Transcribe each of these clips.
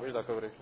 Wish that coverage.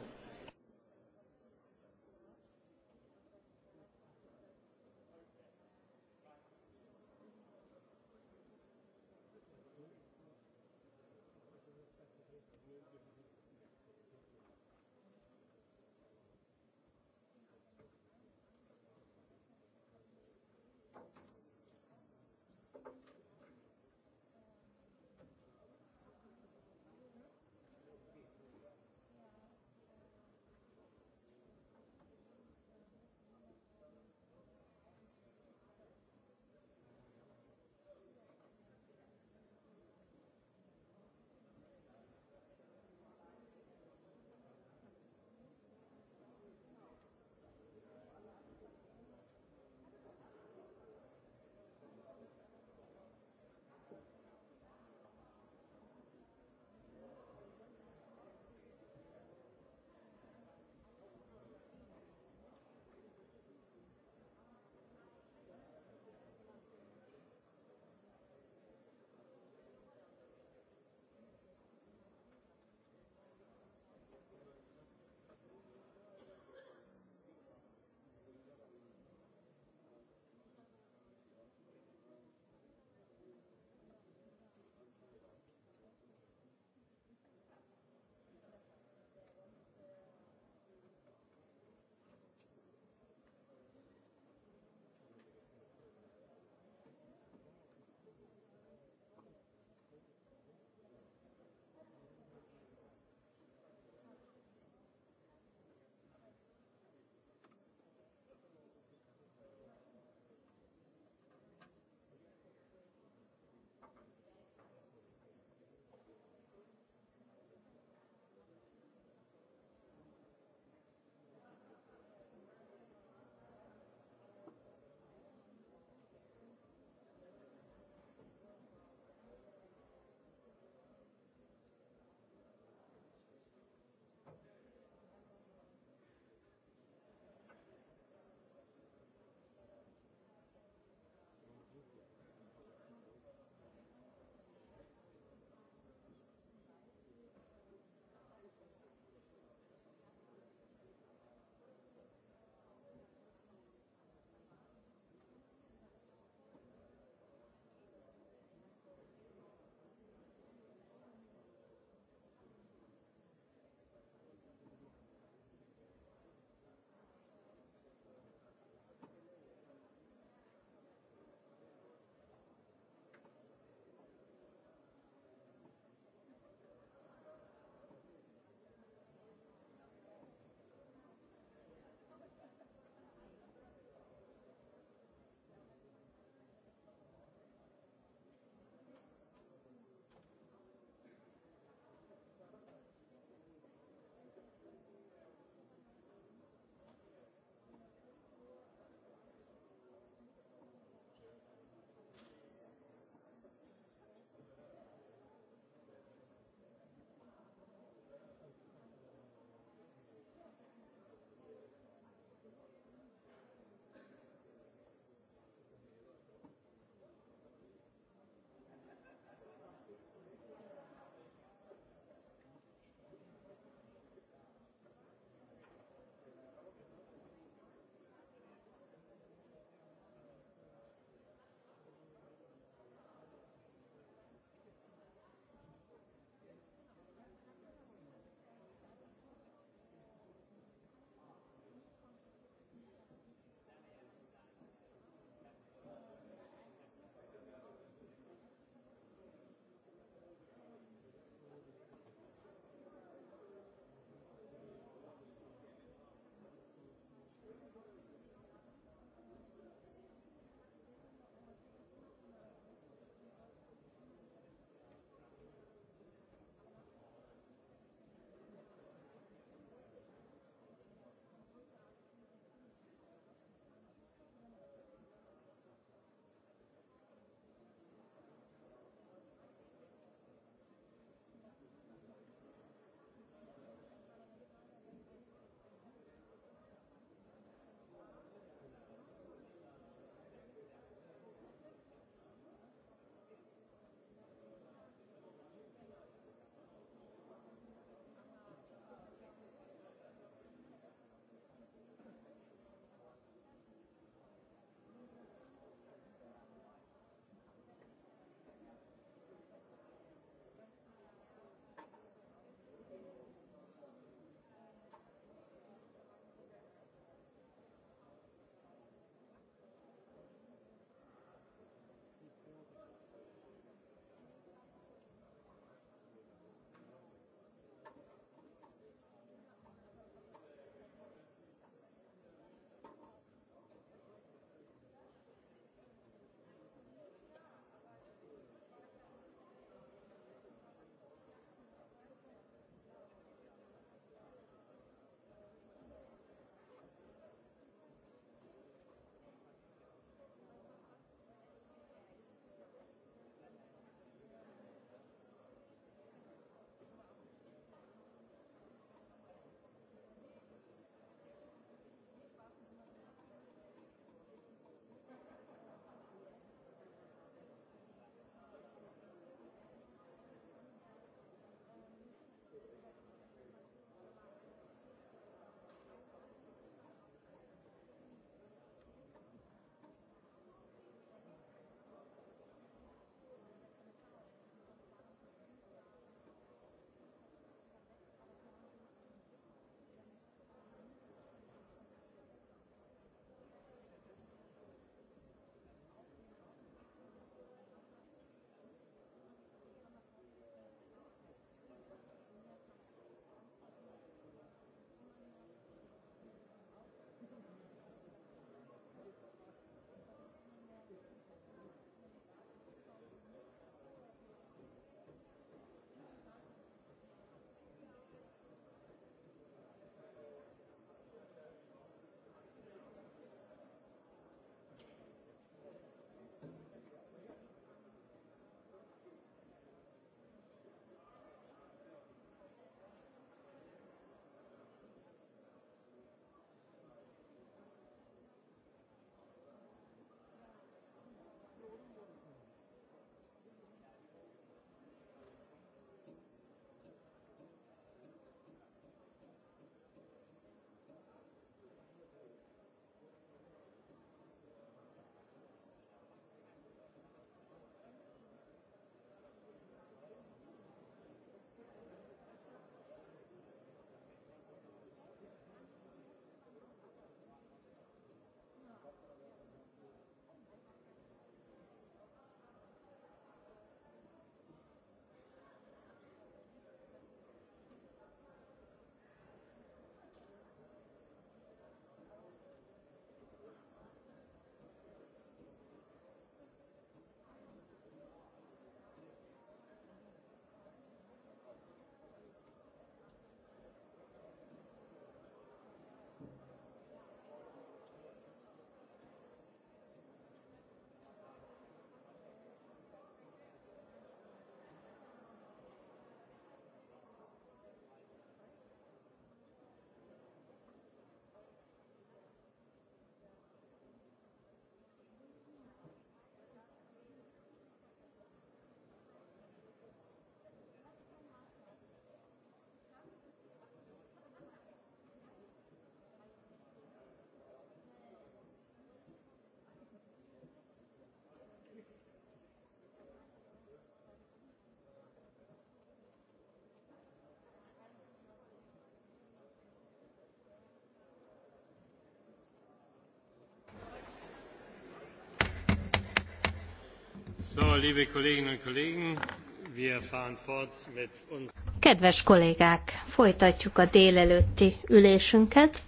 Kedves kollégák, folytatjuk a délelőtti ülésünket.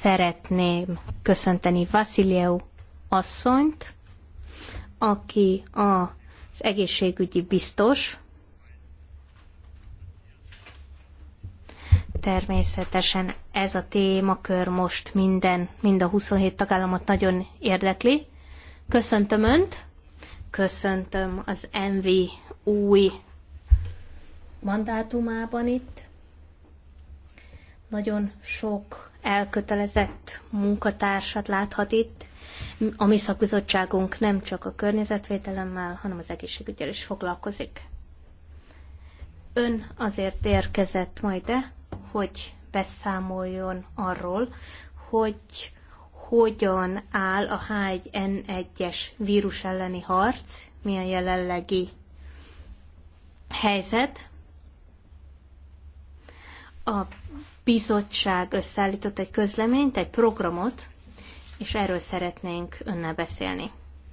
Szeretném köszönteni Vaszilieu asszonyt, aki az egészségügyi biztos, természetesen ez a témakör most minden, mind a 27 tagállamot nagyon érdekli. Köszöntöm Önt! köszöntöm az NV új mandátumában itt. Nagyon sok elkötelezett munkatársat láthat itt. A mi szakbizottságunk nem csak a környezetvédelemmel, hanem az egészségügyel is foglalkozik. Ön azért érkezett majd hogy beszámoljon arról, hogy hogyan áll a H1N1-es vírus elleni harc, mi a jelenlegi helyzet. A bizottság összeállított egy közleményt, egy programot, és erről szeretnénk önnel beszélni.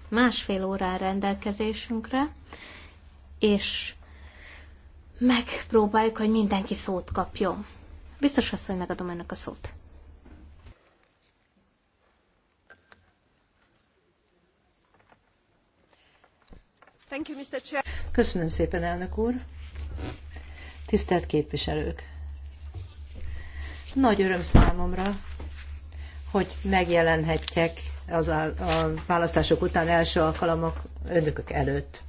Másfél órá rendelkezésünkre, és megpróbáljuk, hogy mindenki szót kapjon. Biztos azt, hogy megadom ennek a szót. Köszönöm szépen, elnök úr. Tisztelt képviselők! Nagy öröm számomra, hogy megjelenhetjek az a, a választások után első alkalmak önökök előtt.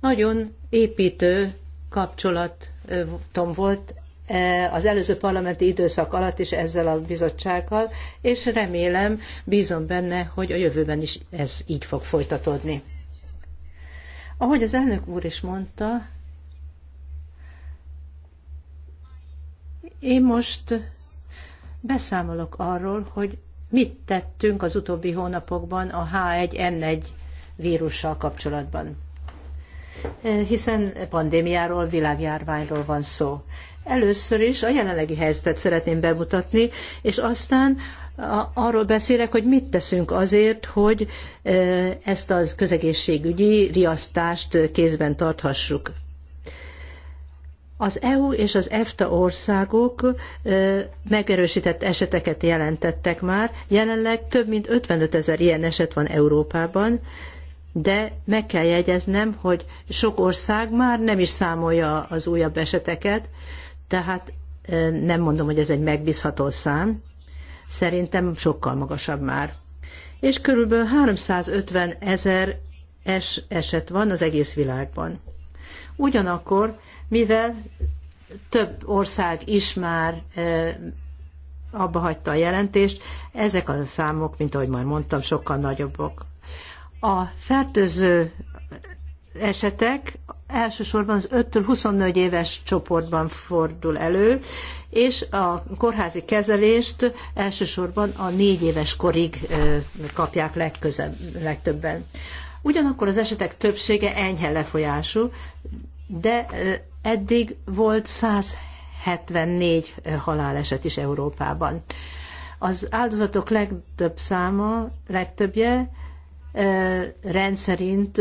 Nagyon építő kapcsolatom volt e, az előző parlamenti időszak alatt is ezzel a bizottsággal, és remélem, bízom benne, hogy a jövőben is ez így fog folytatódni. Ahogy az elnök úr is mondta, én most beszámolok arról, hogy mit tettünk az utóbbi hónapokban a H1N1 vírussal kapcsolatban. Hiszen pandémiáról, világjárványról van szó. Először is a jelenlegi helyzetet szeretném bemutatni, és aztán arról beszélek, hogy mit teszünk azért, hogy e, ezt az közegészségügyi riasztást kézben tarthassuk. Az EU és az EFTA országok e, megerősített eseteket jelentettek már. Jelenleg több mint 55 ezer ilyen eset van Európában, de meg kell jegyeznem, hogy sok ország már nem is számolja az újabb eseteket, tehát e, nem mondom, hogy ez egy megbízható szám Szerintem sokkal magasabb már. És körülbelül 350 ezer es eset van az egész világban. Ugyanakkor, mivel több ország is már e, abba hagyta a jelentést, ezek a számok, mint ahogy már mondtam, sokkal nagyobbak. A fertőző esetek elsősorban az 5-24 éves csoportban fordul elő, és a kórházi kezelést elsősorban a négy éves korig kapják legközebb, legtöbben. Ugyanakkor az esetek többsége enyhe lefolyású, de eddig volt 174 haláleset is Európában. Az áldozatok legtöbb száma, legtöbbje rendszerint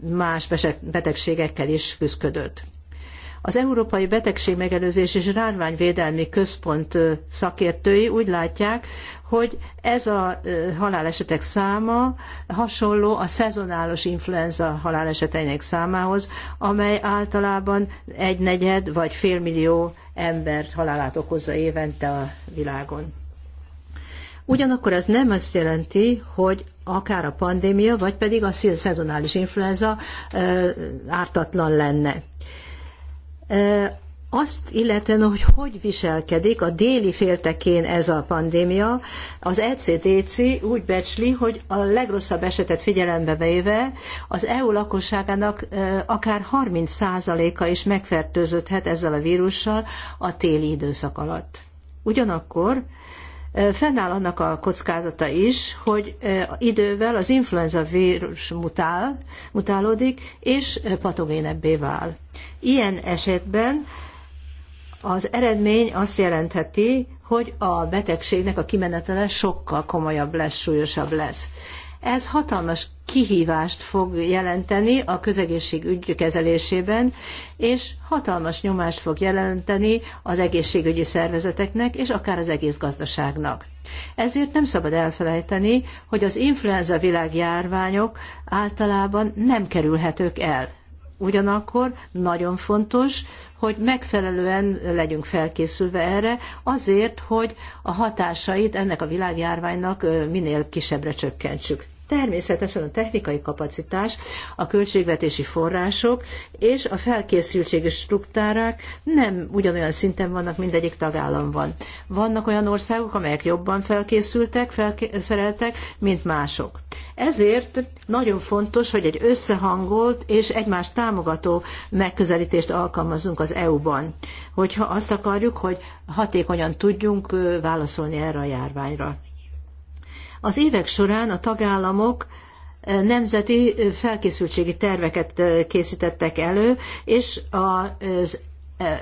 más betegségekkel is küzdött. Az Európai Betegségmegelőzés és Rárványvédelmi Központ szakértői úgy látják, hogy ez a halálesetek száma hasonló a szezonális influenza haláleseteinek számához, amely általában egy negyed vagy félmillió ember halálát okozza évente a világon. Ugyanakkor ez nem azt jelenti, hogy akár a pandémia, vagy pedig a szezonális influenza ártatlan lenne azt illetően, hogy hogy viselkedik a déli féltekén ez a pandémia, az ECDC úgy becsli, hogy a legrosszabb esetet figyelembe véve az EU lakosságának akár 30%-a is megfertőződhet ezzel a vírussal a téli időszak alatt. Ugyanakkor Fennáll annak a kockázata is, hogy idővel az influenza vírus mutál, mutálódik, és patogénebbé vál. Ilyen esetben az eredmény azt jelentheti, hogy a betegségnek a kimenetele sokkal komolyabb lesz, súlyosabb lesz. Ez hatalmas kihívást fog jelenteni a közegészségügy kezelésében, és hatalmas nyomást fog jelenteni az egészségügyi szervezeteknek, és akár az egész gazdaságnak. Ezért nem szabad elfelejteni, hogy az influenza világjárványok általában nem kerülhetők el. Ugyanakkor nagyon fontos, hogy megfelelően legyünk felkészülve erre, azért, hogy a hatásait ennek a világjárványnak minél kisebbre csökkentsük. Természetesen a technikai kapacitás, a költségvetési források és a felkészültségi struktúrák nem ugyanolyan szinten vannak mindegyik tagállamban. Vannak olyan országok, amelyek jobban felkészültek, felszereltek, mint mások. Ezért nagyon fontos, hogy egy összehangolt és egymást támogató megközelítést alkalmazzunk az EU-ban, hogyha azt akarjuk, hogy hatékonyan tudjunk válaszolni erre a járványra. Az évek során a tagállamok eh, nemzeti eh, felkészültségi terveket eh, készítettek elő, és az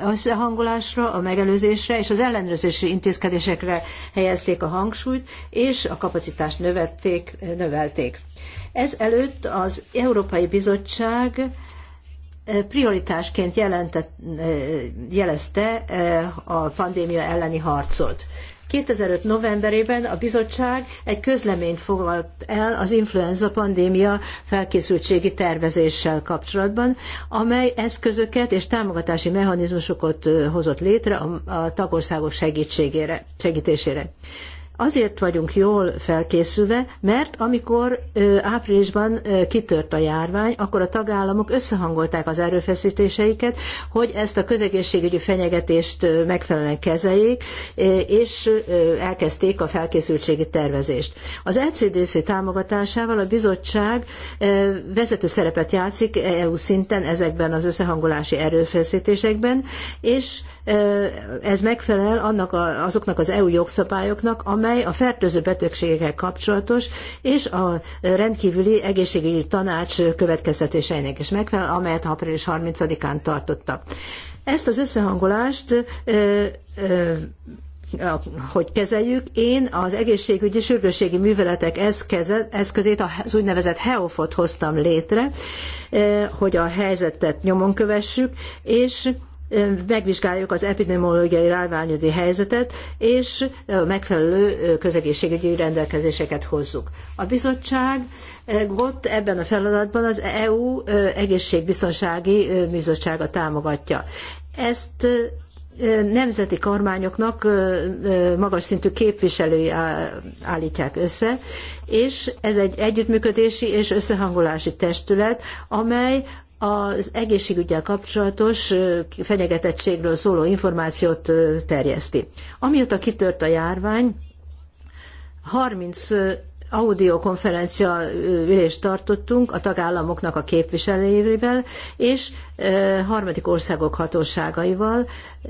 összehangolásra, a megelőzésre és az ellenőrzési intézkedésekre helyezték a hangsúlyt, és a kapacitást növették, növelték. Ez előtt az Európai Bizottság prioritásként jelentett, jelezte a pandémia elleni harcot. 2005. novemberében a bizottság egy közleményt fogadt el az influenza pandémia felkészültségi tervezéssel kapcsolatban, amely eszközöket és támogatási mechanizmusokat hozott létre a, tagországok segítségére, segítésére. Azért vagyunk jól felkészülve, mert amikor áprilisban kitört a járvány, akkor a tagállamok összehangolták az erőfeszítéseiket, hogy ezt a közegészségügyi fenyegetést megfelelően kezeljék, és elkezdték a felkészültségi tervezést. Az ECDC támogatásával a bizottság vezető szerepet játszik e-, e-, EU szinten ezekben az összehangolási erőfeszítésekben, és ez megfelel annak a, azoknak az EU jogszabályoknak, amely a fertőző betegségekkel kapcsolatos, és a rendkívüli egészségügyi tanács következtetéseinek is megfelel, amelyet április 30-án tartottak. Ezt az összehangolást ö, ö, hogy kezeljük. Én az egészségügyi sürgősségi műveletek eszközét, az úgynevezett HEOF-ot hoztam létre, hogy a helyzetet nyomon kövessük, és megvizsgáljuk az epidemiológiai ráványodi helyzetet, és megfelelő közegészségügyi rendelkezéseket hozzuk. A bizottság ott ebben a feladatban az EU egészségbiztonsági bizottsága támogatja. Ezt nemzeti kormányoknak magas szintű képviselői állítják össze, és ez egy együttműködési és összehangolási testület, amely az egészségügyel kapcsolatos fenyegetettségről szóló információt terjeszti. Amióta kitört a járvány, 30 audiokonferencia ülést tartottunk a tagállamoknak a képviselőivel és harmadik országok hatóságaival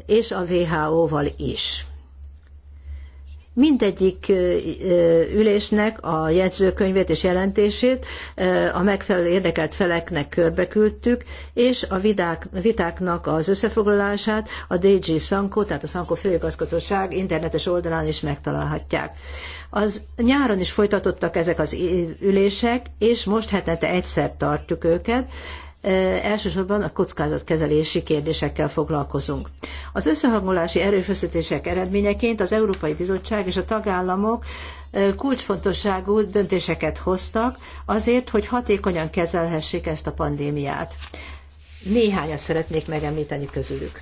és a WHO-val is mindegyik ülésnek a jegyzőkönyvét és jelentését a megfelelő érdekelt feleknek körbeküldtük, és a vitáknak az összefoglalását a DG Sanko, tehát a Sanko főigazgatóság internetes oldalán is megtalálhatják. Az nyáron is folytatottak ezek az ülések, és most hetente egyszer tartjuk őket, elsősorban a kockázatkezelési kérdésekkel foglalkozunk. Az összehangolási erőfeszítések eredményeként az Európai Bizottság és a tagállamok kulcsfontosságú döntéseket hoztak azért, hogy hatékonyan kezelhessék ezt a pandémiát. Néhányat szeretnék megemlíteni közülük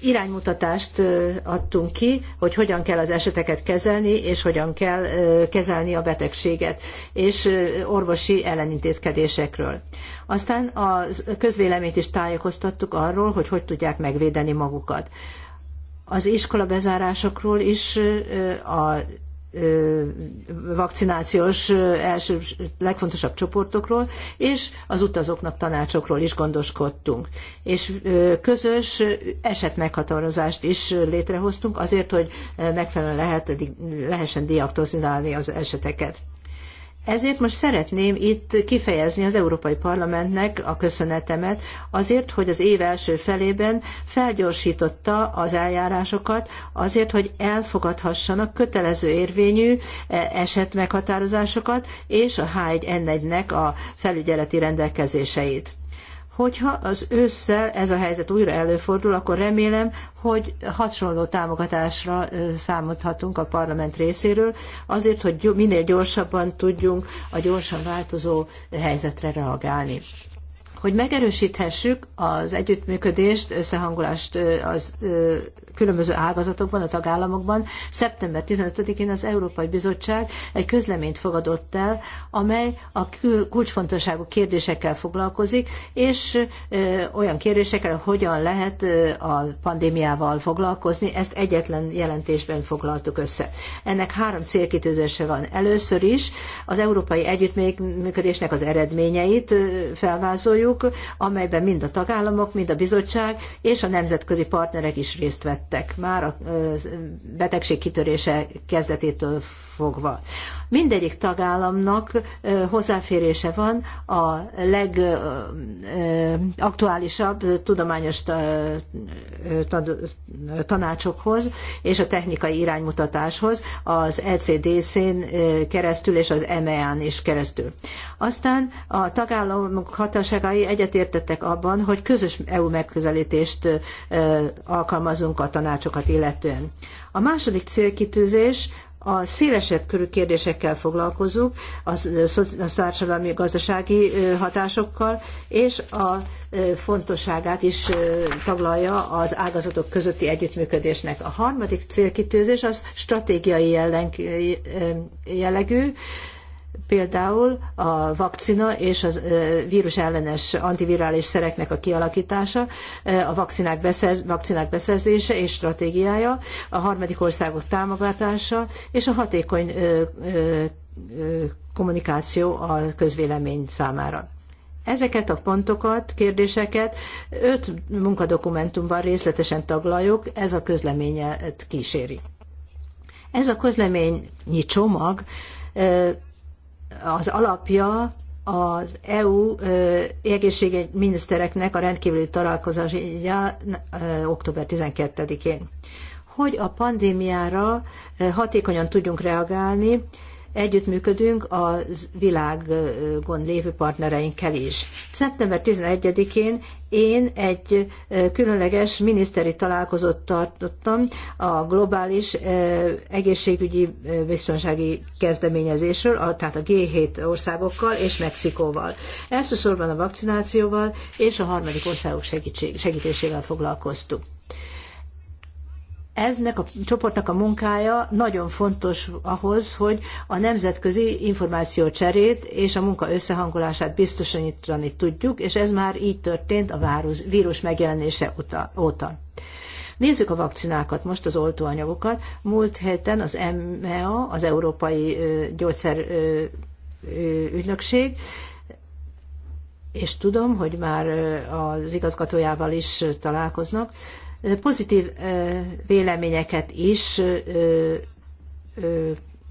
iránymutatást adtunk ki, hogy hogyan kell az eseteket kezelni, és hogyan kell kezelni a betegséget, és orvosi ellenintézkedésekről. Aztán a közvéleményt is tájékoztattuk arról, hogy hogy tudják megvédeni magukat. Az iskola bezárásokról is a vakcinációs első, legfontosabb csoportokról, és az utazóknak tanácsokról is gondoskodtunk. És közös esetmeghatározást is létrehoztunk azért, hogy megfelelően lehet, lehessen diagnosztizálni az eseteket. Ezért most szeretném itt kifejezni az Európai Parlamentnek a köszönetemet azért, hogy az év első felében felgyorsította az eljárásokat, azért, hogy elfogadhassanak kötelező érvényű e, esetmeghatározásokat és a H1N1-nek a felügyeleti rendelkezéseit. Hogyha az ősszel ez a helyzet újra előfordul, akkor remélem, hogy hasonló támogatásra számodhatunk a parlament részéről, azért, hogy minél gyorsabban tudjunk a gyorsan változó helyzetre reagálni hogy megerősíthessük az együttműködést, összehangolást az különböző ágazatokban, a tagállamokban. Szeptember 15-én az Európai Bizottság egy közleményt fogadott el, amely a kulcsfontosságú kérdésekkel foglalkozik, és olyan kérdésekkel, hogyan lehet a pandémiával foglalkozni, ezt egyetlen jelentésben foglaltuk össze. Ennek három célkitűzése van. Először is az európai együttműködésnek az eredményeit felvázoljuk, amelyben mind a tagállamok, mind a bizottság és a nemzetközi partnerek is részt vettek tettek már a betegség kitörése kezdetétől fogva. Mindegyik tagállamnak hozzáférése van a legaktuálisabb tudományos tanácsokhoz és a technikai iránymutatáshoz az ECDC-n keresztül és az EMEA-n is keresztül. Aztán a tagállamok hatóságai egyetértettek abban, hogy közös EU megközelítést alkalmazunk a tanácsokat illetően. A második célkitűzés a szélesebb körű kérdésekkel foglalkozunk, a, a társadalmi gazdasági hatásokkal, és a fontosságát is taglalja az ágazatok közötti együttműködésnek. A harmadik célkitűzés az stratégiai jellegű, például a vakcina és a vírus ellenes antivirális szereknek a kialakítása, a vakcinák, beszerz, vakcinák beszerzése és stratégiája, a harmadik országok támogatása és a hatékony kommunikáció a közvélemény számára. Ezeket a pontokat, kérdéseket öt munkadokumentumban részletesen taglaljuk, ez a közleményet kíséri. Ez a közlemény csomag az alapja az EU egészségügyi minisztereknek a rendkívüli találkozásja október 12-én. Hogy a pandémiára hatékonyan tudjunk reagálni, együttműködünk a világon lévő partnereinkkel is. Szeptember 11-én én egy különleges miniszteri találkozót tartottam a globális egészségügyi biztonsági kezdeményezésről, tehát a G7 országokkal és Mexikóval. Elsősorban a vakcinációval és a harmadik országok segítségével foglalkoztuk. foglalkoztunk eznek a csoportnak a munkája nagyon fontos ahhoz, hogy a nemzetközi információcserét és a munka összehangolását biztosítani tudjuk, és ez már így történt a vírus megjelenése óta. Nézzük a vakcinákat, most az oltóanyagokat. Múlt héten az EMEA, az Európai Gyógyszerügynökség, és tudom, hogy már az igazgatójával is találkoznak, pozitív véleményeket is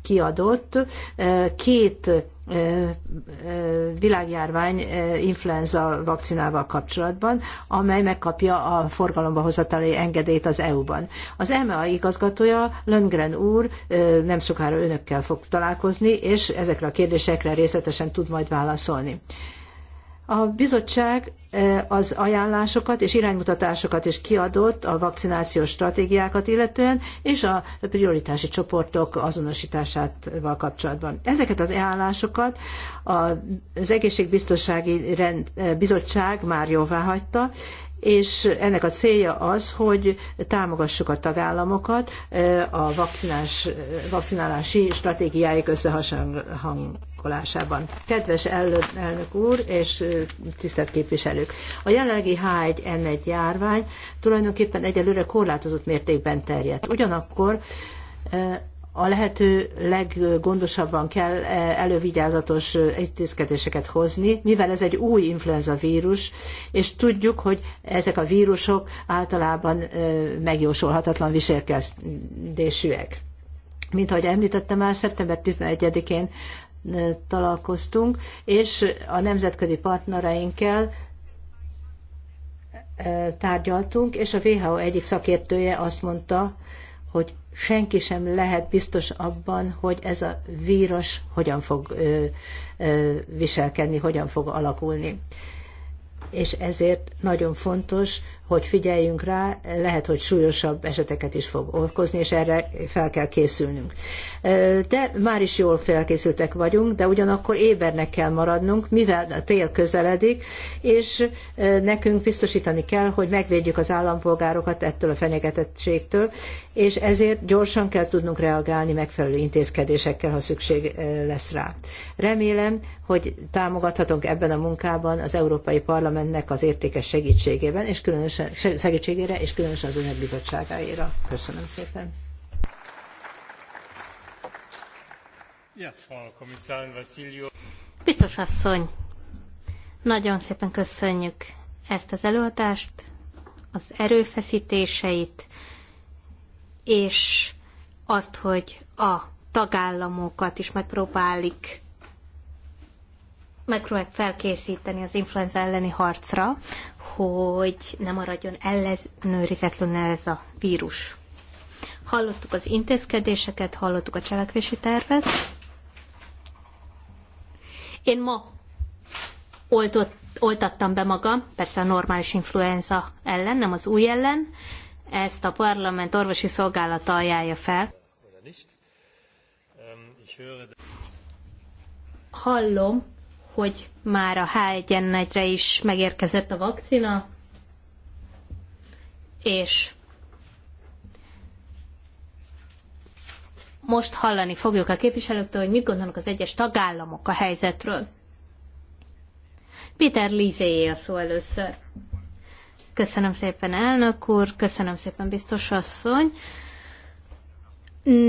kiadott. Két világjárvány influenza vakcinával kapcsolatban, amely megkapja a forgalomba hozatali engedélyt az EU-ban. Az EMA e igazgatója, Lundgren úr, nem sokára önökkel fog találkozni, és ezekre a kérdésekre részletesen tud majd válaszolni. A bizottság e, az ajánlásokat és iránymutatásokat is kiadott a vakcinációs stratégiákat illetően, és a prioritási csoportok azonosításával kapcsolatban. Ezeket az ajánlásokat az Egészségbiztonsági Rend, e, Bizottság már jóvá hagyta, és ennek a célja az, hogy támogassuk a tagállamokat e, a vakcinás, vakcinálási stratégiáik összehang, meggyilkolásában. Kedves elnök úr és tisztelt képviselők! A jelenlegi H1N1 járvány tulajdonképpen egyelőre korlátozott mértékben terjedt. Ugyanakkor a lehető leggondosabban kell elővigyázatos intézkedéseket hozni, mivel ez egy új influenza vírus, és tudjuk, hogy ezek a vírusok általában megjósolhatatlan viselkedésűek. Mint ahogy említettem már, szeptember 11-én találkoztunk, és a nemzetközi partnereinkkel tárgyaltunk, és a WHO egyik szakértője azt mondta, hogy senki sem lehet biztos abban, hogy ez a vírus hogyan fog viselkedni, hogyan fog alakulni. És ezért nagyon fontos, hogy figyeljünk rá, lehet, hogy súlyosabb eseteket is fog okozni, és erre fel kell készülnünk. De már is jól felkészültek vagyunk, de ugyanakkor ébernek kell maradnunk, mivel a tél közeledik, és nekünk biztosítani kell, hogy megvédjük az állampolgárokat ettől a fenyegetettségtől, és ezért gyorsan kell tudnunk reagálni megfelelő intézkedésekkel, ha szükség lesz rá. Remélem, hogy támogathatunk ebben a munkában az Európai Parlamentnek az értékes segítségében, és különösen különösen segítségére, és különösen az önök bizottságáira. Köszönöm szépen. Biztos asszony, nagyon szépen köszönjük ezt az előadást, az erőfeszítéseit, és azt, hogy a tagállamokat is megpróbálik megpróbálják felkészíteni az influenza elleni harcra, hogy ne maradjon ellenőrizetlenül ez a vírus. Hallottuk az intézkedéseket, hallottuk a cselekvési tervet. Én ma oltott, oltattam be magam, persze a normális influenza ellen, nem az új ellen. Ezt a parlament orvosi szolgálata ajánlja fel. Ähm, Hallom, hogy már a H1N1-re is megérkezett a vakcina, és most hallani fogjuk a képviselőktől, hogy mit gondolnak az egyes tagállamok a helyzetről. Péter Lizéjé a szó először. Köszönöm szépen, elnök úr, köszönöm szépen, biztos asszony.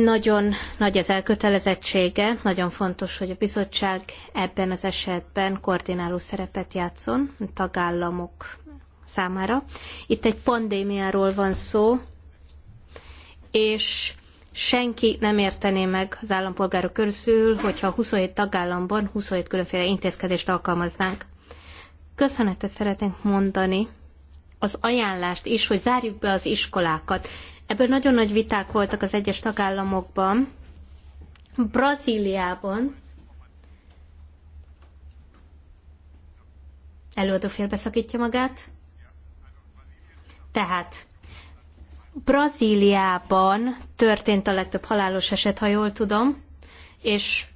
Nagyon nagy az elkötelezettsége, nagyon fontos, hogy a bizottság ebben az esetben koordináló szerepet játszon a tagállamok számára. Itt egy pandémiáról van szó, és senki nem értené meg az állampolgárok közül, hogyha 27 tagállamban 27 különféle intézkedést alkalmaznánk. Köszönetet szeretnénk mondani az ajánlást is, hogy zárjuk be az iskolákat. Ebből nagyon nagy viták voltak az egyes tagállamokban. Brazíliában előadó félbeszakítja magát. Tehát Brazíliában történt a legtöbb halálos eset, ha jól tudom, és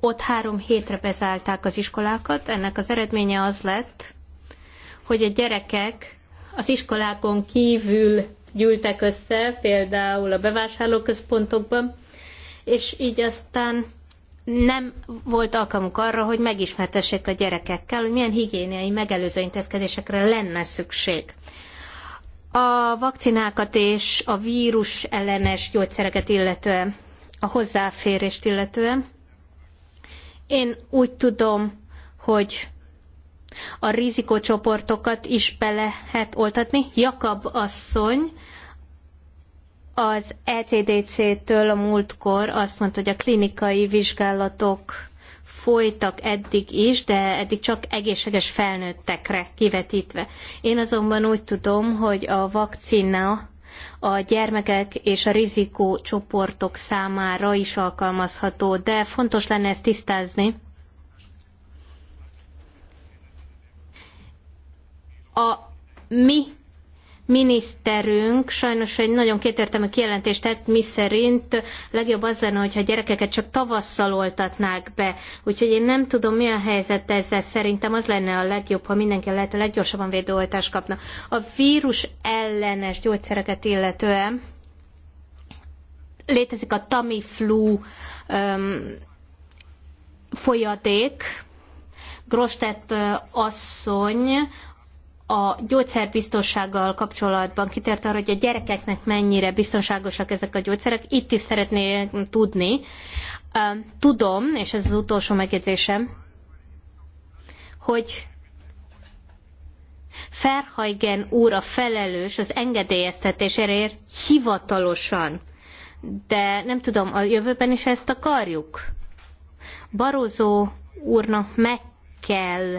ott három hétre bezárták az iskolákat. Ennek az eredménye az lett, hogy a gyerekek az iskolákon kívül gyűltek össze, például a bevásárlóközpontokban, és így aztán nem volt alkalmuk arra, hogy megismertessék a gyerekekkel, hogy milyen higiéniai megelőző intézkedésekre lenne szükség. A vakcinákat és a vírus ellenes gyógyszereket illetően, a hozzáférést illetően, én úgy tudom, hogy a rizikócsoportokat is be lehet oltatni. Jakab asszony az ECDC-től a múltkor azt mondta, hogy a klinikai vizsgálatok folytak eddig is, de eddig csak egészséges felnőttekre kivetítve. Én azonban úgy tudom, hogy a vakcina a gyermekek és a rizikócsoportok számára is alkalmazható, de fontos lenne ezt tisztázni, A mi miniszterünk sajnos egy nagyon kétértelmű kijelentést tett, mi szerint legjobb az lenne, hogyha a gyerekeket csak tavasszal oltatnák be. Úgyhogy én nem tudom, mi a helyzet ezzel. Szerintem az lenne a legjobb, ha mindenki lehet a leggyorsabban védőoltást kapna. A vírus ellenes gyógyszereket illetően létezik a Tamiflu öm, folyadék, Grostet asszony a gyógyszerbiztonsággal kapcsolatban kitért arra, hogy a gyerekeknek mennyire biztonságosak ezek a gyógyszerek. Itt is szeretnék tudni. Tudom, és ez az utolsó megjegyzésem, hogy Ferhajgen úr a felelős az engedélyeztetésért hivatalosan. De nem tudom, a jövőben is ezt akarjuk? Barózó úrnak meg kell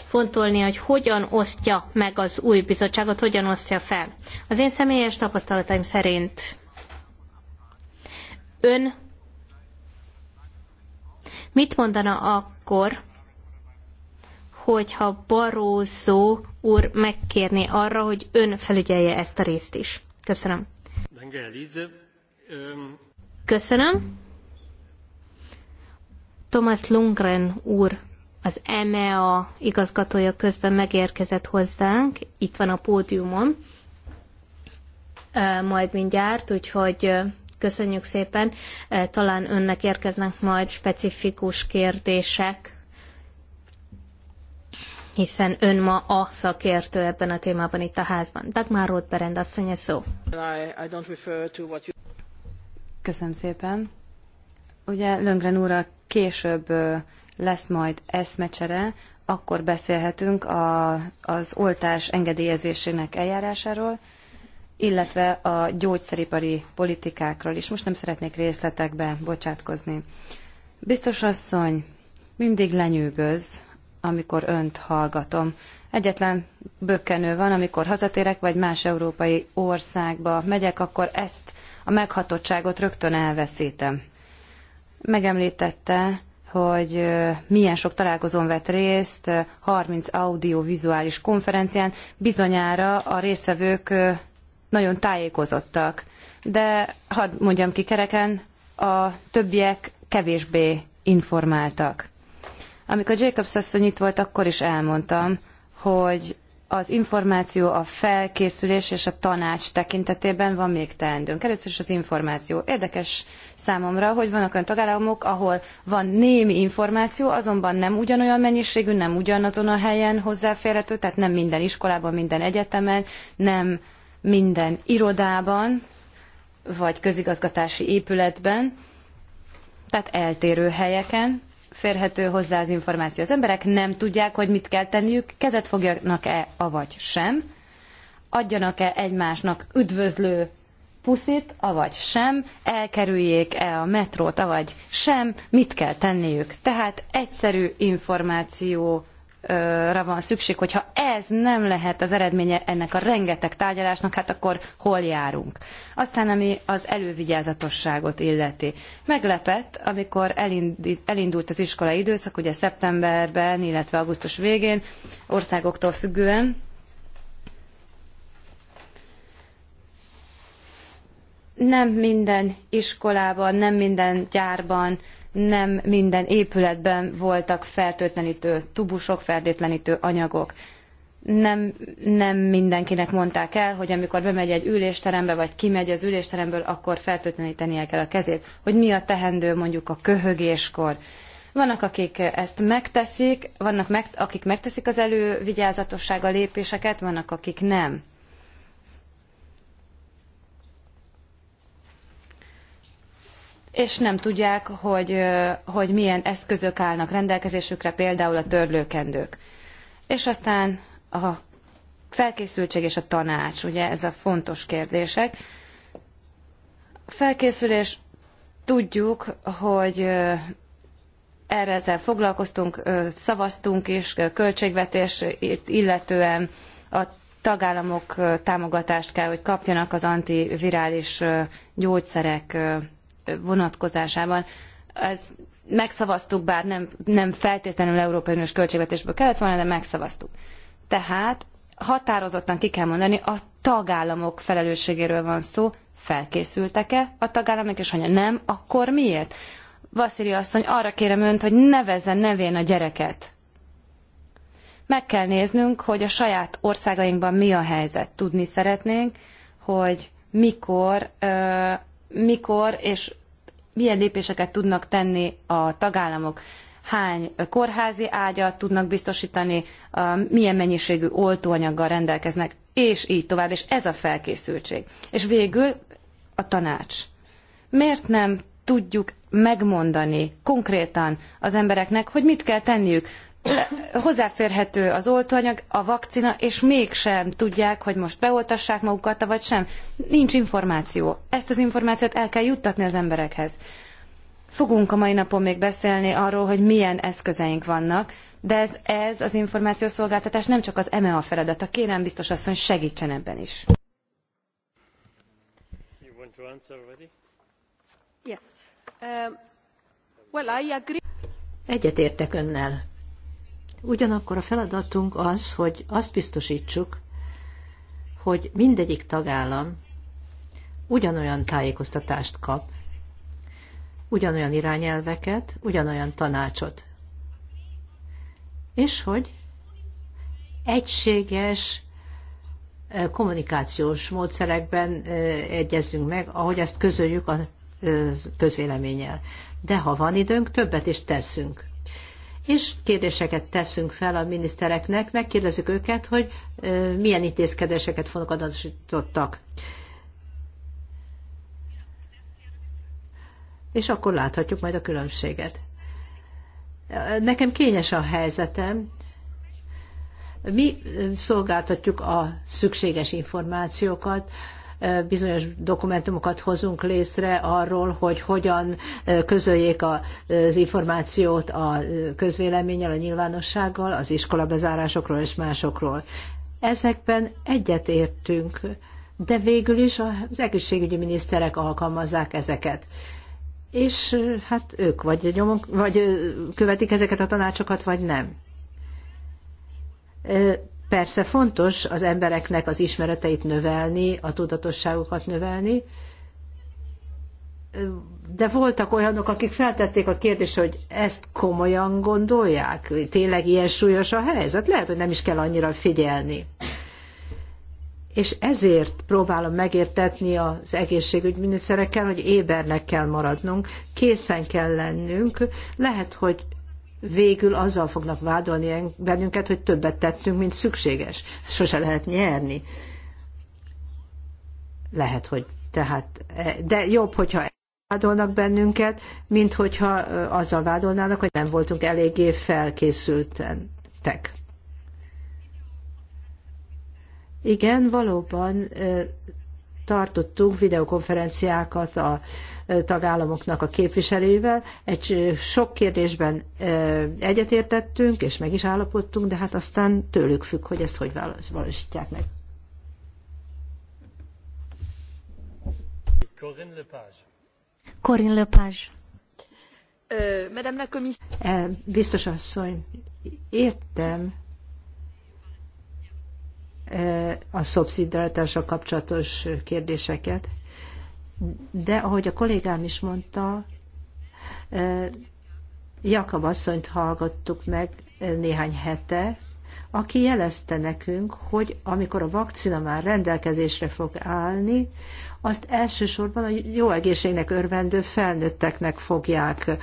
fontolni, hogy hogyan osztja meg az új bizottságot, hogyan osztja fel. Az én személyes tapasztalataim szerint ön mit mondana akkor, hogyha Barózó úr megkérni arra, hogy ön felügyelje ezt a részt is? Köszönöm. Köszönöm. Thomas Lundgren úr az EMEA igazgatója közben megérkezett hozzánk, itt van a pódiumon, majd mindjárt, úgyhogy köszönjük szépen. Talán önnek érkeznek majd specifikus kérdések, hiszen ön ma a szakértő ebben a témában itt a házban. Dagmar Roth Berend asszony, szó. Köszönöm szépen. Ugye Löngren úr a később lesz majd eszmecsere, akkor beszélhetünk a, az oltás engedélyezésének eljárásáról, illetve a gyógyszeripari politikákról is. Most nem szeretnék részletekbe bocsátkozni. Biztos asszony, mindig lenyűgöz, amikor önt hallgatom. Egyetlen bökkenő van, amikor hazatérek, vagy más európai országba megyek, akkor ezt a meghatottságot rögtön elveszítem. Megemlítette hogy milyen sok találkozón vett részt, 30 audiovizuális konferencián, bizonyára a résztvevők nagyon tájékozottak. De hadd mondjam ki kereken, a többiek kevésbé informáltak. Amikor Jacobs asszony itt volt, akkor is elmondtam, hogy az információ, a felkészülés és a tanács tekintetében van még teendőnk. Először is az információ. Érdekes számomra, hogy vannak olyan tagállamok, ahol van némi információ, azonban nem ugyanolyan mennyiségű, nem ugyanazon a helyen hozzáférhető, tehát nem minden iskolában, minden egyetemen, nem minden irodában, vagy közigazgatási épületben, tehát eltérő helyeken, férhető hozzá az információ. Az emberek nem tudják, hogy mit kell tenniük, kezet fogjanak-e, avagy sem, adjanak-e egymásnak üdvözlő puszit, avagy sem, elkerüljék-e a metrót, avagy sem, mit kell tenniük. Tehát egyszerű információ van szükség, hogyha ez nem lehet az eredménye ennek a rengeteg tárgyalásnak, hát akkor hol járunk. Aztán ami az elővigyázatosságot illeti. Meglepett, amikor elindult az iskolai időszak, ugye szeptemberben, illetve augusztus végén, országoktól függően, nem minden iskolában, nem minden gyárban nem minden épületben voltak fertőtlenítő tubusok, fertőtlenítő anyagok. Nem, nem mindenkinek mondták el, hogy amikor bemegy egy ülésterembe, vagy kimegy az ülésteremből, akkor fertőtlenítenie kell a kezét, hogy mi a tehendő mondjuk a köhögéskor. Vannak, akik ezt megteszik, vannak, meg, akik megteszik az elővigyázatossága lépéseket, vannak, akik nem. és nem tudják, hogy, hogy milyen eszközök állnak rendelkezésükre, például a törlőkendők. És aztán a felkészültség és a tanács, ugye ez a fontos kérdések. A felkészülés tudjuk, hogy erre ezzel foglalkoztunk, szavaztunk is, költségvetés illetően a tagállamok támogatást kell, hogy kapjanak az antivirális gyógyszerek vonatkozásában. Ez megszavaztuk, bár nem, nem feltétlenül Európai Uniós költségvetésből kellett volna, de megszavaztuk. Tehát határozottan ki kell mondani, a tagállamok felelősségéről van szó, felkészültek-e a tagállamok, és hogyha nem, akkor miért? Vasszili asszony, arra kérem önt, hogy nevezzen nevén a gyereket. Meg kell néznünk, hogy a saját országainkban mi a helyzet. Tudni szeretnénk, hogy mikor ö, mikor és milyen lépéseket tudnak tenni a tagállamok, hány kórházi ágyat tudnak biztosítani, milyen mennyiségű oltóanyaggal rendelkeznek, és így tovább, és ez a felkészültség. És végül a tanács. Miért nem tudjuk megmondani konkrétan az embereknek, hogy mit kell tenniük hozzáférhető az oltóanyag, a vakcina, és mégsem tudják, hogy most beoltassák magukat, vagy sem. Nincs információ. Ezt az információt el kell juttatni az emberekhez. Fogunk a mai napon még beszélni arról, hogy milyen eszközeink vannak, de ez, ez az információszolgáltatás nem csak az EMEA feladata. Kérem biztos asszony, segítsen ebben is. Yes. Uh, well, Egyetértek önnel. Ugyanakkor a feladatunk az, hogy azt biztosítsuk, hogy mindegyik tagállam ugyanolyan tájékoztatást kap, ugyanolyan irányelveket, ugyanolyan tanácsot. És hogy egységes kommunikációs módszerekben egyezünk meg, ahogy ezt közöljük a közvéleménnyel. De ha van időnk, többet is teszünk és kérdéseket teszünk fel a minisztereknek, megkérdezzük őket, hogy milyen intézkedéseket fogadatosítottak. És akkor láthatjuk majd a különbséget. Nekem kényes a helyzetem, mi szolgáltatjuk a szükséges információkat, bizonyos dokumentumokat hozunk létre arról, hogy hogyan közöljék az információt a közvéleménnyel, a nyilvánossággal, az iskolabezárásokról és másokról. Ezekben egyetértünk, de végül is az egészségügyi miniszterek alkalmazzák ezeket és hát ők vagy nyomunk, vagy követik ezeket a tanácsokat, vagy nem. Persze fontos az embereknek az ismereteit növelni, a tudatosságukat növelni, de voltak olyanok, akik feltették a kérdést, hogy ezt komolyan gondolják? Tényleg ilyen súlyos a helyzet? Lehet, hogy nem is kell annyira figyelni. És ezért próbálom megértetni az egészségügyminiszterekkel, hogy ébernek kell maradnunk, készen kell lennünk. Lehet, hogy végül azzal fognak vádolni bennünket, hogy többet tettünk, mint szükséges. Sose lehet nyerni. Lehet, hogy tehát, e, de jobb, hogyha vádolnak bennünket, mint hogyha azzal vádolnának, hogy nem voltunk eléggé felkészültek. Igen, valóban tartottunk videokonferenciákat a tagállamoknak a képviselőivel. Egy sok kérdésben egyetértettünk, és meg is állapodtunk, de hát aztán tőlük függ, hogy ezt hogy valósítják meg. Corinne Lepage. Corinne Lepage. Madame la commissaire. Biztos asszony, értem a szubszidiaritással kapcsolatos kérdéseket de ahogy a kollégám is mondta, Jakab asszonyt hallgattuk meg néhány hete, aki jelezte nekünk, hogy amikor a vakcina már rendelkezésre fog állni, azt elsősorban a jó egészségnek örvendő felnőtteknek fogják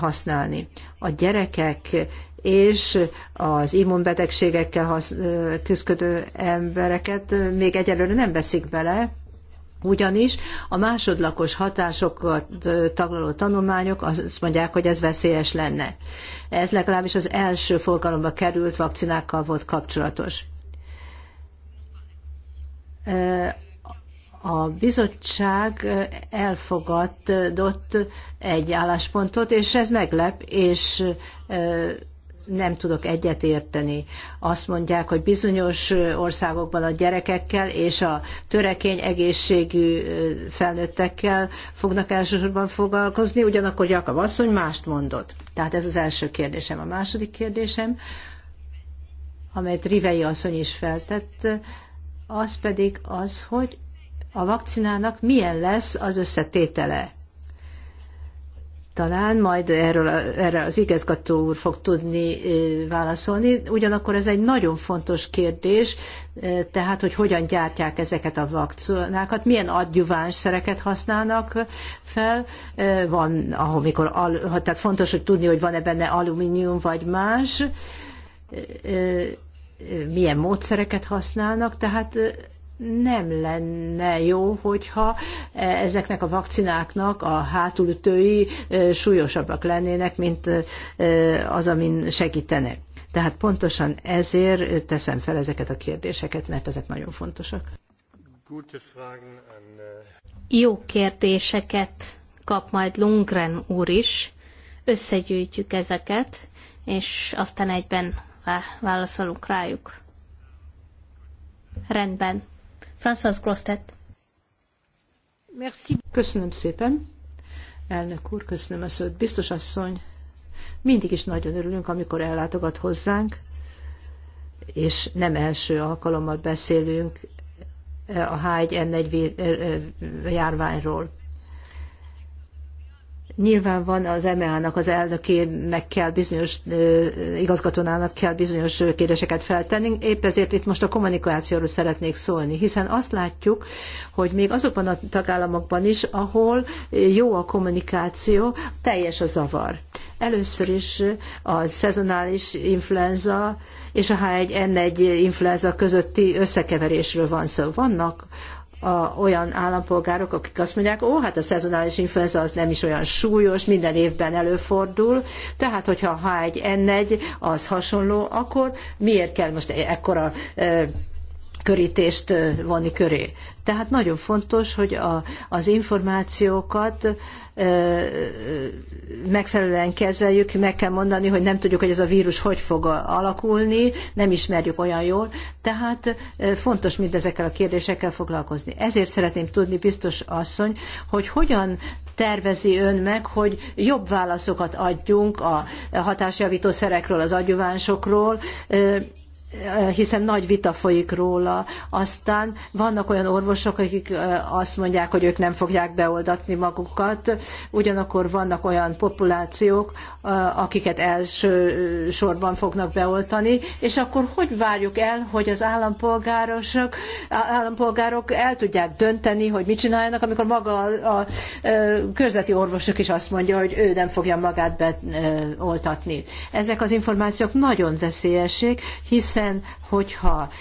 használni. A gyerekek és az immunbetegségekkel küzdködő embereket még egyelőre nem veszik bele, ugyanis a másodlagos hatásokat taglaló tanulmányok azt mondják, hogy ez veszélyes lenne. Ez legalábbis az első forgalomba került vakcinákkal volt kapcsolatos. A bizottság elfogadott egy álláspontot, és ez meglep, és nem tudok egyetérteni. Azt mondják, hogy bizonyos országokban a gyerekekkel és a törekeny egészségű felnőttekkel fognak elsősorban foglalkozni, ugyanakkor Jakab asszony mást mondott. Tehát ez az első kérdésem. A második kérdésem, amelyet Rivei asszony is feltett, az pedig az, hogy a vakcinának milyen lesz az összetétele talán, majd erről, erre az igazgató úr fog tudni válaszolni. Ugyanakkor ez egy nagyon fontos kérdés, tehát hogy hogyan gyártják ezeket a vakcinákat, milyen adjuváns szereket használnak fel. Van, ahol mikor, tehát fontos, hogy tudni, hogy van-e benne alumínium vagy más milyen módszereket használnak, tehát nem lenne jó, hogyha e, ezeknek a vakcináknak a hátulütői e, súlyosabbak lennének, mint e, az, amin segítenek. Tehát pontosan ezért teszem fel ezeket a kérdéseket, mert ezek nagyon fontosak. Jó kérdéseket kap majd Lundgren úr is. Összegyűjtjük ezeket, és aztán egyben válaszolunk rájuk. Rendben. François Merci. Köszönöm szépen. Elnök úr, köszönöm a szót. Biztos asszony, mindig is nagyon örülünk, amikor ellátogat hozzánk, és nem első alkalommal beszélünk eh, a H1N1 eh, eh, járványról. Nyilván van az MEA-nak, az elnökének kell bizonyos, igazgatónának kell bizonyos kérdéseket feltenni, épp ezért itt most a kommunikációról szeretnék szólni, hiszen azt látjuk, hogy még azokban a tagállamokban is, ahol jó a kommunikáció, teljes a zavar. Először is a szezonális influenza és a H1N1 influenza közötti összekeverésről van szó. Vannak a, olyan állampolgárok, akik azt mondják, ó, hát a szezonális influenza az nem is olyan súlyos, minden évben előfordul, tehát hogyha H1N1 az hasonló, akkor miért kell most ekkora e, körítést vonni köré. Tehát nagyon fontos, hogy a, az információkat ö, megfelelően kezeljük, meg kell mondani, hogy nem tudjuk, hogy ez a vírus hogy fog alakulni, nem ismerjük olyan jól, tehát ö, fontos mindezekkel a kérdésekkel foglalkozni. Ezért szeretném tudni, biztos asszony, hogy hogyan tervezi ön meg, hogy jobb válaszokat adjunk a hatásjavító szerekről, az agyuvánsokról, hiszen nagy vita folyik róla. Aztán vannak olyan orvosok, akik azt mondják, hogy ők nem fogják beoldatni magukat, ugyanakkor vannak olyan populációk, akiket első sorban fognak beoltani, és akkor hogy várjuk el, hogy az állampolgárosok, állampolgárok el tudják dönteni, hogy mit csináljanak, amikor maga a, a körzeti orvosok is azt mondja, hogy ő nem fogja magát beoltatni. Ezek az információk nagyon veszélyesek, hiszen hiszen hogyha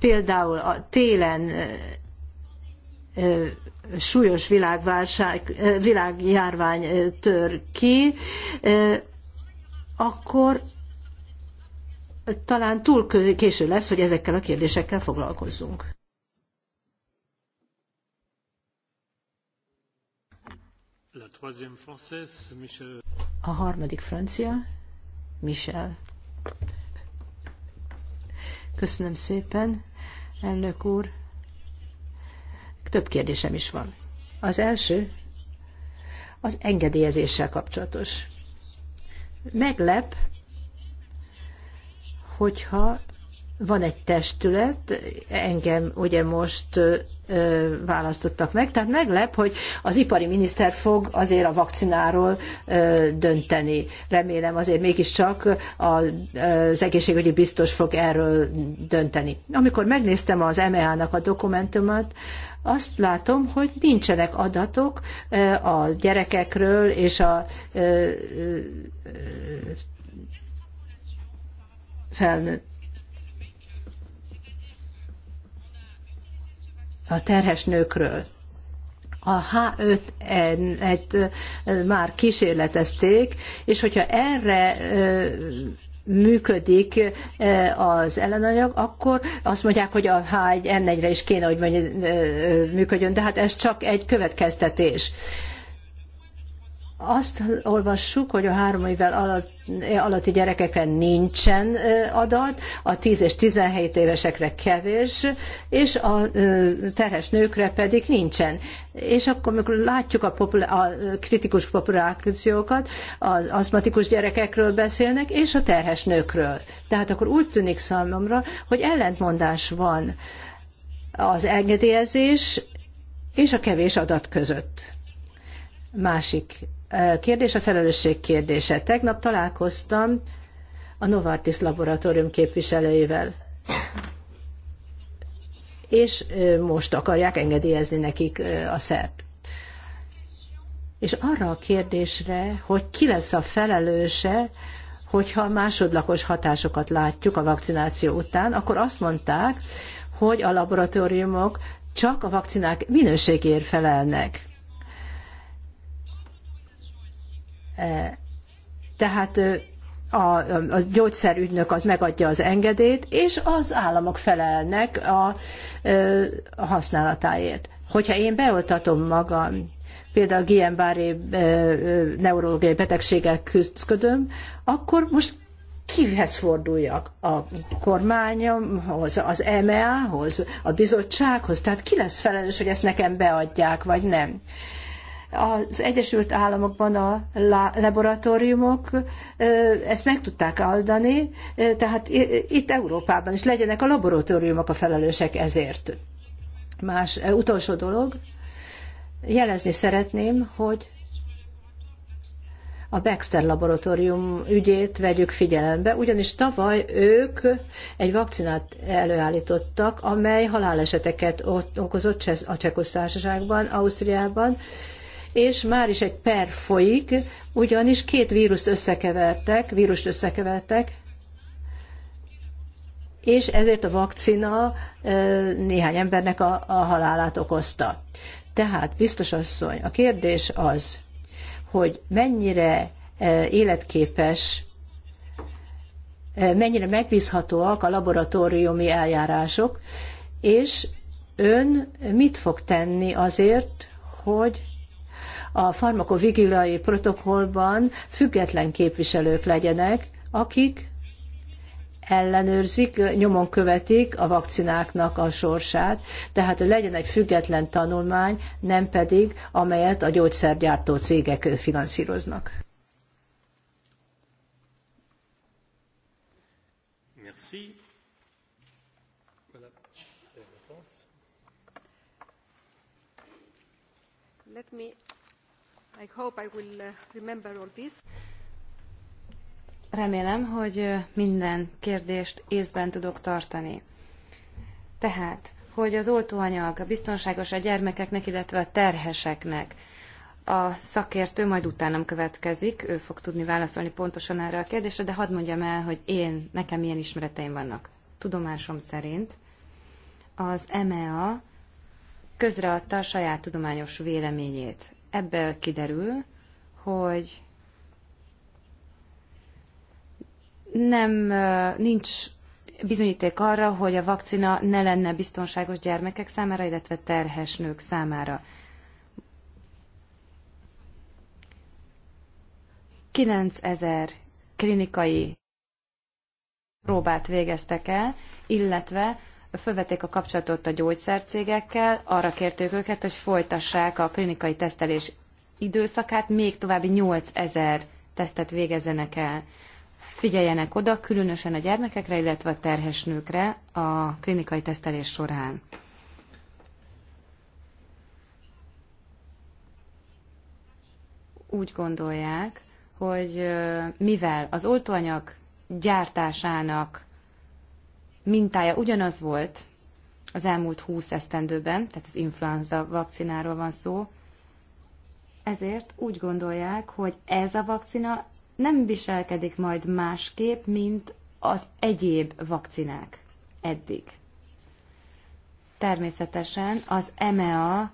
például a télen súlyos világválság, világjárvány tör ki, akkor talán túl késő lesz, hogy ezekkel a kérdésekkel foglalkozzunk. A harmadik francia, Michel. Köszönöm szépen, elnök úr. Több kérdésem is van. Az első az engedélyezéssel kapcsolatos. Meglep, hogyha van egy testület, engem ugye most választottak meg, tehát meglep, hogy az ipari miniszter fog azért a vakcináról dönteni. Remélem azért mégiscsak az egészségügyi biztos fog erről dönteni. Amikor megnéztem az MEA-nak a dokumentumot, azt látom, hogy nincsenek adatok a gyerekekről és a felnőtt a terhes nőkről. A H5-et már kísérletezték, és hogyha erre működik az ellenanyag, akkor azt mondják, hogy a H1N1-re is kéne, hogy működjön, de hát ez csak egy következtetés azt olvassuk, hogy a három évvel alatt, alatti gyerekekre nincsen adat, a 10 és 17 évesekre kevés, és a terhes nőkre pedig nincsen. És akkor, amikor látjuk a, popul- a kritikus populációkat, az aszmatikus gyerekekről beszélnek, és a terhes nőkről. Tehát akkor úgy tűnik számomra, hogy ellentmondás van az engedélyezés és a kevés adat között. Másik kérdés a felelősség kérdése. Tegnap találkoztam a Novartis laboratórium képviselőivel. És most akarják engedélyezni nekik a szert. És arra a kérdésre, hogy ki lesz a felelőse, hogyha másodlagos hatásokat látjuk a vakcináció után, akkor azt mondták, hogy a laboratóriumok csak a vakcinák minőségéért felelnek. E, tehát a, a gyógyszerügynök az megadja az engedélyt, és az államok felelnek a, a használatáért. Hogyha én beoltatom magam, például Guillain-Barré neurológiai betegséggel küzdködöm, akkor most kihez forduljak? A kormányomhoz, az EMEA-hoz, a bizottsághoz? Tehát ki lesz felelős, hogy ezt nekem beadják, vagy nem? Az Egyesült Államokban a laboratóriumok ezt meg tudták aldani, tehát itt Európában is legyenek a laboratóriumok a felelősek ezért. Más utolsó dolog, jelezni szeretném, hogy a Baxter Laboratórium ügyét vegyük figyelembe, ugyanis tavaly ők egy vakcinát előállítottak, amely haláleseteket okozott a Csehkosztársaságban, Ausztriában, és már is egy per folyik, ugyanis két vírust összekevertek, vírust összekevertek, és ezért a vakcina néhány embernek a, a halálát okozta. Tehát, biztos asszony, a kérdés az, hogy mennyire életképes, mennyire megbízhatóak a laboratóriumi eljárások, és ön mit fog tenni azért, hogy a farmakovigilai protokollban független képviselők legyenek, akik ellenőrzik, nyomon követik a vakcináknak a sorsát, tehát hogy legyen egy független tanulmány, nem pedig amelyet a gyógyszergyártó cégek finanszíroznak. hope I will uh, remember all this. Remélem, hogy uh, minden kérdést észben tudok tartani. Tehát, hogy az oltóanyag biztonságos a gyermekeknek, illetve a terheseknek. A szakértő majd utánam következik, ő fog tudni válaszolni pontosan erre a kérdésre, de hadd mondjam el, hogy én, nekem milyen ismereteim vannak. Tudomásom szerint az EMEA közreadta a saját tudományos véleményét Ebből kiderül, hogy nem, nincs bizonyíték arra, hogy a vakcina ne lenne biztonságos gyermekek számára, illetve terhes nők számára. 9000 klinikai próbát végeztek el, illetve fölvették a kapcsolatot a gyógyszercégekkel, arra kérték őket, hogy folytassák a klinikai tesztelés időszakát, még további 8000 tesztet végezzenek el. Figyeljenek oda, különösen a gyermekekre, illetve a terhes nőkre a klinikai tesztelés során. Úgy gondolják, hogy mivel az oltóanyag gyártásának mintája ugyanaz volt az elmúlt 20 esztendőben, tehát az influenza vakcináról van szó, ezért úgy gondolják, hogy ez a vakcina nem viselkedik majd másképp, mint az egyéb vakcinák eddig. Természetesen az EMEA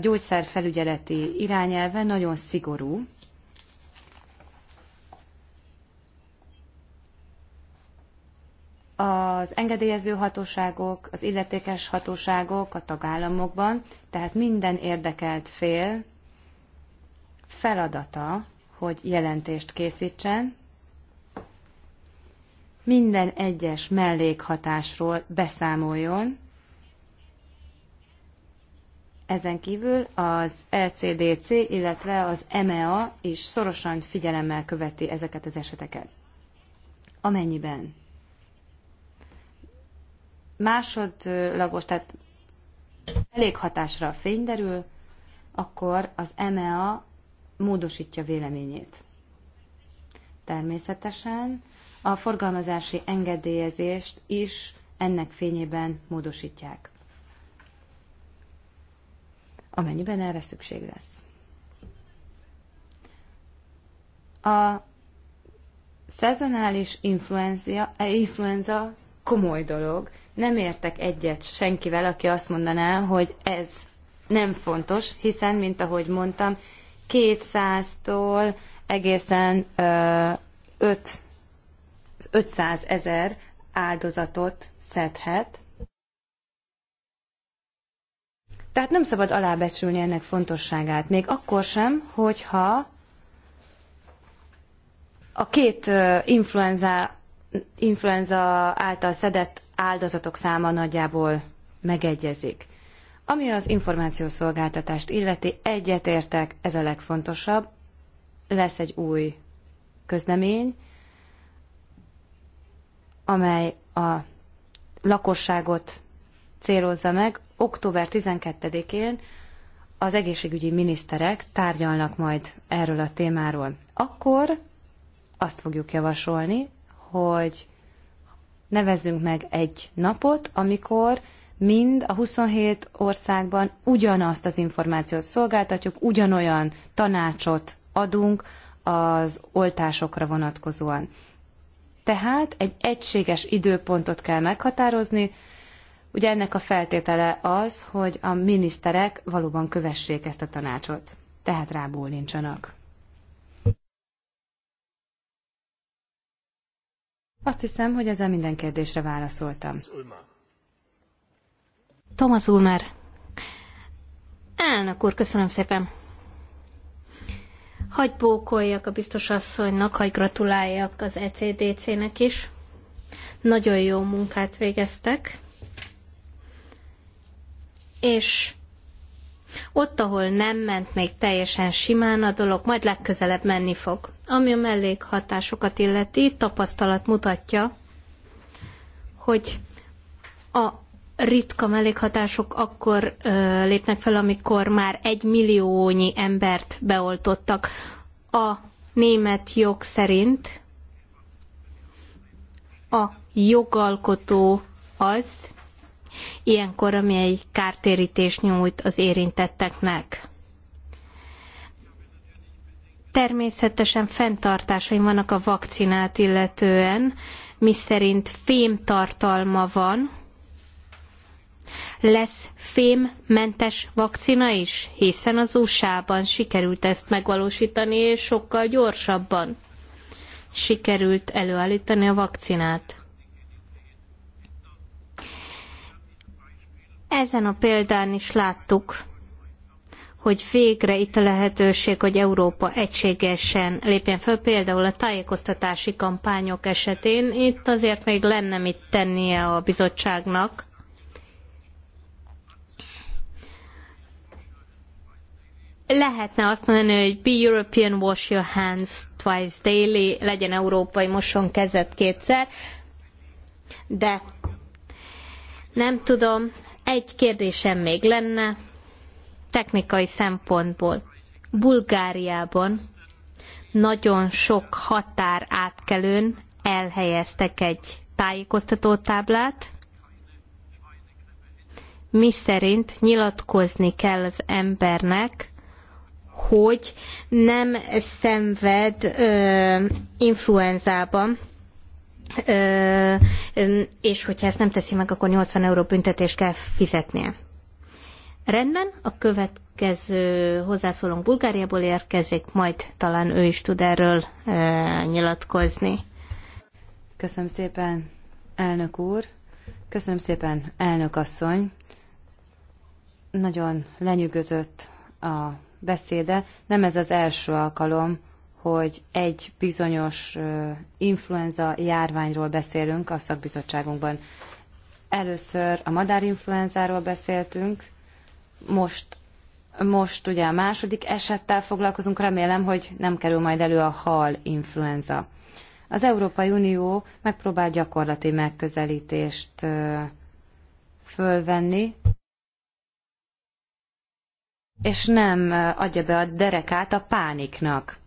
gyógyszerfelügyeleti irányelve nagyon szigorú, az engedélyező hatóságok, az illetékes hatóságok a tagállamokban, tehát minden érdekelt fél feladata, hogy jelentést készítsen, minden egyes mellékhatásról beszámoljon, ezen kívül az LCDC e illetve az MEA is szorosan figyelemmel követi ezeket az eseteket. Amennyiben másodlagos, tehát elég hatásra a fény derül, akkor az EMEA módosítja véleményét. Természetesen a forgalmazási engedélyezést is ennek fényében módosítják. Amennyiben erre szükség lesz. A szezonális influenza, eh, influenza komoly dolog, nem értek egyet senkivel, aki azt mondaná, hogy ez nem fontos, hiszen, mint ahogy mondtam, 200-tól egészen ö, 5, 500 ezer áldozatot szedhet. Tehát nem szabad alábecsülni ennek fontosságát, még akkor sem, hogyha a két influenza, influenza által szedett áldozatok száma nagyjából megegyezik. Ami az információszolgáltatást illeti, egyetértek, ez a legfontosabb. Lesz egy új közlemény, amely a lakosságot célozza meg. Október 12-én az egészségügyi miniszterek tárgyalnak majd erről a témáról. Akkor azt fogjuk javasolni, hogy nevezzünk meg egy napot, amikor mind a 27 országban ugyanazt az információt szolgáltatjuk, ugyanolyan tanácsot adunk az oltásokra vonatkozóan. Tehát egy egységes időpontot kell meghatározni, ugye ennek a feltétele az, hogy a miniszterek valóban kövessék ezt a tanácsot, tehát nincsenek. Azt hiszem, hogy ezzel minden kérdésre válaszoltam. Thomas Ulmer. Elnök úr, köszönöm szépen. Hagy bókoljak a biztos asszonynak, hagy gratuláljak az ECDC-nek is. Nagyon jó munkát végeztek. És ott, ahol nem ment még teljesen simán a dolog, majd legközelebb menni fog. Ami a mellékhatásokat illeti, tapasztalat mutatja, hogy a ritka mellékhatások akkor ö, lépnek fel, amikor már egy milliónyi embert beoltottak. A német jog szerint a jogalkotó az, ilyenkor, ami egy kártérítést nyújt az érintetteknek. Természetesen fenntartásaim vannak a vakcinát illetően, miszerint fém tartalma van, lesz fémmentes vakcina is, hiszen az USA-ban sikerült ezt megvalósítani, és sokkal gyorsabban sikerült előállítani a vakcinát. Ezen a példán is láttuk, hogy végre itt a lehetőség, hogy Európa egységesen lépjen föl, például a tájékoztatási kampányok esetén. Itt azért még lenne mit tennie a bizottságnak. Lehetne azt mondani, hogy be European, wash your hands twice daily, legyen európai, mosson kezet kétszer, de nem tudom, egy kérdésem még lenne, technikai szempontból. Bulgáriában nagyon sok határ átkelőn elhelyeztek egy tájékoztatótáblát, mi szerint nyilatkozni kell az embernek, hogy nem szenved ö, influenzában, és hogyha ezt nem teszi meg, akkor 80 euró büntetést kell fizetnie. Rendben, a következő hozzászólónk Bulgáriából érkezik, majd talán ő is tud erről nyilatkozni. Köszönöm szépen, elnök úr. Köszönöm szépen, elnök asszony. Nagyon lenyűgözött a beszéde. Nem ez az első alkalom, hogy egy bizonyos influenza járványról beszélünk a szakbizottságunkban. Először a madárinfluenzáról beszéltünk, most, most ugye a második esettel foglalkozunk, remélem, hogy nem kerül majd elő a hal influenza. Az Európai Unió megpróbál gyakorlati megközelítést fölvenni, és nem adja be a derekát a pániknak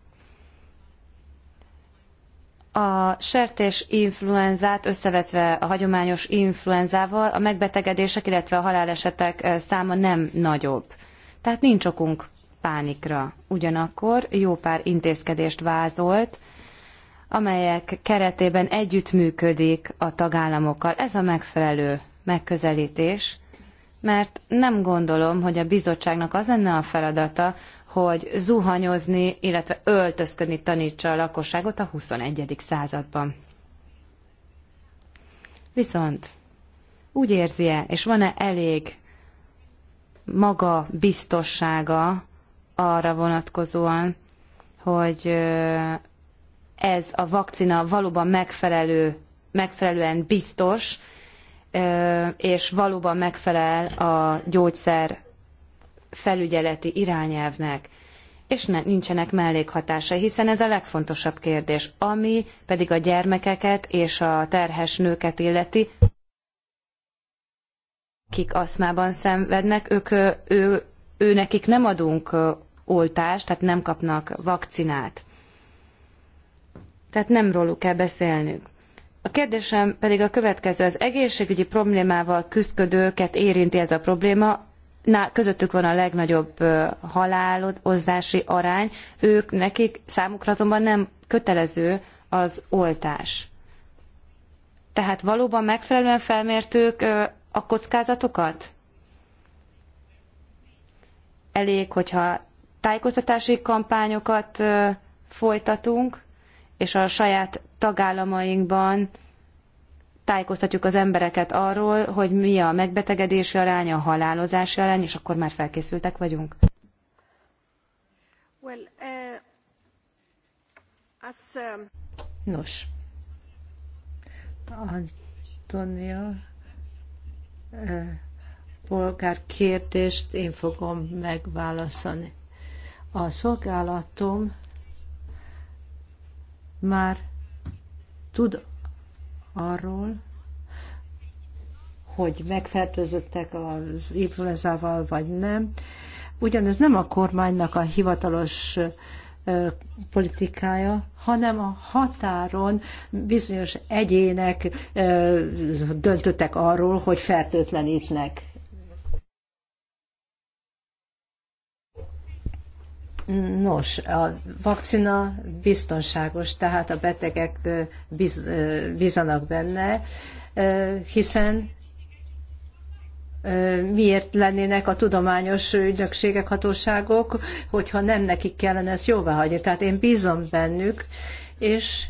a sertés influenzát összevetve a hagyományos influenzával a megbetegedések, illetve a halálesetek száma nem nagyobb. Tehát nincs okunk pánikra. Ugyanakkor jó pár intézkedést vázolt, amelyek keretében együttműködik a tagállamokkal. Ez a megfelelő megközelítés, mert nem gondolom, hogy a bizottságnak az lenne a feladata, hogy zuhanyozni, illetve öltözködni tanítsa a lakosságot a 21. században. Viszont úgy érzi-e, és van-e elég maga biztossága arra vonatkozóan, hogy ez a vakcina valóban megfelelő, megfelelően biztos, és valóban megfelel a gyógyszer felügyeleti irányelvnek, és ne, nincsenek mellékhatásai, hiszen ez a legfontosabb kérdés, ami pedig a gyermekeket és a terhes nőket illeti, kik aszmában szenvednek, ők, ő, ő, ő nekik nem adunk oltást, tehát nem kapnak vakcinát. Tehát nem róluk kell beszélnünk. A kérdésem pedig a következő. Az egészségügyi problémával küzdködőket érinti ez a probléma, Na, közöttük van a legnagyobb halálozási arány, ők nekik számukra azonban nem kötelező az oltás. Tehát valóban megfelelően felmértők a kockázatokat? Elég, hogyha tájékoztatási kampányokat folytatunk, és a saját tagállamainkban tájékoztatjuk az embereket arról, hogy mi a megbetegedési arány, a halálozási arány, és akkor már felkészültek vagyunk? Well, uh, as, um... Nos, Antonia uh, polgár kérdést én fogom megválaszolni. A szolgálatom már tud arról, hogy megfertőzöttek az influenzával vagy nem. Ugyanez nem a kormánynak a hivatalos politikája, hanem a határon bizonyos egyének döntöttek arról, hogy fertőtlenítnek. Nos, a vakcina biztonságos, tehát a betegek biz, bizanak benne, hiszen miért lennének a tudományos ügynökségek, hatóságok, hogyha nem nekik kellene ezt hagyni? Tehát én bízom bennük, és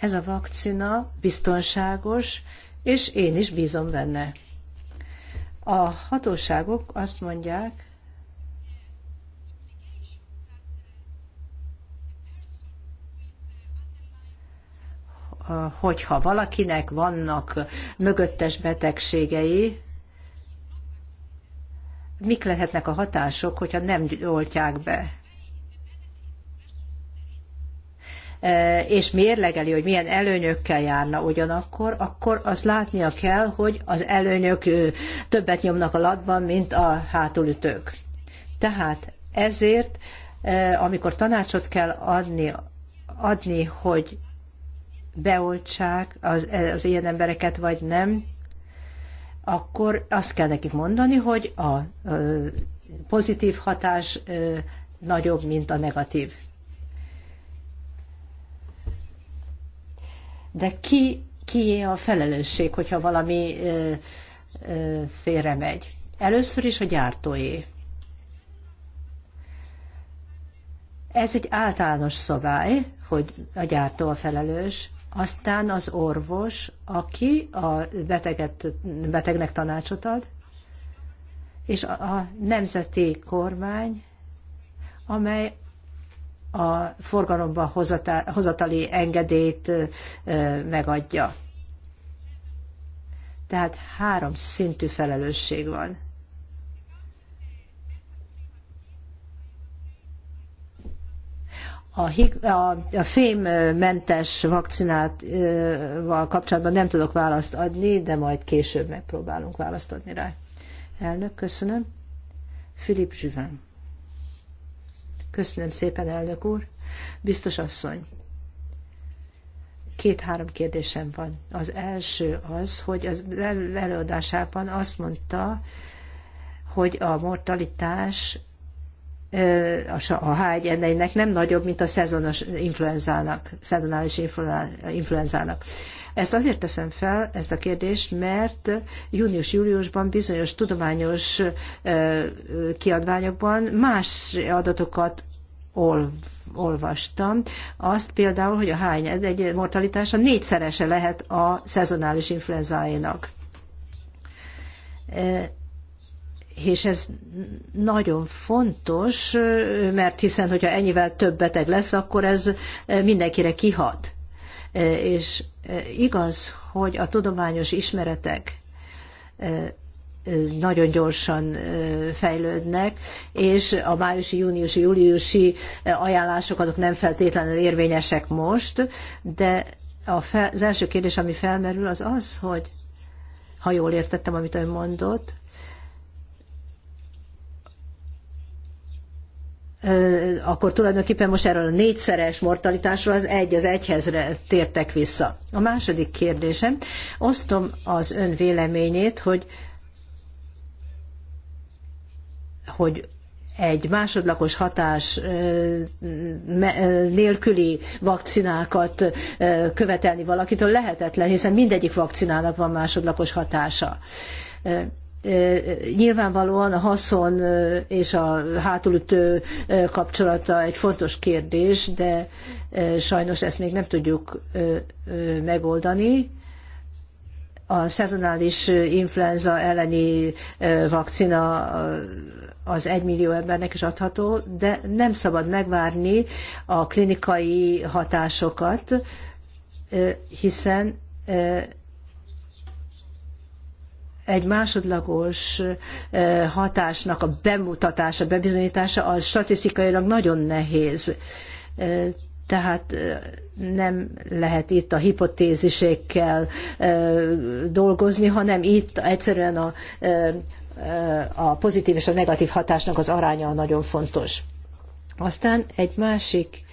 ez a vakcina biztonságos, és én is bízom benne. A hatóságok azt mondják, hogyha valakinek vannak mögöttes betegségei, mik lehetnek a hatások, hogyha nem oltják be? E, és mérlegeli, hogy milyen előnyökkel járna ugyanakkor, akkor az látnia kell, hogy az előnyök többet nyomnak a latban, mint a hátulütők. Tehát ezért, e, amikor tanácsot kell adni, adni hogy beoltsák az, az ilyen embereket, vagy nem, akkor azt kell nekik mondani, hogy a, a pozitív hatás ö, nagyobb, mint a negatív. De ki, kié a felelősség, hogyha valami ö, ö, félre megy? Először is a gyártóé. Ez egy általános szabály, hogy a gyártó a felelős, aztán az orvos, aki a beteget, betegnek tanácsot ad, és a, nemzeti kormány, amely a forgalomba hozatali engedélyt megadja. Tehát három szintű felelősség van. a, hig, a, a fémmentes vakcinával kapcsolatban nem tudok választ adni, de majd később megpróbálunk választ adni rá. Elnök, köszönöm. Filip Zsüven. Köszönöm szépen, elnök úr. Biztos asszony. Két-három kérdésem van. Az első az, hogy az előadásában azt mondta, hogy a mortalitás a H1N1-nek nem nagyobb, mint a szezonos influenzának, szezonális influenzának. Ezt azért teszem fel, ezt a kérdést, mert június-júliusban bizonyos tudományos kiadványokban más adatokat olvastam. Azt például, hogy a hány egy mortalitása négyszerese lehet a szezonális influenzáénak és ez nagyon fontos, mert hiszen, hogyha ennyivel több beteg lesz, akkor ez eh, mindenkire kihat. Eh, és eh, igaz, hogy a tudományos ismeretek nagyon gyorsan fejlődnek, és a májusi, júniusi, júliusi ajánlások azok nem feltétlenül érvényesek most, de az első kérdés, ami felmerül, az az, hogy ha jól értettem, amit ön mondott, akkor tulajdonképpen most erről a négyszeres mortalitásról az egy az egyhezre tértek vissza. A második kérdésem, osztom az ön véleményét, hogy hogy egy másodlagos hatás nélküli vakcinákat követelni valakitől lehetetlen, hiszen mindegyik vakcinának van másodlagos hatása. Nyilvánvalóan a haszon és a hátulütő kapcsolata egy fontos kérdés, de sajnos ezt még nem tudjuk megoldani. A szezonális influenza elleni vakcina az egymillió embernek is adható, de nem szabad megvárni a klinikai hatásokat, hiszen egy másodlagos eh, hatásnak a bemutatása, bebizonyítása az statisztikailag nagyon nehéz. Eh, tehát eh, nem lehet itt a hipotézisekkel dolgozni, hanem itt egyszerűen a, a pozitív és a negatív hatásnak az aránya nagyon fontos. Aztán egy másik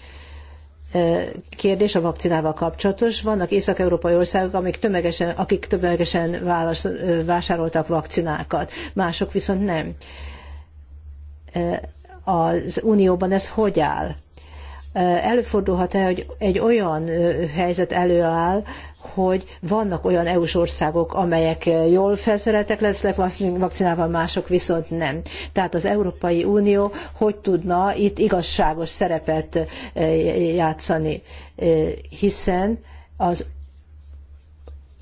kérdés a vakcinával kapcsolatos. Vannak észak-európai országok, amik tömegesen, akik tömegesen válasz, vásároltak vakcinákat, mások viszont nem. Az Unióban ez hogy áll? Előfordulhat-e, hogy egy olyan helyzet előáll, hogy vannak olyan EU-s országok, amelyek jól felszereltek lesznek vakcinával, mások viszont nem. Tehát az Európai Unió hogy tudna itt igazságos szerepet eh, játszani, eh, hiszen az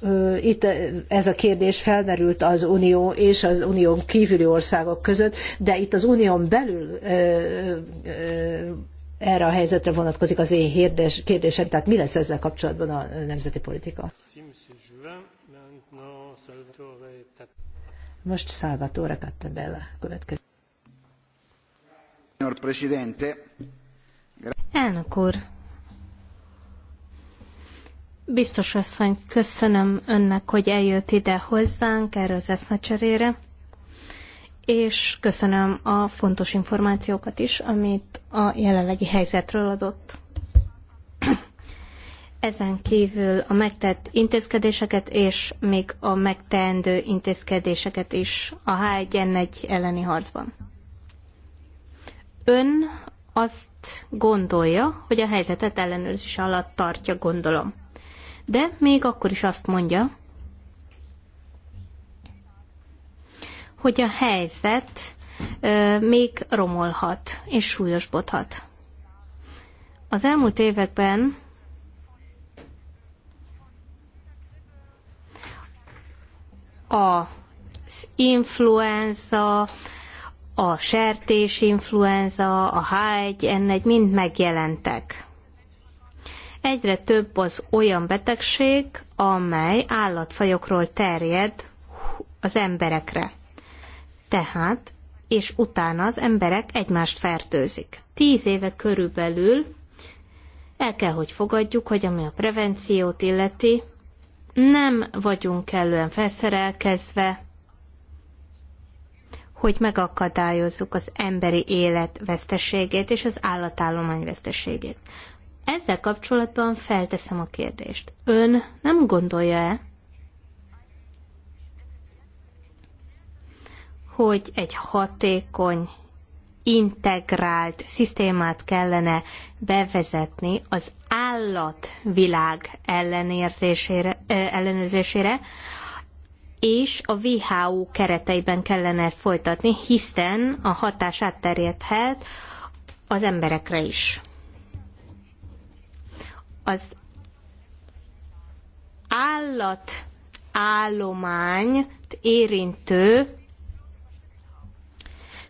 eh, itt ez a kérdés felmerült az Unió és az Unión kívüli országok között, de itt az Unión belül erre a helyzetre vonatkozik az én hirdes, kérdésem, tehát mi lesz ezzel kapcsolatban a nemzeti politika? Most Salvatore Cattabella következik. Elnök úr, biztos asszony, köszönöm önnek, hogy eljött ide hozzánk erre az eszmecserére és köszönöm a fontos információkat is, amit a jelenlegi helyzetről adott. Ezen kívül a megtett intézkedéseket és még a megteendő intézkedéseket is a h 1 n elleni harcban. Ön azt gondolja, hogy a helyzetet ellenőrzés alatt tartja, gondolom. De még akkor is azt mondja, hogy a helyzet még romolhat és súlyosbodhat. Az elmúlt években az influenza, a sertés influenza, a H1N1 mind megjelentek. Egyre több az olyan betegség, amely állatfajokról terjed az emberekre. Tehát, és utána az emberek egymást fertőzik. Tíz éve körülbelül el kell, hogy fogadjuk, hogy ami a prevenciót illeti, nem vagyunk kellően felszerelkezve, hogy megakadályozzuk az emberi élet veszteségét és az állatállomány veszteségét. Ezzel kapcsolatban felteszem a kérdést. Ön nem gondolja-e, hogy egy hatékony, integrált szisztémát kellene bevezetni az állatvilág ellenérzésére, ellenőrzésére, és a WHO kereteiben kellene ezt folytatni, hiszen a hatás átterjedhet az emberekre is. Az állat állományt érintő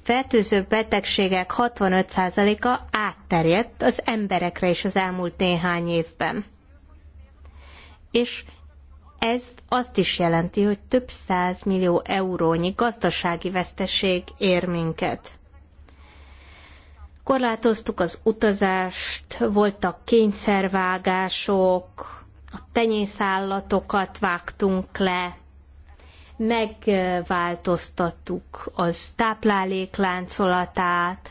fertőző betegségek 65%-a átterjedt az emberekre is az elmúlt néhány évben. És ez azt is jelenti, hogy több száz millió eurónyi gazdasági veszteség ér minket. Korlátoztuk az utazást, voltak kényszervágások, a tenyészállatokat vágtunk le, megváltoztattuk az táplálékláncolatát,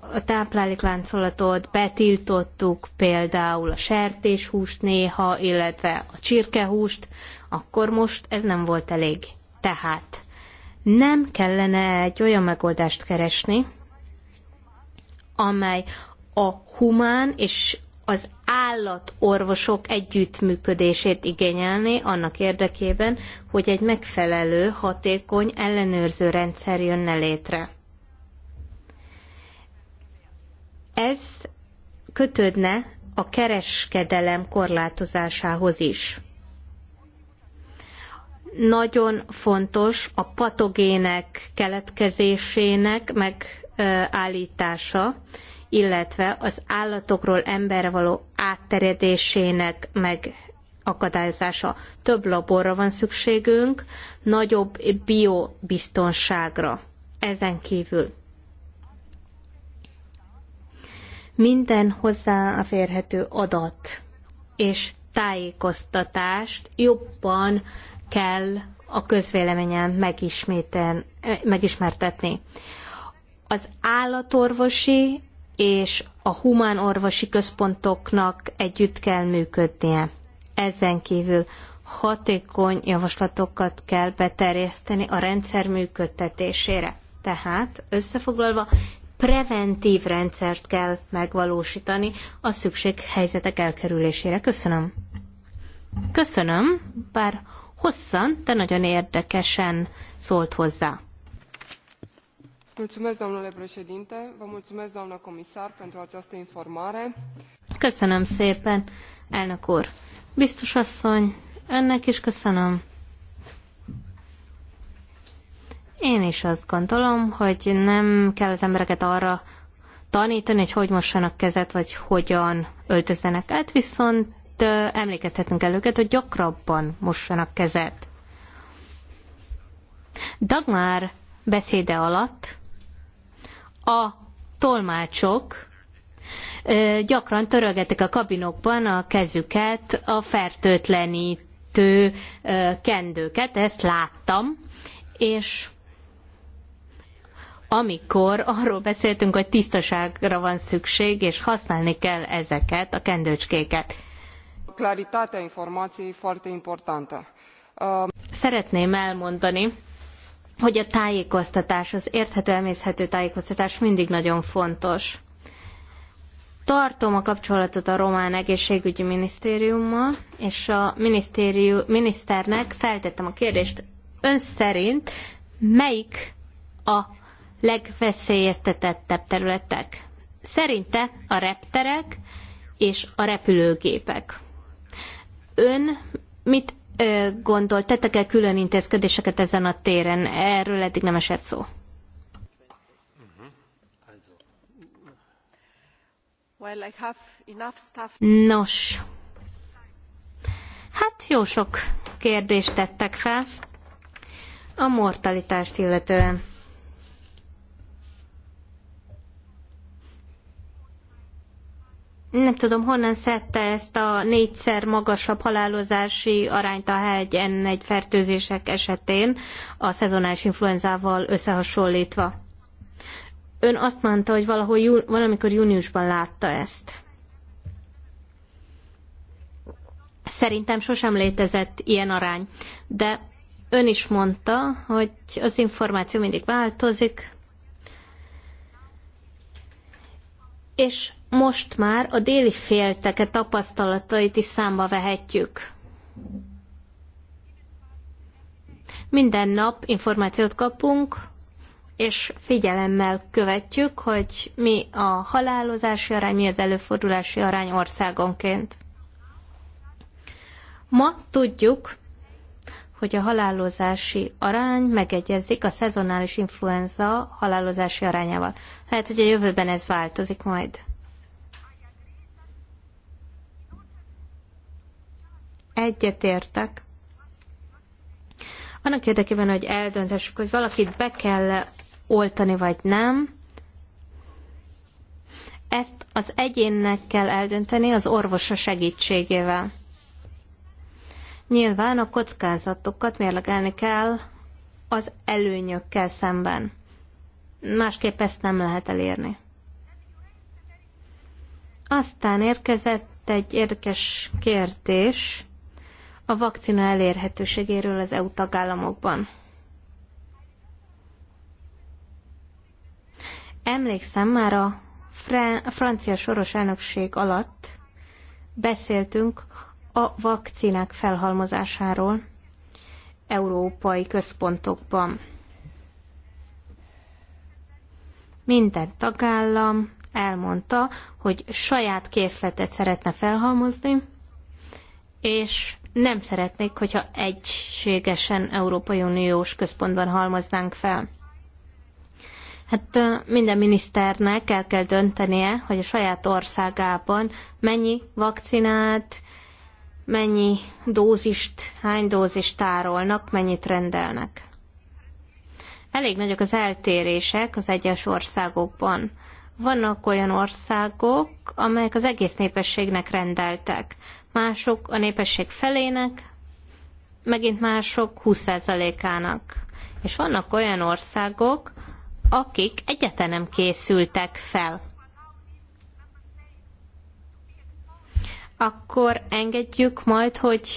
a táplálékláncolatot betiltottuk például a sertéshúst néha, illetve a csirkehúst, akkor most ez nem volt elég. Tehát nem kellene egy olyan megoldást keresni, amely a humán és az állatorvosok együttműködését igényelni annak érdekében, hogy egy megfelelő, hatékony ellenőrző rendszer jönne létre. Ez kötődne a kereskedelem korlátozásához is. Nagyon fontos a patogének keletkezésének megállítása, illetve az állatokról emberre való átterjedésének meg akadályozása. Több laborra van szükségünk, nagyobb biobiztonságra. Ezen kívül minden hozzáférhető adat és tájékoztatást jobban kell a közvéleményen eh, megismertetni. Az állatorvosi és a humán orvosi központoknak együtt kell működnie. Ezen kívül hatékony javaslatokat kell beterjeszteni a rendszer működtetésére. Tehát összefoglalva, preventív rendszert kell megvalósítani a szükség helyzetek elkerülésére. Köszönöm. Köszönöm, bár hosszan, de nagyon érdekesen szólt hozzá. Köszönöm szépen, elnök úr. Biztos asszony, önnek is köszönöm. Én is azt gondolom, hogy nem kell az embereket arra tanítani, hogy hogy mossanak kezet, vagy hogyan öltözzenek át, viszont emlékeztetnünk el őket, hogy gyakrabban mossanak kezet. Dagmar beszéde alatt a tolmácsok gyakran törölgetik a kabinokban a kezüket, a fertőtlenítő kendőket, ezt láttam, és amikor arról beszéltünk, hogy tisztaságra van szükség, és használni kell ezeket, a kendőcskéket. Claritatea informației foarte importantă. Szeretném elmondani, hogy a tájékoztatás, az érthető, emészhető tájékoztatás mindig nagyon fontos. Tartom a kapcsolatot a román egészségügyi minisztériummal, és a minisztérium, miniszternek feltettem a kérdést, ön szerint melyik a legveszélyeztetettebb területek? Szerinte a repterek és a repülőgépek. Ön mit gondol, tettek el külön intézkedéseket ezen a téren? Erről eddig nem esett szó. Nos, hát jó sok kérdést tettek fel a mortalitást illetően. nem tudom, honnan szedte ezt a négyszer magasabb halálozási arányt a hegyen egy fertőzések esetén a szezonális influenzával összehasonlítva. Ön azt mondta, hogy valahol jú, valamikor júniusban látta ezt. Szerintem sosem létezett ilyen arány, de ön is mondta, hogy az információ mindig változik, és most már a déli félteke tapasztalatait is számba vehetjük. Minden nap információt kapunk, és figyelemmel követjük, hogy mi a halálozási arány, mi az előfordulási arány országonként. Ma tudjuk, hogy a halálozási arány megegyezik a szezonális influenza halálozási arányával. Lehet, hogy a jövőben ez változik majd. egyetértek. Annak érdekében, hogy eldöntessük, hogy valakit be kell -e oltani, vagy nem, ezt az egyénnek kell eldönteni az orvosa segítségével. Nyilván a kockázatokat mérlegelni kell az előnyökkel szemben. Másképp ezt nem lehet elérni. Aztán érkezett egy érdekes kérdés a vakcina elérhetőségéről az EU tagállamokban. Emlékszem már a francia soros elnökség alatt beszéltünk a vakcinák felhalmozásáról európai központokban. Minden tagállam elmondta, hogy saját készletet szeretne felhalmozni, és nem szeretnék, hogyha egységesen Európai Uniós központban halmoznánk fel. Hát minden miniszternek el kell döntenie, hogy a saját országában mennyi vakcinát, mennyi dózist, hány dózist tárolnak, mennyit rendelnek. Elég nagyok az eltérések az egyes országokban. Vannak olyan országok, amelyek az egész népességnek rendeltek mások a népesség felének, megint mások 20%-ának. És vannak olyan országok, akik egyetlenem nem készültek fel. Akkor engedjük majd, hogy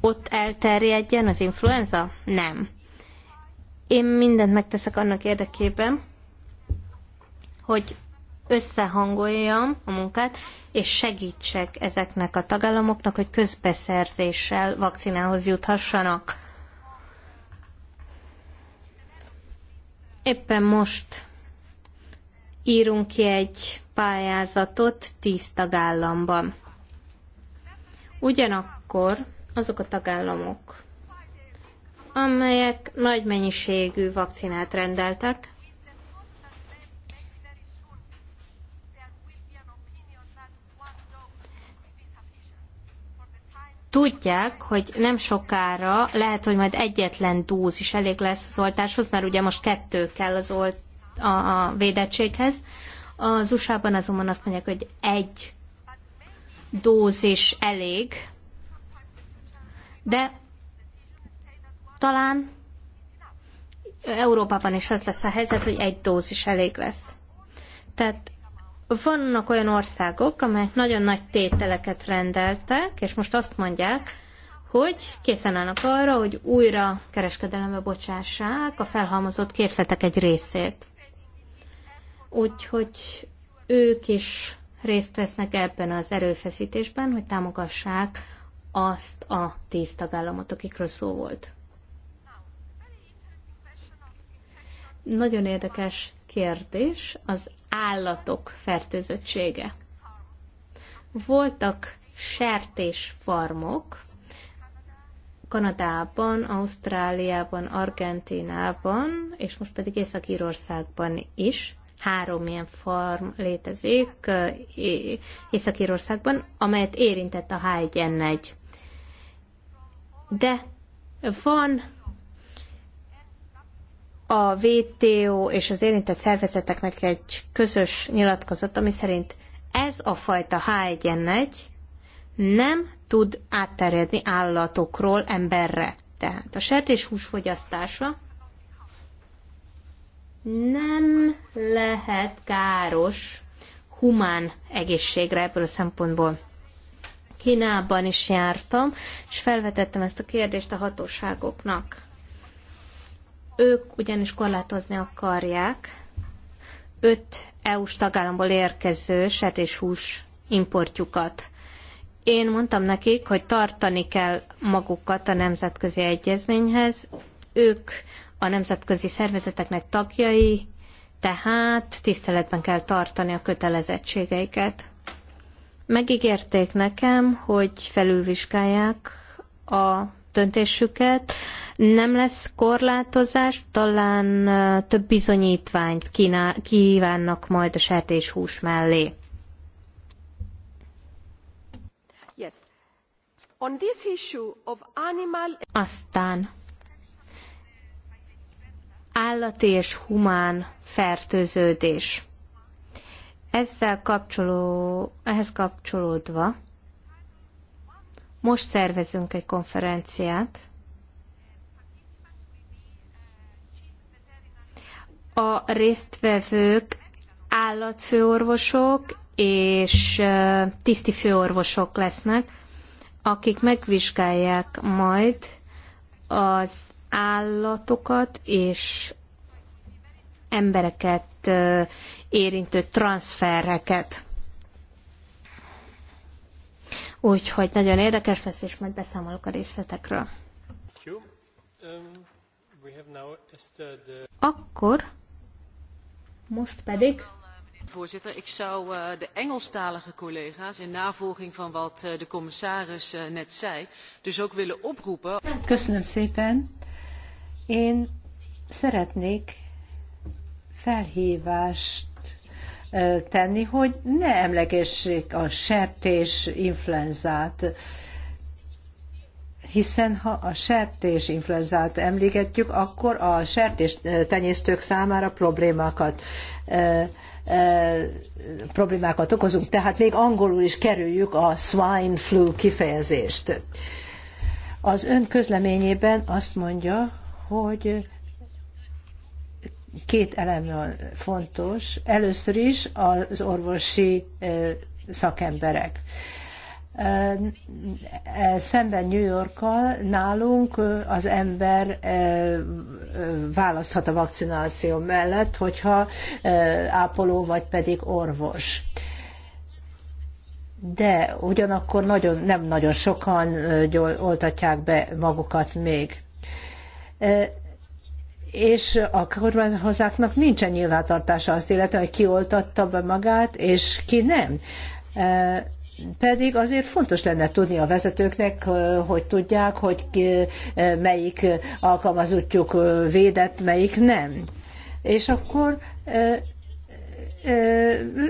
ott elterjedjen az influenza? Nem. Én mindent megteszek annak érdekében, hogy összehangoljam a munkát, és segítsek ezeknek a tagállamoknak, hogy közbeszerzéssel vakcinához juthassanak. Éppen most írunk ki egy pályázatot tíz tagállamban. Ugyanakkor azok a tagállamok, amelyek nagy mennyiségű vakcinát rendeltek, tudják, hogy nem sokára lehet, hogy majd egyetlen dúz is elég lesz az oltáshoz, mert ugye most kettő kell az olt, a, a védettséghez. Az USA-ban azonban azt mondják, hogy egy dózis elég, de talán Európában is az lesz a helyzet, hogy egy dózis elég lesz. Tehát vannak olyan országok, amelyek nagyon nagy tételeket rendeltek, és most azt mondják, hogy készen állnak arra, hogy újra kereskedelembe bocsássák a felhalmozott készletek egy részét. Úgyhogy ők is részt vesznek ebben az erőfeszítésben, hogy támogassák azt a tíz tagállamot, akikről szó volt. Nagyon érdekes kérdés az állatok fertőzöttsége. Voltak sertésfarmok Kanadában, Ausztráliában, Argentinában, és most pedig Észak-Írországban is. Három ilyen farm létezik Észak-Írországban, amelyet érintett a H1N1. De van a WTO és az érintett szervezeteknek egy közös nyilatkozat, ami szerint ez a fajta H1N1 nem tud átterjedni állatokról emberre. Tehát a sertéshús fogyasztása nem lehet káros humán egészségre ebből a szempontból. Kínában is jártam, és felvetettem ezt a kérdést a hatóságoknak. Ők ugyanis korlátozni akarják öt EU-s tagállamból érkező set és hús importjukat. Én mondtam nekik, hogy tartani kell magukat a nemzetközi egyezményhez. Ők a nemzetközi szervezeteknek tagjai, tehát tiszteletben kell tartani a kötelezettségeiket. Megígérték nekem, hogy felülvizsgálják a döntésüket. Nem lesz korlátozás, talán több bizonyítványt kívánnak majd a sertéshús mellé. Yes. On this issue of animal... Aztán állati és humán fertőződés. Ezzel kapcsoló, ehhez kapcsolódva most szervezünk egy konferenciát. A résztvevők állatfőorvosok és tisztifőorvosok lesznek, akik megvizsgálják majd az állatokat és embereket érintő transfereket. Úgyhogy nagyon érdekes lesz, és majd beszámolok a részletekről. Akkor most pedig Voorzitter, ik zou eh, de Engelstalige collega's in navolging van wat eh, de commissaris eh, net zei, dus ook willen oproepen. Köszönöm szépen. Én szeretnék felhívást tenni, hogy ne emlegessék a sertés influenzát, hiszen ha a sertés influenzát emlégetjük, akkor a sertés tenyésztők számára problémákat problémákat okozunk, tehát még angolul is kerüljük a swine flu kifejezést. Az ön közleményében azt mondja, hogy két elem fontos. Először is az orvosi szakemberek. E, szemben New Yorkkal nálunk az ember választhat a vakcináció mellett, hogyha ápoló vagy pedig orvos de ugyanakkor nagyon, nem nagyon sokan oltatják be magukat még és a kormányhozáknak nincsen nyilvántartása azt illetve, hogy ki oltatta be magát, és ki nem. Pedig azért fontos lenne tudni a vezetőknek, hogy tudják, hogy melyik alkalmazottjuk védett, melyik nem. És akkor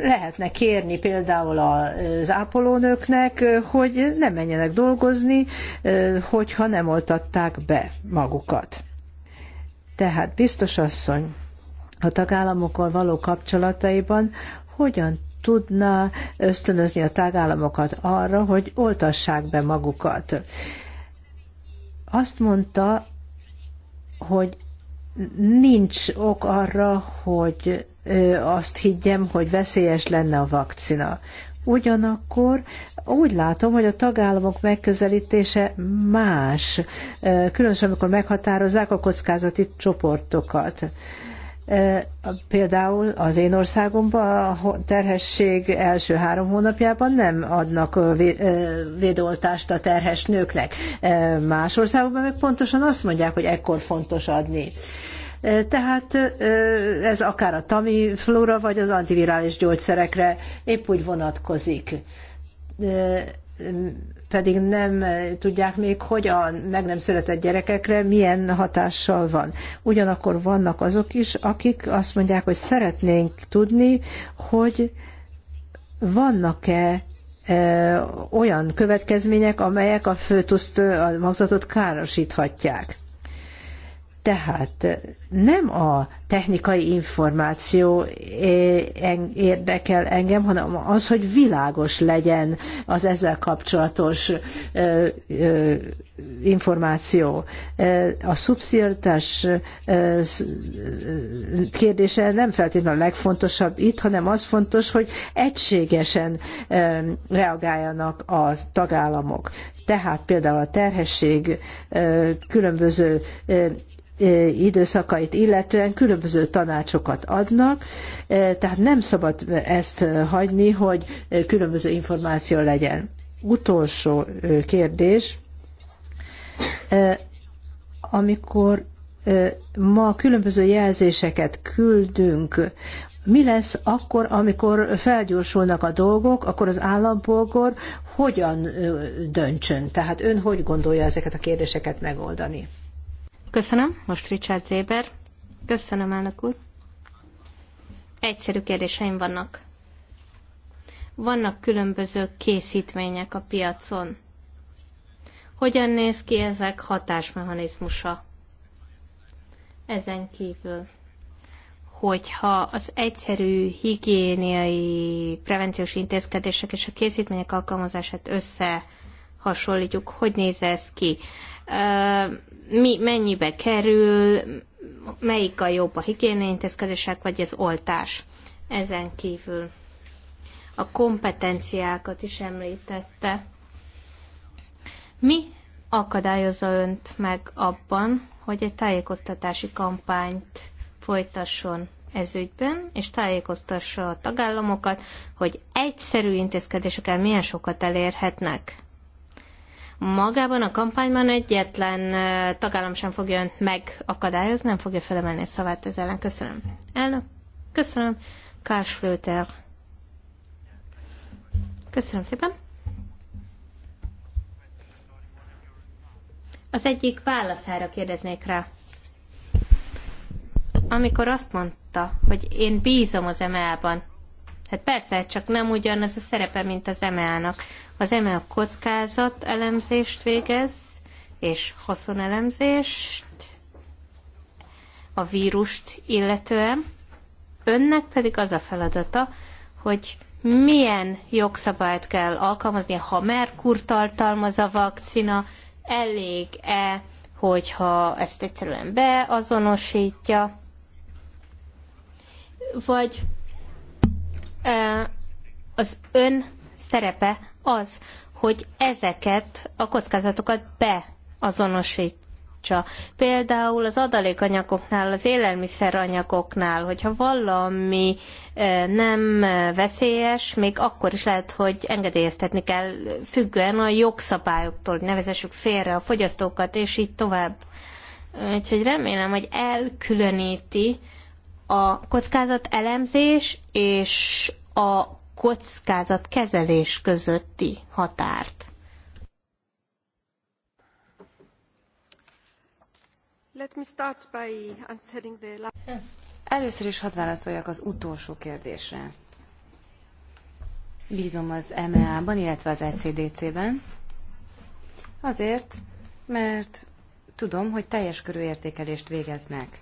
lehetne kérni például az ápolónőknek, hogy ne menjenek dolgozni, hogyha nem oltatták be magukat. Tehát biztos asszony, a tagállamokkal való kapcsolataiban hogyan tudná ösztönözni a tagállamokat arra, hogy oltassák be magukat. Azt mondta, hogy nincs ok arra, hogy azt higgyem, hogy veszélyes lenne a vakcina. Ugyanakkor úgy látom, hogy a tagállamok megközelítése más, e, különösen amikor meghatározzák a kockázati csoportokat. E, például az én országomban a terhesség első három hónapjában nem adnak védoltást a terhes nőknek. E, más országokban meg pontosan azt mondják, hogy ekkor fontos adni. Tehát ez akár a tamiflu-ra vagy az antivirális gyógyszerekre épp úgy vonatkozik. Pedig nem tudják még, hogy a meg nem született gyerekekre milyen hatással van. Ugyanakkor vannak azok is, akik azt mondják, hogy szeretnénk tudni, hogy vannak-e olyan következmények, amelyek a főtuszt, a magzatot károsíthatják. Tehát nem a technikai információ érdekel engem, hanem az, hogy világos legyen az ezzel kapcsolatos információ. A szubszidiaritás kérdése nem feltétlenül a legfontosabb itt, hanem az fontos, hogy egységesen reagáljanak a tagállamok. Tehát például a terhesség különböző időszakait illetően különböző tanácsokat adnak, tehát nem szabad ezt hagyni, hogy különböző információ legyen. Utolsó kérdés, amikor ma különböző jelzéseket küldünk, mi lesz akkor, amikor felgyorsulnak a dolgok, akkor az állampolgár hogyan döntsön? Tehát ön hogy gondolja ezeket a kérdéseket megoldani? Köszönöm. Most Richard Zéber. Köszönöm, elnök úr. Egyszerű kérdéseim vannak. Vannak különböző készítmények a piacon. Hogyan néz ki ezek hatásmechanizmusa? Ezen kívül, hogyha az egyszerű higiéniai prevenciós intézkedések és a készítmények alkalmazását összehasonlítjuk, hogy néz ez ki? mi mennyibe kerül, melyik a jobb a higiénintézkedések, vagy az oltás ezen kívül. A kompetenciákat is említette. Mi akadályozza önt meg abban, hogy egy tájékoztatási kampányt folytasson ez ügyben, és tájékoztassa a tagállamokat, hogy egyszerű intézkedésekkel milyen sokat elérhetnek. Magában a kampányban egyetlen tagállam sem fogja önt megakadályozni, nem fogja felemelni a szavát ez ellen. Köszönöm. Elnök, köszönöm. Kárs Flöter. Köszönöm szépen. Az egyik válaszára kérdeznék rá. Amikor azt mondta, hogy én bízom az ML-ban, e Hát persze, csak nem ugyanaz a szerepe, mint az EMEA-nak. Az a kockázat elemzést végez, és haszonelemzést a vírust illetően. Önnek pedig az a feladata, hogy milyen jogszabályt kell alkalmazni, ha Merkur tartalmaz a vakcina, elég-e, hogyha ezt egyszerűen beazonosítja, vagy az ön szerepe az, hogy ezeket a kockázatokat beazonosítsa. Például az adalékanyagoknál, az élelmiszeranyagoknál, hogyha valami nem veszélyes, még akkor is lehet, hogy engedélyeztetni kell függően a jogszabályoktól, hogy nevezessük félre a fogyasztókat, és így tovább. Úgyhogy remélem, hogy elkülöníti a kockázat elemzés és a kockázatkezelés közötti határt? Let me start by answering the... Először is hadd válaszoljak az utolsó kérdésre. Bízom az MEA-ban, illetve az ECDC-ben. Azért, mert tudom, hogy teljes körű értékelést végeznek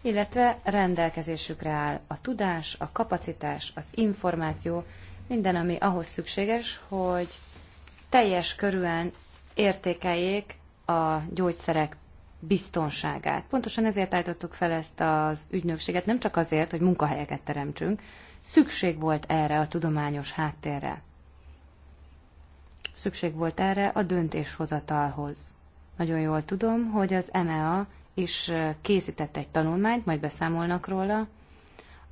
illetve rendelkezésükre áll a tudás, a kapacitás, az információ, minden, ami ahhoz szükséges, hogy teljes körűen értékeljék a gyógyszerek biztonságát. Pontosan ezért állítottuk fel ezt az ügynökséget, nem csak azért, hogy munkahelyeket teremtsünk, szükség volt erre a tudományos háttérre. Szükség volt erre a döntéshozatalhoz. Nagyon jól tudom, hogy az MEA is készített egy tanulmányt, majd beszámolnak róla,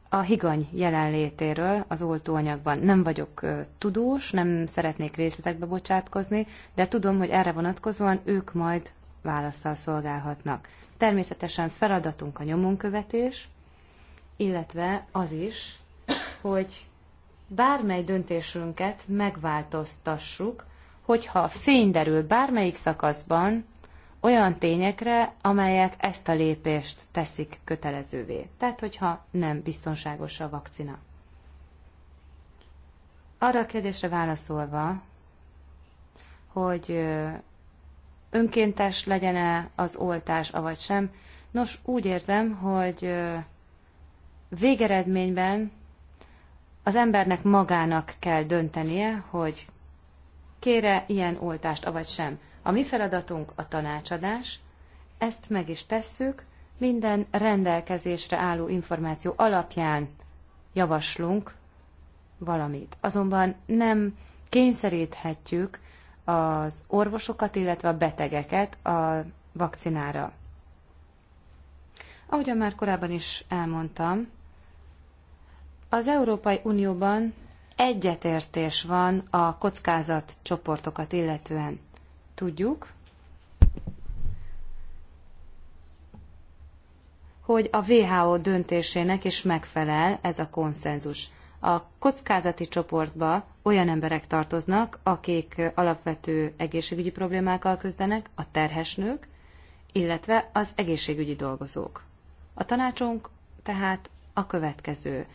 a higany jelenlétéről az oltóanyagban. Nem vagyok tudós, nem szeretnék részletekbe bocsátkozni, de tudom, hogy erre vonatkozóan ők majd válaszsal szolgálhatnak. Természetesen feladatunk a nyomonkövetés, illetve az is, hogy bármely döntésünket megváltoztassuk, hogyha fény derül bármelyik szakaszban, olyan tényekre, amelyek ezt a lépést teszik kötelezővé. Tehát, hogyha nem biztonságos a vakcina. Arra a kérdésre válaszolva, hogy önkéntes legyen-e az oltás, avagy sem, nos, úgy érzem, hogy végeredményben az embernek magának kell döntenie, hogy kére ilyen oltást, avagy sem. A mi feladatunk a tanácsadás, ezt meg is tesszük, minden rendelkezésre álló információ alapján javaslunk valamit. Azonban nem kényszeríthetjük az orvosokat, illetve a betegeket a vakcinára. Ahogyan már korábban is elmondtam, az Európai Unióban egyetértés van a kockázat csoportokat illetően tudjuk, hogy a WHO döntésének is megfelel ez a konszenzus. A kockázati csoportba olyan emberek tartoznak, akik alapvető egészségügyi problémákkal küzdenek, a terhesnők, illetve az egészségügyi dolgozók. A tanácsunk tehát a következő.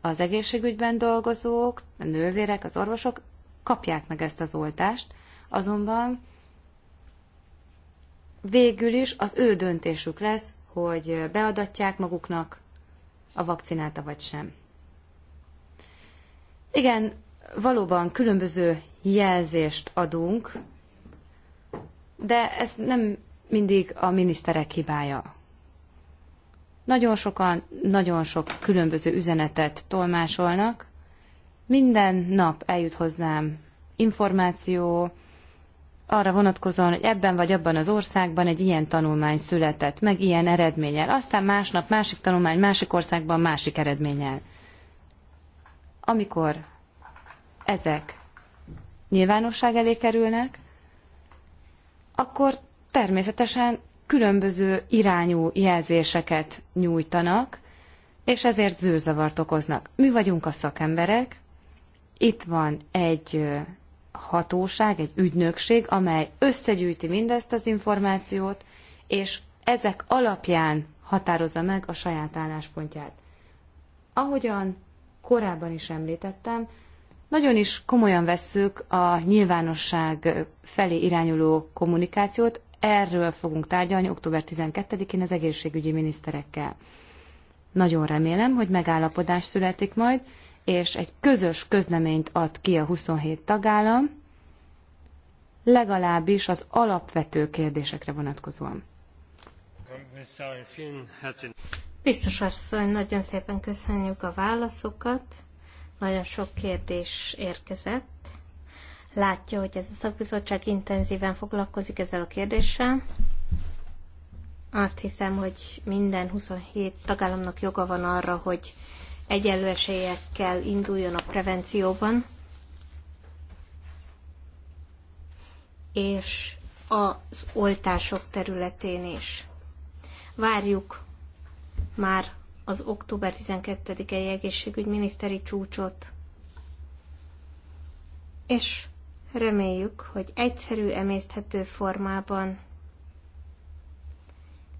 Az egészségügyben dolgozók, a nővérek, az orvosok kapják meg ezt az oltást, azonban végül is az ő döntésük lesz, hogy beadatják maguknak a vakcinát, vagy sem. Igen, valóban különböző jelzést adunk, de ez nem mindig a miniszterek hibája. Nagyon sokan, nagyon sok különböző üzenetet tolmásolnak. Minden nap eljut hozzám információ, arra vonatkozóan, hogy ebben vagy abban az országban egy ilyen tanulmány született, meg ilyen eredménnyel. Aztán másnap másik tanulmány, másik országban másik eredménnyel. Amikor ezek nyilvánosság elé kerülnek, akkor természetesen különböző irányú jelzéseket nyújtanak, és ezért zőzavart okoznak. Mi vagyunk a szakemberek, itt van egy hatóság, egy ügynökség, amely összegyűjti mindezt az információt, és ezek alapján határozza meg a saját álláspontját. Ahogyan korábban is említettem, nagyon is komolyan vesszük a nyilvánosság felé irányuló kommunikációt, erről fogunk tárgyalni október 12-én az egészségügyi miniszterekkel. Nagyon remélem, hogy megállapodás születik majd, és egy közös közleményt ad ki a 27 tagállam, legalábbis az alapvető kérdésekre vonatkozóan. Biztos asszony, nagyon szépen köszönjük a válaszokat. Nagyon sok kérdés érkezett. Látja, hogy ez a szakbizottság intenzíven foglalkozik ezzel a kérdéssel. Azt hiszem, hogy minden 27 tagállamnak joga van arra, hogy egyenlő esélyekkel induljon a prevencióban, és az oltások területén is. Várjuk már az október 12-i egészségügyminiszteri csúcsot, és reméljük, hogy egyszerű, emészthető formában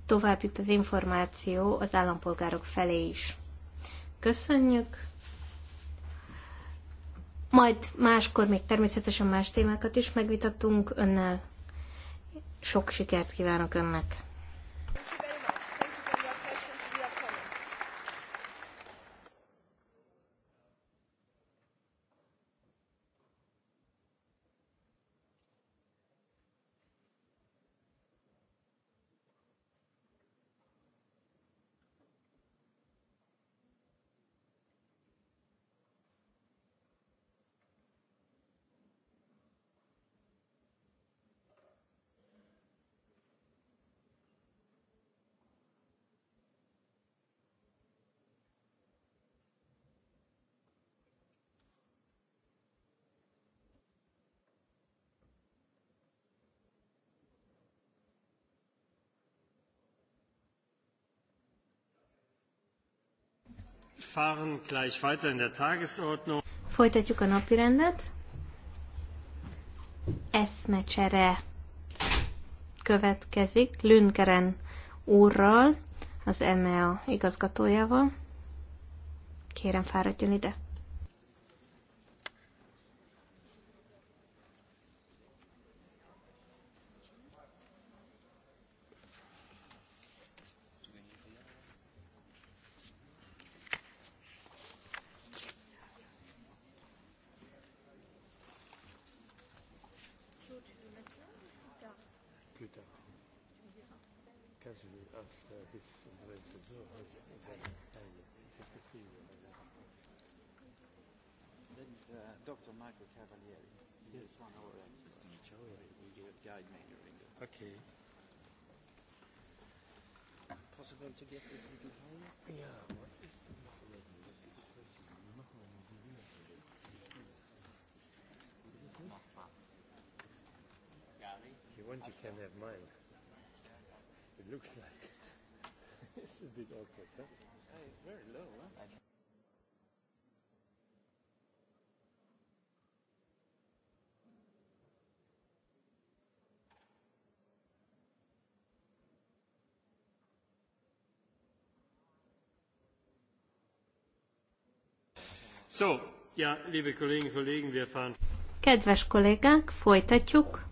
tovább jut az információ az állampolgárok felé is. Köszönjük! Majd máskor még természetesen más témákat is megvitatunk önnel. Sok sikert kívánok önnek! fahren gleich weiter in der Tagesordnung. Folytatjuk a napirendet. Eszmecsere következik Lünkeren úrral, az EMEA igazgatójával. Kérem, fáradjon ide! can have mine. It looks like it's a bit awkward, huh? Hey, it's very low, huh? So, ja, liebe Kolleginnen und Kollegen, wir fahren. Kedves kollégák, folytatjuk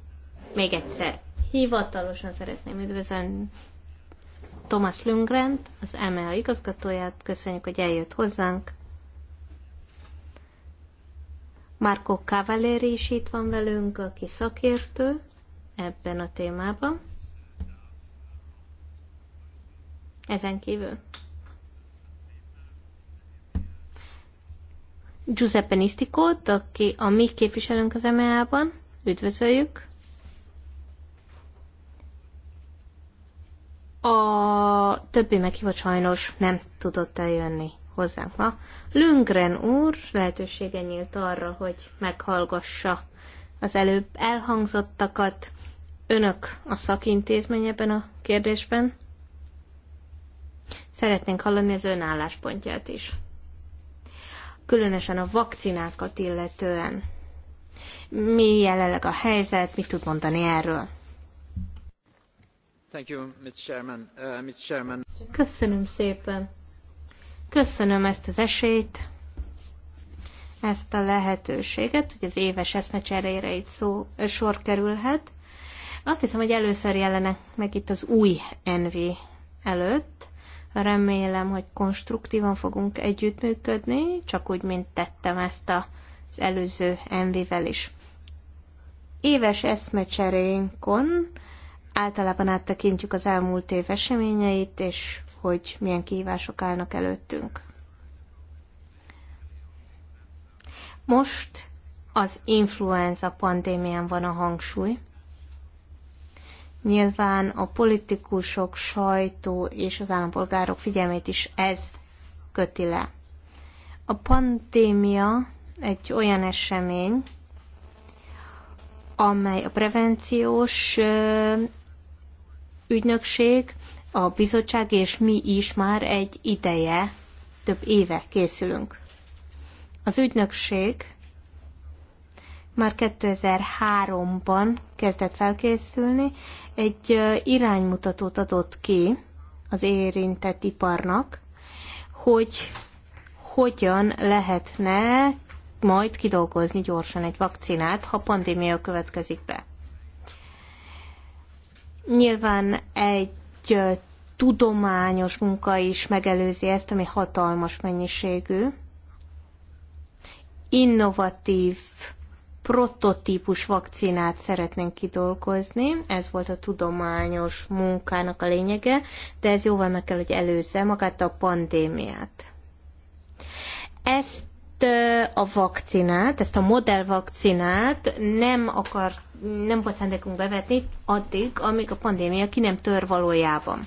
még egyszer hivatalosan szeretném üdvözölni Thomas Lundgren, az MEA igazgatóját. Köszönjük, hogy eljött hozzánk. Marco Cavaleri is itt van velünk, aki szakértő ebben a témában. Ezen kívül. Giuseppe Nisztikót, aki a mi képviselőnk az mea ban Üdvözöljük! A többi meghívott sajnos nem tudott eljönni hozzánk ma. Lüngren úr lehetősége nyílt arra, hogy meghallgassa az előbb elhangzottakat. Önök a szakintézmény ebben a kérdésben. Szeretnénk hallani az ön álláspontját is. Különösen a vakcinákat illetően. Mi jelenleg a helyzet, mit tud mondani erről? Uh, Köszönöm szépen. Köszönöm ezt az esélyt, ezt a lehetőséget, hogy az éves eszmecserére itt szó, sor kerülhet. Azt hiszem, hogy először jelenek meg itt az új NV előtt. Remélem, hogy konstruktívan fogunk együttműködni, csak úgy, mint tettem ezt az előző NV-vel is. Éves eszmecserénkon általában áttekintjük az elmúlt év eseményeit, és hogy milyen kihívások állnak előttünk. Most az influenza pandémián van a hangsúly. Nyilván a politikusok, sajtó és az állampolgárok figyelmét is ez köti le. A pandémia egy olyan esemény, amely a prevenciós ügynökség, a bizottság és mi is már egy ideje, több éve készülünk. Az ügynökség már 2003-ban kezdett felkészülni, egy iránymutatót adott ki az érintett iparnak, hogy hogyan lehetne majd kidolgozni gyorsan egy vakcinát, ha pandémia következik be. Nyilván egy tudományos munka is megelőzi ezt, ami hatalmas mennyiségű. Innovatív prototípus vakcinát szeretnénk kidolgozni. Ez volt a tudományos munkának a lényege, de ez jóval meg kell, hogy előzze magát a pandémiát. Ezt a vakcinát, ezt a vakcinát nem akar, nem volt szándékunk bevetni addig, amíg a pandémia ki nem tör valójában.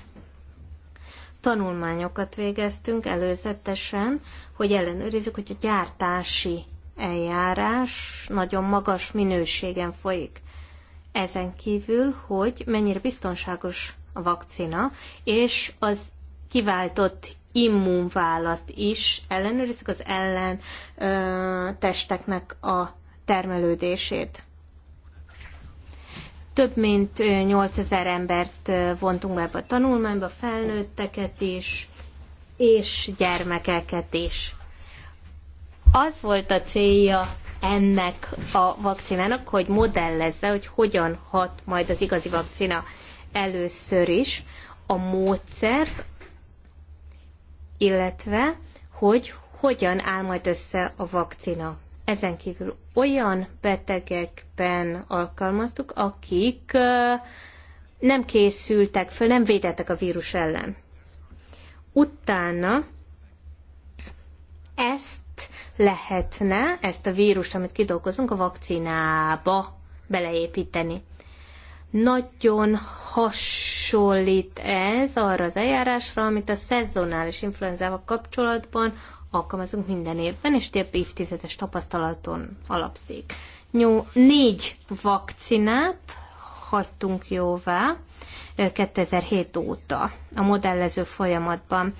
Tanulmányokat végeztünk előzetesen, hogy ellenőrizzük, hogy a gyártási eljárás nagyon magas minőségen folyik. Ezen kívül, hogy mennyire biztonságos a vakcina, és az kiváltott immunválaszt is, ellenőrizik az ellen ö, testeknek a termelődését. Több mint 8000 embert vontunk be ebbe a tanulmányba, felnőtteket is, és gyermekeket is. Az volt a célja ennek a vakcinának, hogy modellezze, hogy hogyan hat majd az igazi vakcina először is. A módszer illetve hogy hogyan áll majd össze a vakcina. Ezen kívül olyan betegekben alkalmaztuk, akik nem készültek föl, nem védettek a vírus ellen. Utána ezt lehetne, ezt a vírust, amit kidolgozunk, a vakcinába beleépíteni nagyon hasonlít ez arra az eljárásra, amit a szezonális influenzával kapcsolatban alkalmazunk minden évben, és több évtizedes tapasztalaton alapszik. Nyó, négy vakcinát hagytunk jóvá 2007 óta a modellező folyamatban.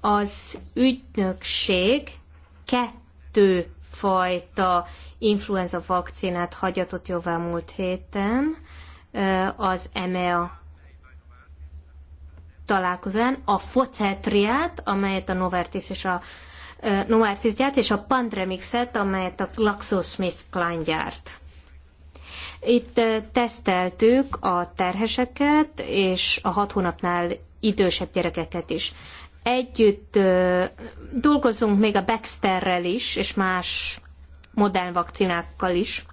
Az ügynökség kettő fajta influenza vakcinát hagyatott jóvá múlt héten, az EMEA találkozóan, a focetriát, amelyet a Novartis és a Novartis gyárt, és a Pandremixet, amelyet a GlaxoSmithKline gyárt. Itt teszteltük a terheseket és a hat hónapnál idősebb gyerekeket is. Együtt dolgozunk még a Baxterrel is, és más modern vakcinákkal is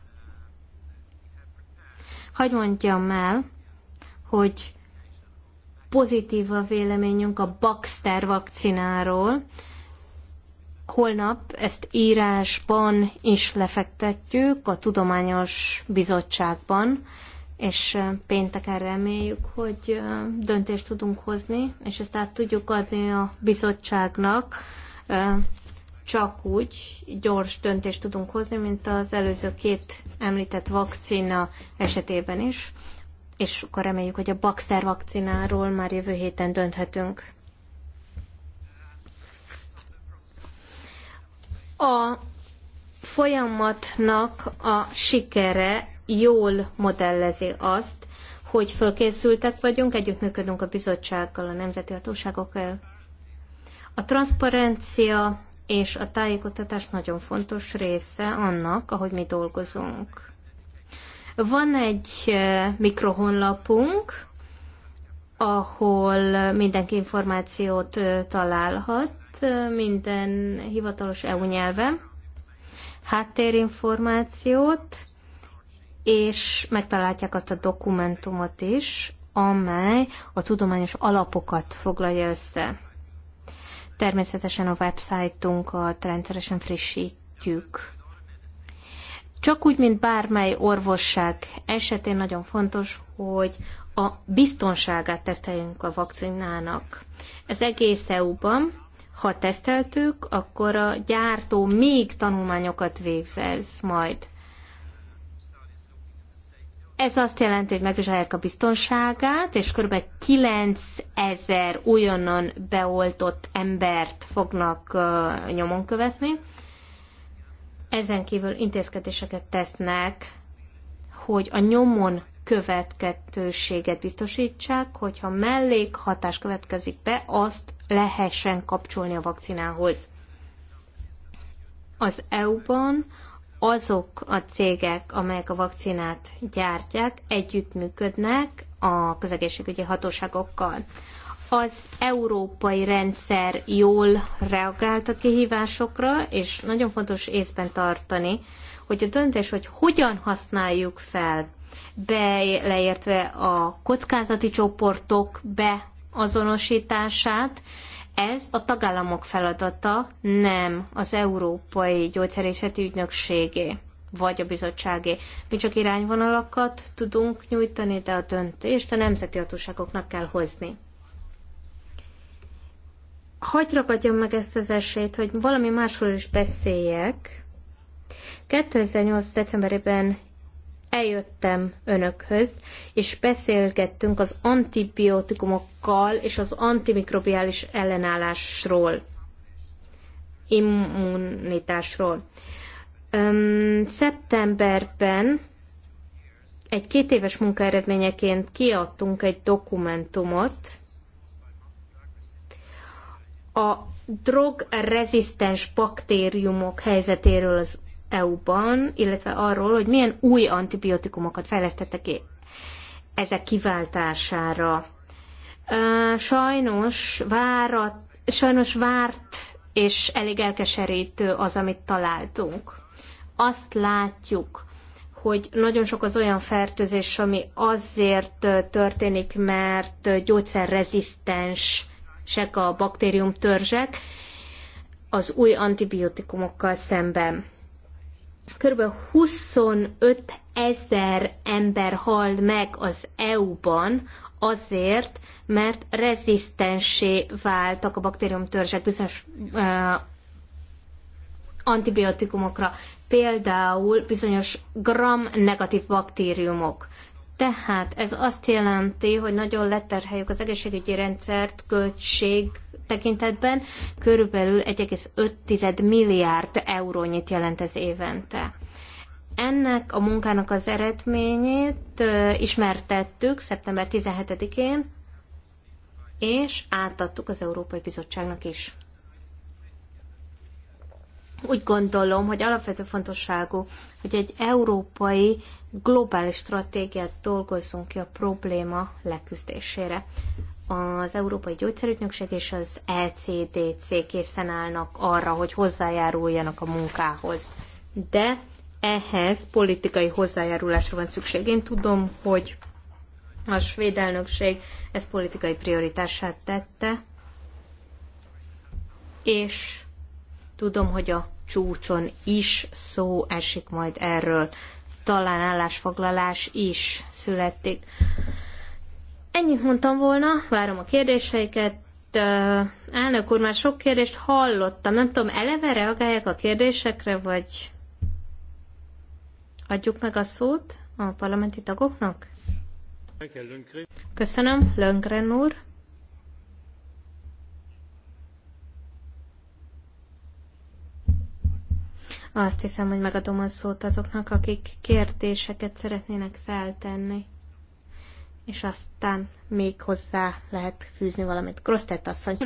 hagyd mondjam el, hogy pozitív a véleményünk a Baxter vakcináról. Holnap ezt írásban is lefektetjük a Tudományos Bizottságban, és pénteken reméljük, hogy döntést tudunk hozni, és ezt át tudjuk adni a bizottságnak csak úgy gyors döntést tudunk hozni, mint az előző két említett vakcina esetében is, és akkor reméljük, hogy a Baxter vakcináról már jövő héten dönthetünk. A folyamatnak a sikere jól modellezi azt, hogy fölkészültek vagyunk, együttműködünk a bizottsággal, a nemzeti hatóságokkal. A transzparencia és a tájékoztatás nagyon fontos része annak, ahogy mi dolgozunk. Van egy eh, mikrohonlapunk, ahol mindenki információt eh, találhat, eh, minden hivatalos EU nyelven, háttérinformációt, és megtalálják azt a dokumentumot is, amely a tudományos alapokat foglalja össze. Természetesen a websájtunkat rendszeresen frissítjük. Csak úgy, mint bármely orvosság esetén nagyon fontos, hogy a biztonságát teszteljünk a vakcinának. Ez egész EU-ban, ha teszteltük, akkor a gyártó még tanulmányokat végzez majd. Ez azt jelenti, hogy megvizsgálják a biztonságát, és kb. 9000 újonnan beoltott embert fognak nyomon követni. Ezen kívül intézkedéseket tesznek, hogy a nyomon következőséget biztosítsák, hogyha mellékhatás következik be, azt lehessen kapcsolni a vakcinához. Az EU-ban azok a cégek, amelyek a vakcinát gyártják, együttműködnek a közegészségügyi hatóságokkal. Az európai rendszer jól reagált a kihívásokra, és nagyon fontos észben tartani, hogy a döntés, hogy hogyan használjuk fel, beleértve a kockázati csoportok beazonosítását, ez a tagállamok feladata, nem az Európai Gyógyszerészeti Ügynökségé vagy a bizottságé. Mi csak irányvonalakat tudunk nyújtani, de a döntést a nemzeti hatóságoknak kell hozni. Hogy ragadjam meg ezt az esélyt, hogy valami másról is beszéljek. 2008. decemberében eljöttem önökhöz, és beszélgettünk az antibiotikumokkal és az antimikrobiális ellenállásról, immunitásról. Öm, szeptemberben egy két éves munkaeredményeként kiadtunk egy dokumentumot, a drogrezisztens baktériumok helyzetéről az EU-ban, illetve arról, hogy milyen új antibiotikumokat fejlesztettek ki ezek kiváltására. Sajnos várat, sajnos várt és elég elkeserítő az, amit találtunk. Azt látjuk, hogy nagyon sok az olyan fertőzés, ami azért történik, mert gyógyszerrezisztensek a baktériumtörzsek az új antibiotikumokkal szemben kb. 25 ezer ember hal meg az EU-ban azért, mert rezisztensé váltak a törzsek bizonyos uh, antibiotikumokra, például bizonyos gram-negatív baktériumok. Tehát ez azt jelenti, hogy nagyon leterheljük az egészségügyi rendszert költség tekintetben, körülbelül 1,5 milliárd eurónyit jelent ez évente. Ennek a munkának az eredményét ismertettük szeptember 17-én, és átadtuk az Európai Bizottságnak is úgy gondolom, hogy alapvető fontosságú, hogy egy európai globális stratégiát dolgozzunk ki a probléma leküzdésére. Az Európai Gyógyszerügynökség és az ECDC készen állnak arra, hogy hozzájáruljanak a munkához. De ehhez politikai hozzájárulásra van szükség. Én tudom, hogy a svéd elnökség ezt politikai prioritását tette, és Tudom, hogy a csúcson is szó esik majd erről. Talán állásfoglalás is születik. Ennyit mondtam volna, várom a kérdéseiket. Elnök úr, már sok kérdést hallottam. Nem tudom, eleve reagálják a kérdésekre, vagy adjuk meg a szót a parlamenti tagoknak? Köszönöm, Löngren úr. Azt hiszem, hogy megadom a szót azoknak, akik kérdéseket szeretnének feltenni. És aztán még hozzá lehet fűzni valamit. Grosztett asszony.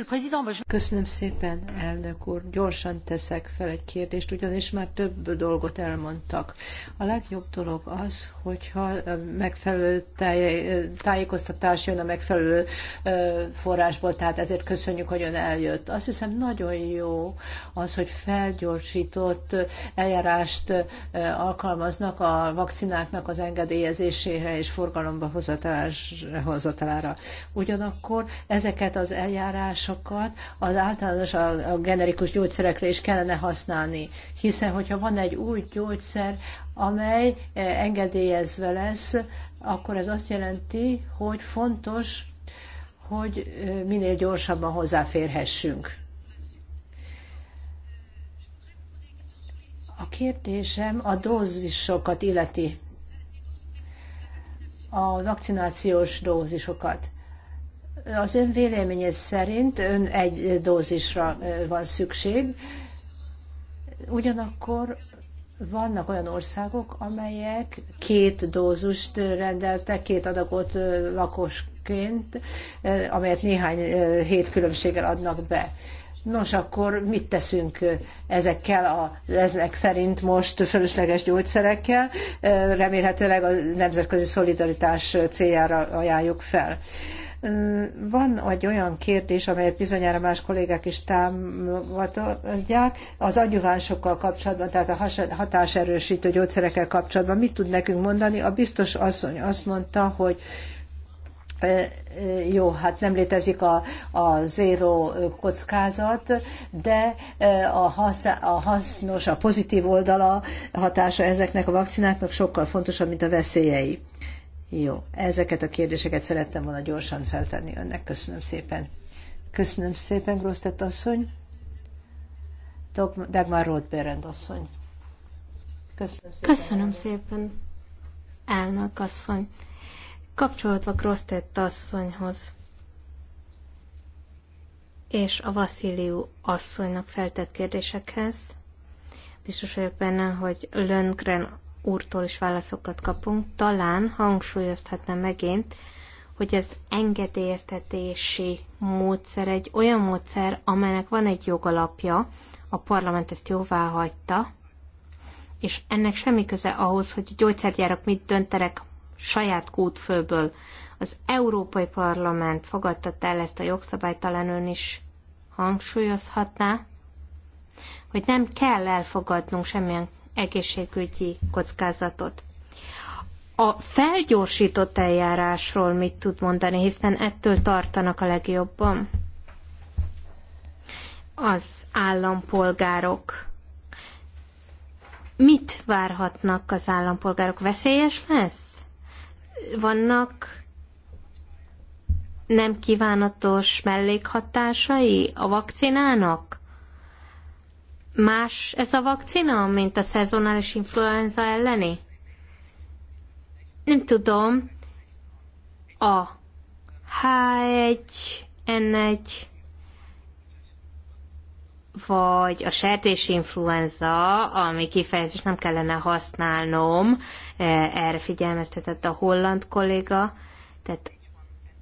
Köszönöm szépen, elnök úr. Gyorsan teszek fel egy kérdést, ugyanis már több dolgot elmondtak. A legjobb dolog az, hogyha megfelelő táj- tájékoztatás jön a megfelelő forrásból, tehát ezért köszönjük, hogy ön eljött. Azt hiszem nagyon jó az, hogy felgyorsított eljárást alkalmaznak a vakcináknak az engedélyezésére és forgalomba hozatásához felhasználára. Ugyanakkor ezeket az eljárásokat az általános a generikus gyógyszerekre is kellene használni, hiszen hogyha van egy új gyógyszer, amely e, engedélyezve lesz, akkor ez azt jelenti, hogy fontos, hogy e, minél gyorsabban hozzáférhessünk. A kérdésem a dózisokat illeti a vakcinációs dózisokat. Az ön véleménye szerint ön egy dózisra van szükség, ugyanakkor vannak olyan országok, amelyek két dózust rendeltek, két adagot lakosként, amelyet néhány hét különbséggel adnak be. Nos, akkor mit teszünk ezekkel a, ezek szerint most fölösleges gyógyszerekkel? Remélhetőleg a nemzetközi szolidaritás céljára ajánljuk fel. Van egy olyan kérdés, amelyet bizonyára más kollégák is támogatják, az agyuvánsokkal kapcsolatban, tehát a hatáserősítő gyógyszerekkel kapcsolatban. Mit tud nekünk mondani? A biztos asszony azt mondta, hogy jó, hát nem létezik a, a zéro kockázat, de a, haszna, a hasznos, a pozitív oldala hatása ezeknek a vakcináknak sokkal fontosabb, mint a veszélyei. Jó, ezeket a kérdéseket szerettem volna gyorsan feltenni önnek. Köszönöm szépen. Köszönöm szépen, Grosztett asszony. Dagmar Rothberend asszony. Köszönöm szépen. Köszönöm szépen, elnök asszony kapcsolódva Grosztett asszonyhoz és a Vasziliu asszonynak feltett kérdésekhez. Biztos vagyok benne, hogy Löngren úrtól is válaszokat kapunk. Talán hangsúlyozhatnám megint, hogy az engedélyeztetési módszer egy olyan módszer, amelynek van egy jogalapja, a parlament ezt jóvá hagyta, és ennek semmi köze ahhoz, hogy a gyógyszergyárak mit döntenek saját kútfőből. Az Európai Parlament fogadtatta el ezt a jogszabályt, talán ön is hangsúlyozhatná, hogy nem kell elfogadnunk semmilyen egészségügyi kockázatot. A felgyorsított eljárásról mit tud mondani, hiszen ettől tartanak a legjobban? Az állampolgárok. Mit várhatnak az állampolgárok? Veszélyes lesz? vannak nem kívánatos mellékhatásai a vakcinának? Más ez a vakcina, mint a szezonális influenza elleni? Nem tudom. A H1N1 vagy a influenza, ami kifejezést nem kellene használnom, Eh, erre figyelmeztetett a holland kolléga, tehát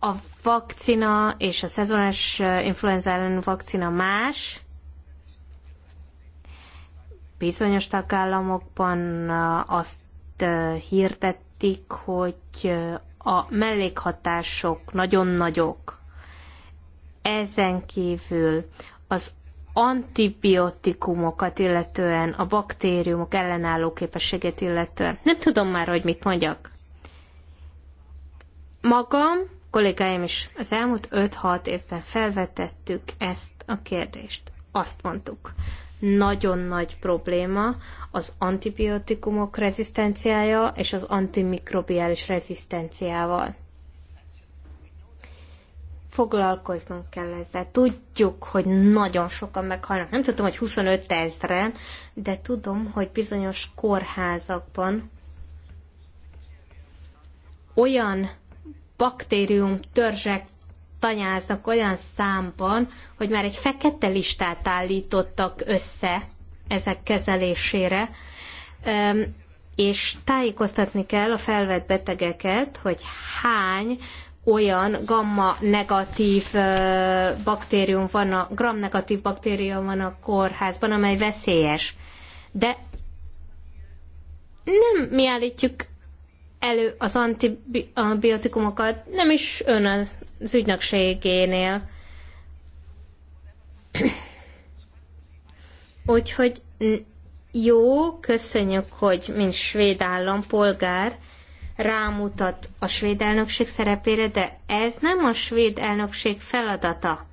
a vakcina és a szezonás eh, influenza ellen vakcina más, bizonyos tagállamokban eh, azt hirdették, hogy a mellékhatások nagyon nagyok. Ezen kívül az antibiotikumokat illetően, a baktériumok ellenálló képességét illetően. Nem tudom már, hogy mit mondjak. Magam, kollégáim is az elmúlt 5-6 évben felvetettük ezt a kérdést. Azt mondtuk, nagyon nagy probléma az antibiotikumok rezisztenciája és az antimikrobiális rezisztenciával foglalkoznunk kell ezzel. Tudjuk, hogy nagyon sokan meghalnak. Nem tudom, hogy 25 ezeren, de tudom, hogy bizonyos kórházakban olyan baktérium törzsek tanyáznak olyan számban, hogy már egy fekete listát állítottak össze ezek kezelésére, és tájékoztatni kell a felvett betegeket, hogy hány olyan gamma negatív baktérium van, a gram negatív baktérium van a kórházban, amely veszélyes. De nem mi állítjuk elő az antibiotikumokat, nem is ön az, az ügynökségénél. Úgyhogy jó, köszönjük, hogy mint svéd állampolgár rámutat a svéd elnökség szerepére, de ez nem a svéd elnökség feladata.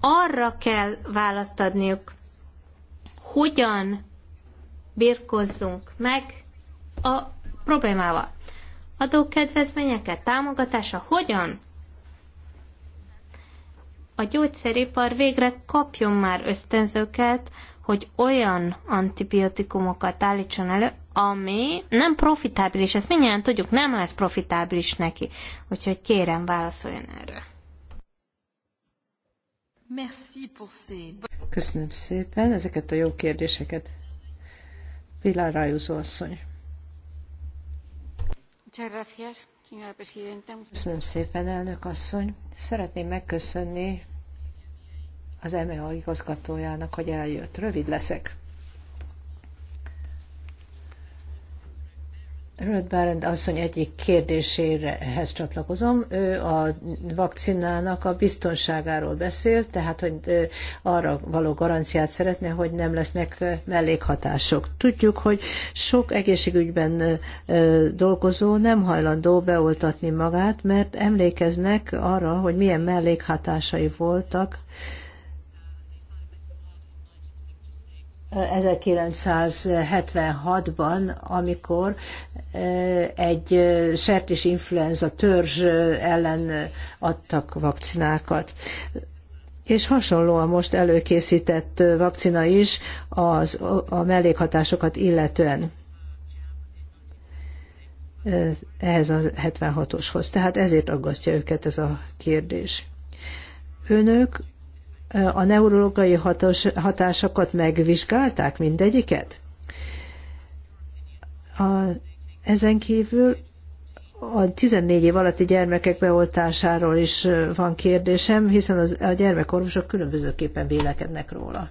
Arra kell választ adniuk, hogyan birkozzunk meg a problémával. Adókedvezményeket, támogatása hogyan? A gyógyszeripar végre kapjon már ösztönzőket, hogy olyan antibiotikumokat állítson elő, ami nem profitábilis. Ezt mindjárt tudjuk, nem lesz profitábilis neki. Úgyhogy kérem, válaszoljon erre. Köszönöm szépen ezeket a jó kérdéseket. Pilar Rájúzó asszony. Köszönöm szépen, elnök asszony. Szeretném megköszönni az MEA igazgatójának, hogy eljött. Rövid leszek. Rövid Bárend asszony egyik kérdéséhez csatlakozom. Ő a vakcinának a biztonságáról beszélt, tehát hogy arra való garanciát szeretne, hogy nem lesznek mellékhatások. Tudjuk, hogy sok egészségügyben dolgozó nem hajlandó beoltatni magát, mert emlékeznek arra, hogy milyen mellékhatásai voltak 1976-ban, amikor e, egy e, sertés influenza törzs e, ellen adtak vakcinákat. És hasonlóan most előkészített vakcina is az, a mellékhatásokat illetően ehhez a 76-oshoz. Tehát ezért aggasztja őket ez a kérdés. Önök a neurológai hatos, hatásokat megvizsgálták mindegyiket? A, ezen kívül a 14 év alatti gyermekek beoltásáról is van kérdésem, hiszen az, a gyermekorvosok különbözőképpen vélekednek róla.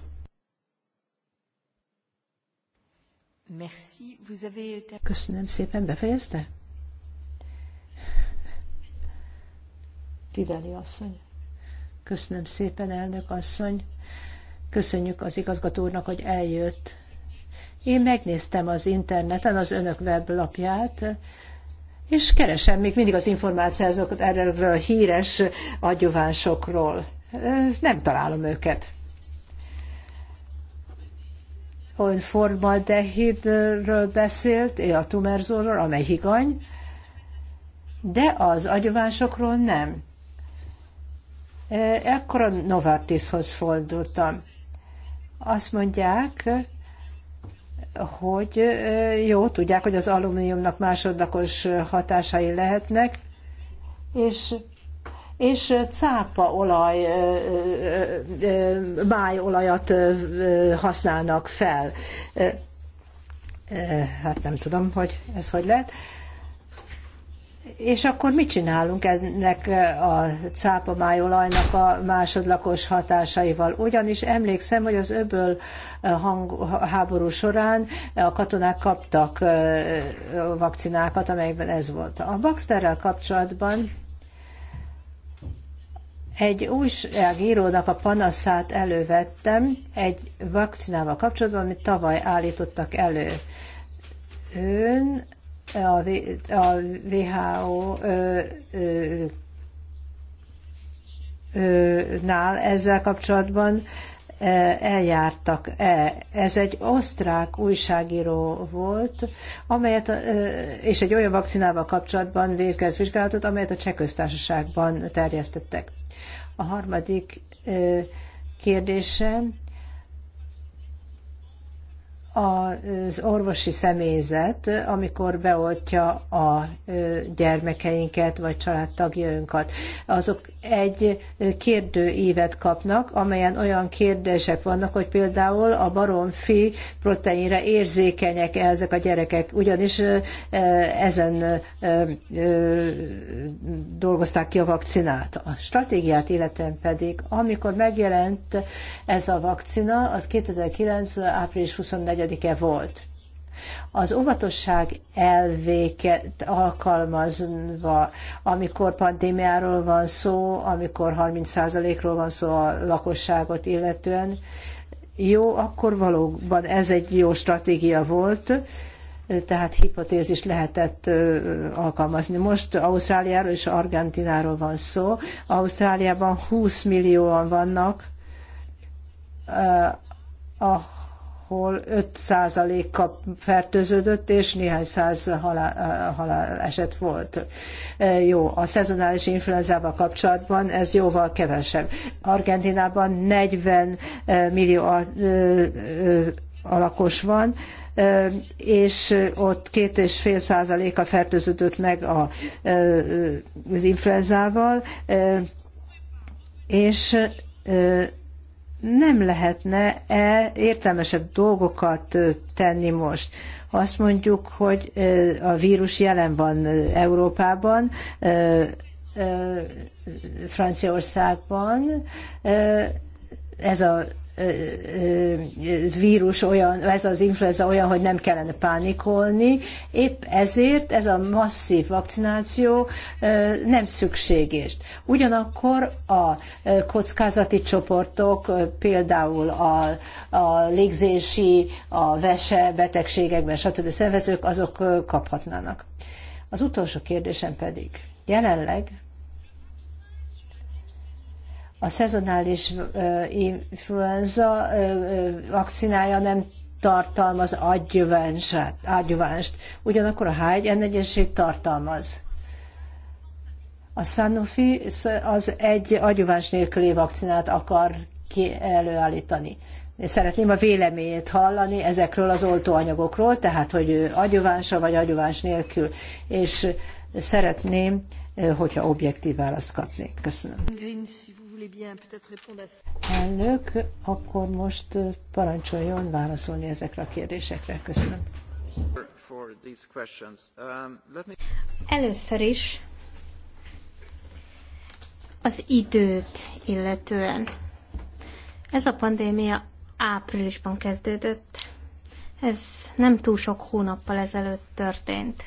Merci. Vous avez... Köszönöm szépen, befejezte? Riveli asszony. Köszönöm szépen, elnök asszony. Köszönjük az igazgatónak, hogy eljött. Én megnéztem az interneten az önök weblapját, és keresem még mindig az információkat erről a híres agyovásokról. Nem találom őket. Ön formaldehidről beszélt, a tumerzóról, amely higany, de az agyovásokról nem. Eh, ekkor a Novartishoz fordultam. Azt mondják, hogy eh, jó, tudják, hogy az alumíniumnak másodlagos hatásai lehetnek, és és olaj, eh, májolajat használnak fel. Hát nem tudom, hogy ez hogy lehet. És akkor mit csinálunk ennek a májolajnak a másodlagos hatásaival? Ugyanis emlékszem, hogy az öböl hang, háború során a katonák kaptak vakcinákat, amelyekben ez volt. A Baxterrel kapcsolatban egy újságírónak a panaszát elővettem egy vakcinával kapcsolatban, amit tavaly állítottak elő. Ön a WHO nál ezzel kapcsolatban eljártak. E, ez egy osztrák újságíró volt, amelyet, és egy olyan vakcinával kapcsolatban végez vizsgálatot, amelyet a cseh terjesztettek. A harmadik kérdésem az orvosi személyzet, amikor beoltja a gyermekeinket vagy családtagjainkat. Azok egy kérdőívet kapnak, amelyen olyan kérdések vannak, hogy például a baromfi proteinre érzékenyek -e ezek a gyerekek, ugyanis ezen dolgozták ki a vakcinát. A stratégiát illetően pedig, amikor megjelent ez a vakcina, az 2009. április 24 15 volt. Az óvatosság elvéket alkalmazva, amikor pandémiáról van szó, amikor 30%-ról van szó a lakosságot illetően, jó, akkor valóban ez egy jó stratégia volt, tehát hipotézis lehetett alkalmazni. Most Ausztráliáról és Argentináról van szó. Ausztráliában 20 millióan vannak, a ahol 5%-a fertőződött, és néhány száz halál, haláleset volt. E, jó, a szezonális influenzával kapcsolatban ez jóval kevesebb. Argentinában 40 e, millió e, a lakos van, és ott két és fél százaléka fertőződött meg a, az influenzával, és nem lehetne-e értelmesebb dolgokat tenni most? Azt mondjuk, hogy a vírus jelen van Európában, Franciaországban, ez a vírus olyan, ez az influenza olyan, hogy nem kellene pánikolni. Épp ezért ez a masszív vakcináció nem szükséges. Ugyanakkor a kockázati csoportok, például a, a légzési, a vese betegségekben, stb. szervezők, azok kaphatnának. Az utolsó kérdésem pedig, jelenleg a szezonális influenza vakcinája nem tartalmaz adjuvánst, ugyanakkor a H1N1-esét tartalmaz. A Sanofi az egy adjuváns nélküli vakcinát akar ki előállítani. Szeretném a véleményét hallani ezekről az oltóanyagokról, tehát hogy adjuvánsa vagy adjuváns nélkül, és szeretném, hogyha objektív választ kapnék. Köszönöm. Elnök, akkor most parancsoljon válaszolni ezekre a kérdésekre. Köszönöm. Um, Először is az időt illetően. Ez a pandémia áprilisban kezdődött. Ez nem túl sok hónappal ezelőtt történt.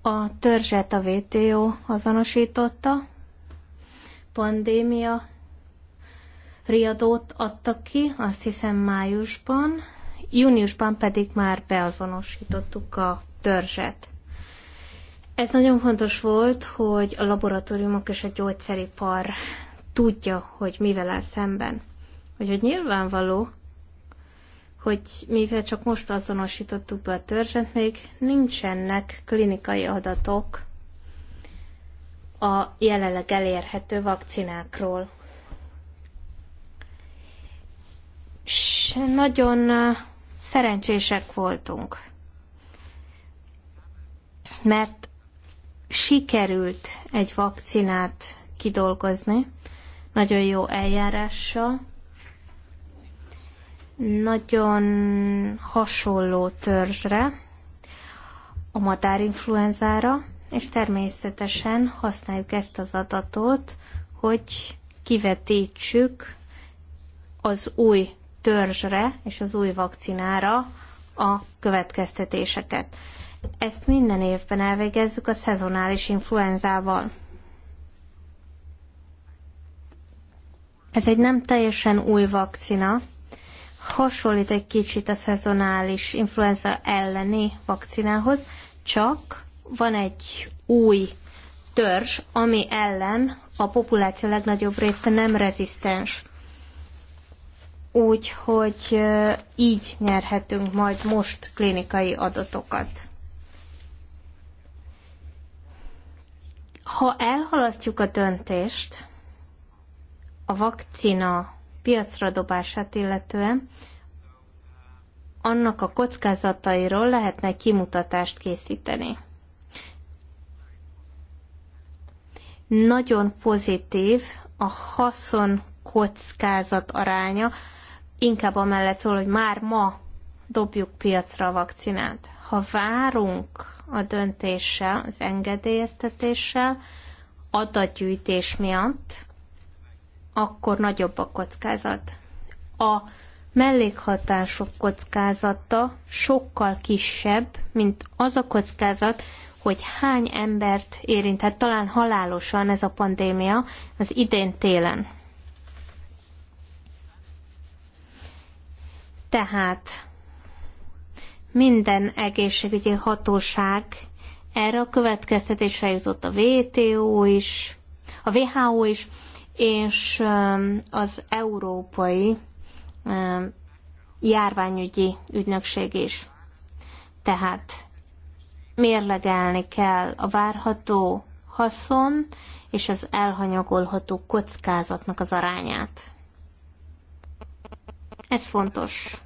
A törzset a VTO azonosította, pandémia riadót adtak ki, azt hiszem májusban, júniusban pedig már beazonosítottuk a törzset. Ez nagyon fontos volt, hogy a laboratóriumok és a gyógyszeripar tudja, hogy mivel áll szemben. hogy hogy nyilvánvaló, hogy mivel csak most azonosítottuk be a törzset, még nincsenek klinikai adatok a jelenleg elérhető vakcinákról. S nagyon szerencsések voltunk, mert sikerült egy vakcinát kidolgozni, nagyon jó eljárással, nagyon hasonló törzsre, a madárinfluenzára, és természetesen használjuk ezt az adatot, hogy kivetítsük az új törzsre és az új vakcinára a következtetéseket. Ezt minden évben elvégezzük a szezonális influenzával. Ez egy nem teljesen új vakcina, hasonlít egy kicsit a szezonális influenza elleni vakcinához, csak van egy új törzs, ami ellen a populáció legnagyobb része nem rezisztens. Úgyhogy így nyerhetünk majd most klinikai adatokat. Ha elhalasztjuk a döntést a vakcina piacra dobását illetően, annak a kockázatairól lehetne kimutatást készíteni. Nagyon pozitív a haszon kockázat aránya, inkább amellett szól, hogy már ma dobjuk piacra a vakcinát. Ha várunk a döntéssel, az engedélyeztetéssel, adatgyűjtés miatt, akkor nagyobb a kockázat. A mellékhatások kockázata sokkal kisebb, mint az a kockázat, hogy hány embert érintett talán halálosan ez a pandémia az idén télen. Tehát minden egészségügyi hatóság erre a következtetésre jutott a WTO is, a WHO is, és az Európai Járványügyi Ügynökség is. Tehát mérlegelni kell a várható haszon és az elhanyagolható kockázatnak az arányát. Ez fontos.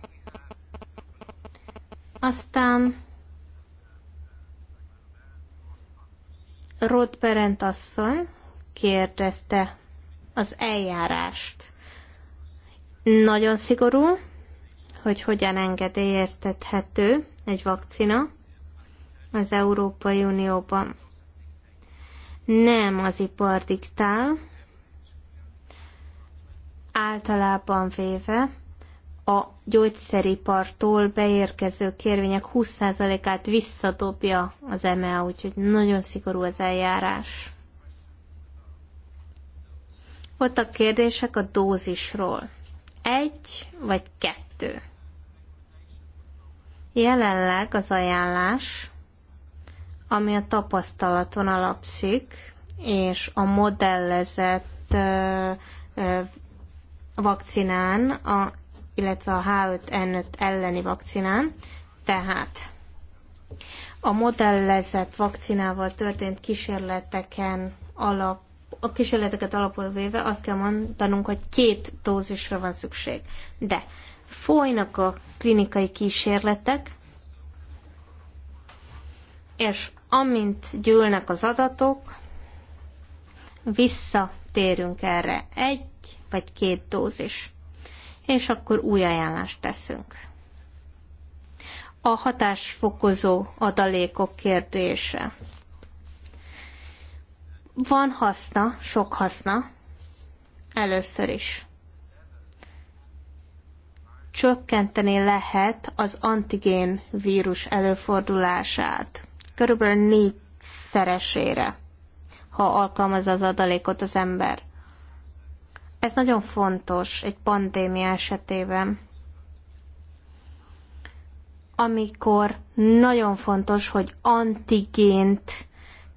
Aztán Rod Berent asszony kérdezte az eljárást. Nagyon szigorú, hogy hogyan engedélyeztethető egy vakcina, az Európai Unióban. Nem az ipar diktál, általában véve a gyógyszeripartól beérkező kérvények 20%-át visszadobja az EMEA, úgyhogy nagyon szigorú az eljárás. Ott a kérdések a dózisról. Egy vagy kettő. Jelenleg az ajánlás ami a tapasztalaton alapszik, és a modellezett vakcinán, a, illetve a H5N5 elleni vakcinán. Tehát a modellezett vakcinával történt kísérleteken alap, a kísérleteket alapul véve azt kell mondanunk, hogy két dózisra van szükség. De folynak a klinikai kísérletek, és Amint gyűlnek az adatok, visszatérünk erre egy vagy két dózis, és akkor új ajánlást teszünk. A hatásfokozó adalékok kérdése. Van haszna, sok haszna, először is. Csökkenteni lehet az antigén vírus előfordulását körülbelül négy szeresére, ha alkalmaz az adalékot az ember. Ez nagyon fontos egy pandémia esetében, amikor nagyon fontos, hogy antigént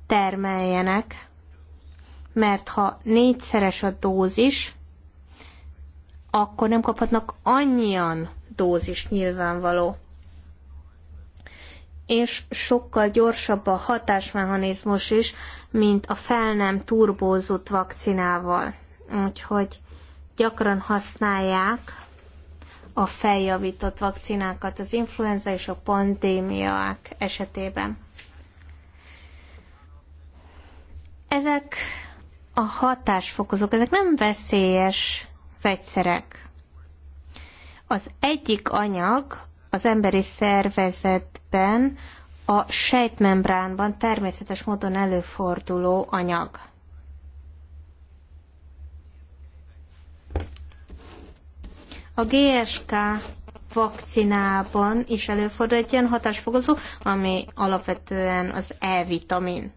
termeljenek, mert ha négyszeres a dózis, akkor nem kaphatnak annyian dózis nyilvánvaló és sokkal gyorsabb a hatásmechanizmus is, mint a fel nem turbózott vakcinával. Úgyhogy gyakran használják a feljavított vakcinákat az influenza és a pandémiák esetében. Ezek a hatásfokozók, ezek nem veszélyes vegyszerek. Az egyik anyag, az emberi szervezetben a sejtmembránban természetes módon előforduló anyag. A GSK vakcinában is előfordul egy ilyen hatásfokozó, ami alapvetően az E-vitamin.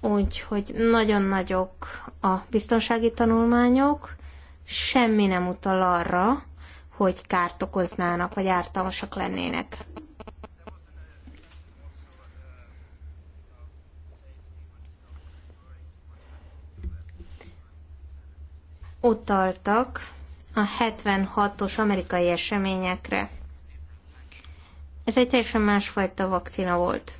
Úgyhogy nagyon nagyok a biztonsági tanulmányok, semmi nem utal arra, hogy kárt okoznának, vagy ártalmasak lennének. Utaltak a 76-os amerikai eseményekre. Ez egy teljesen másfajta vakcina volt.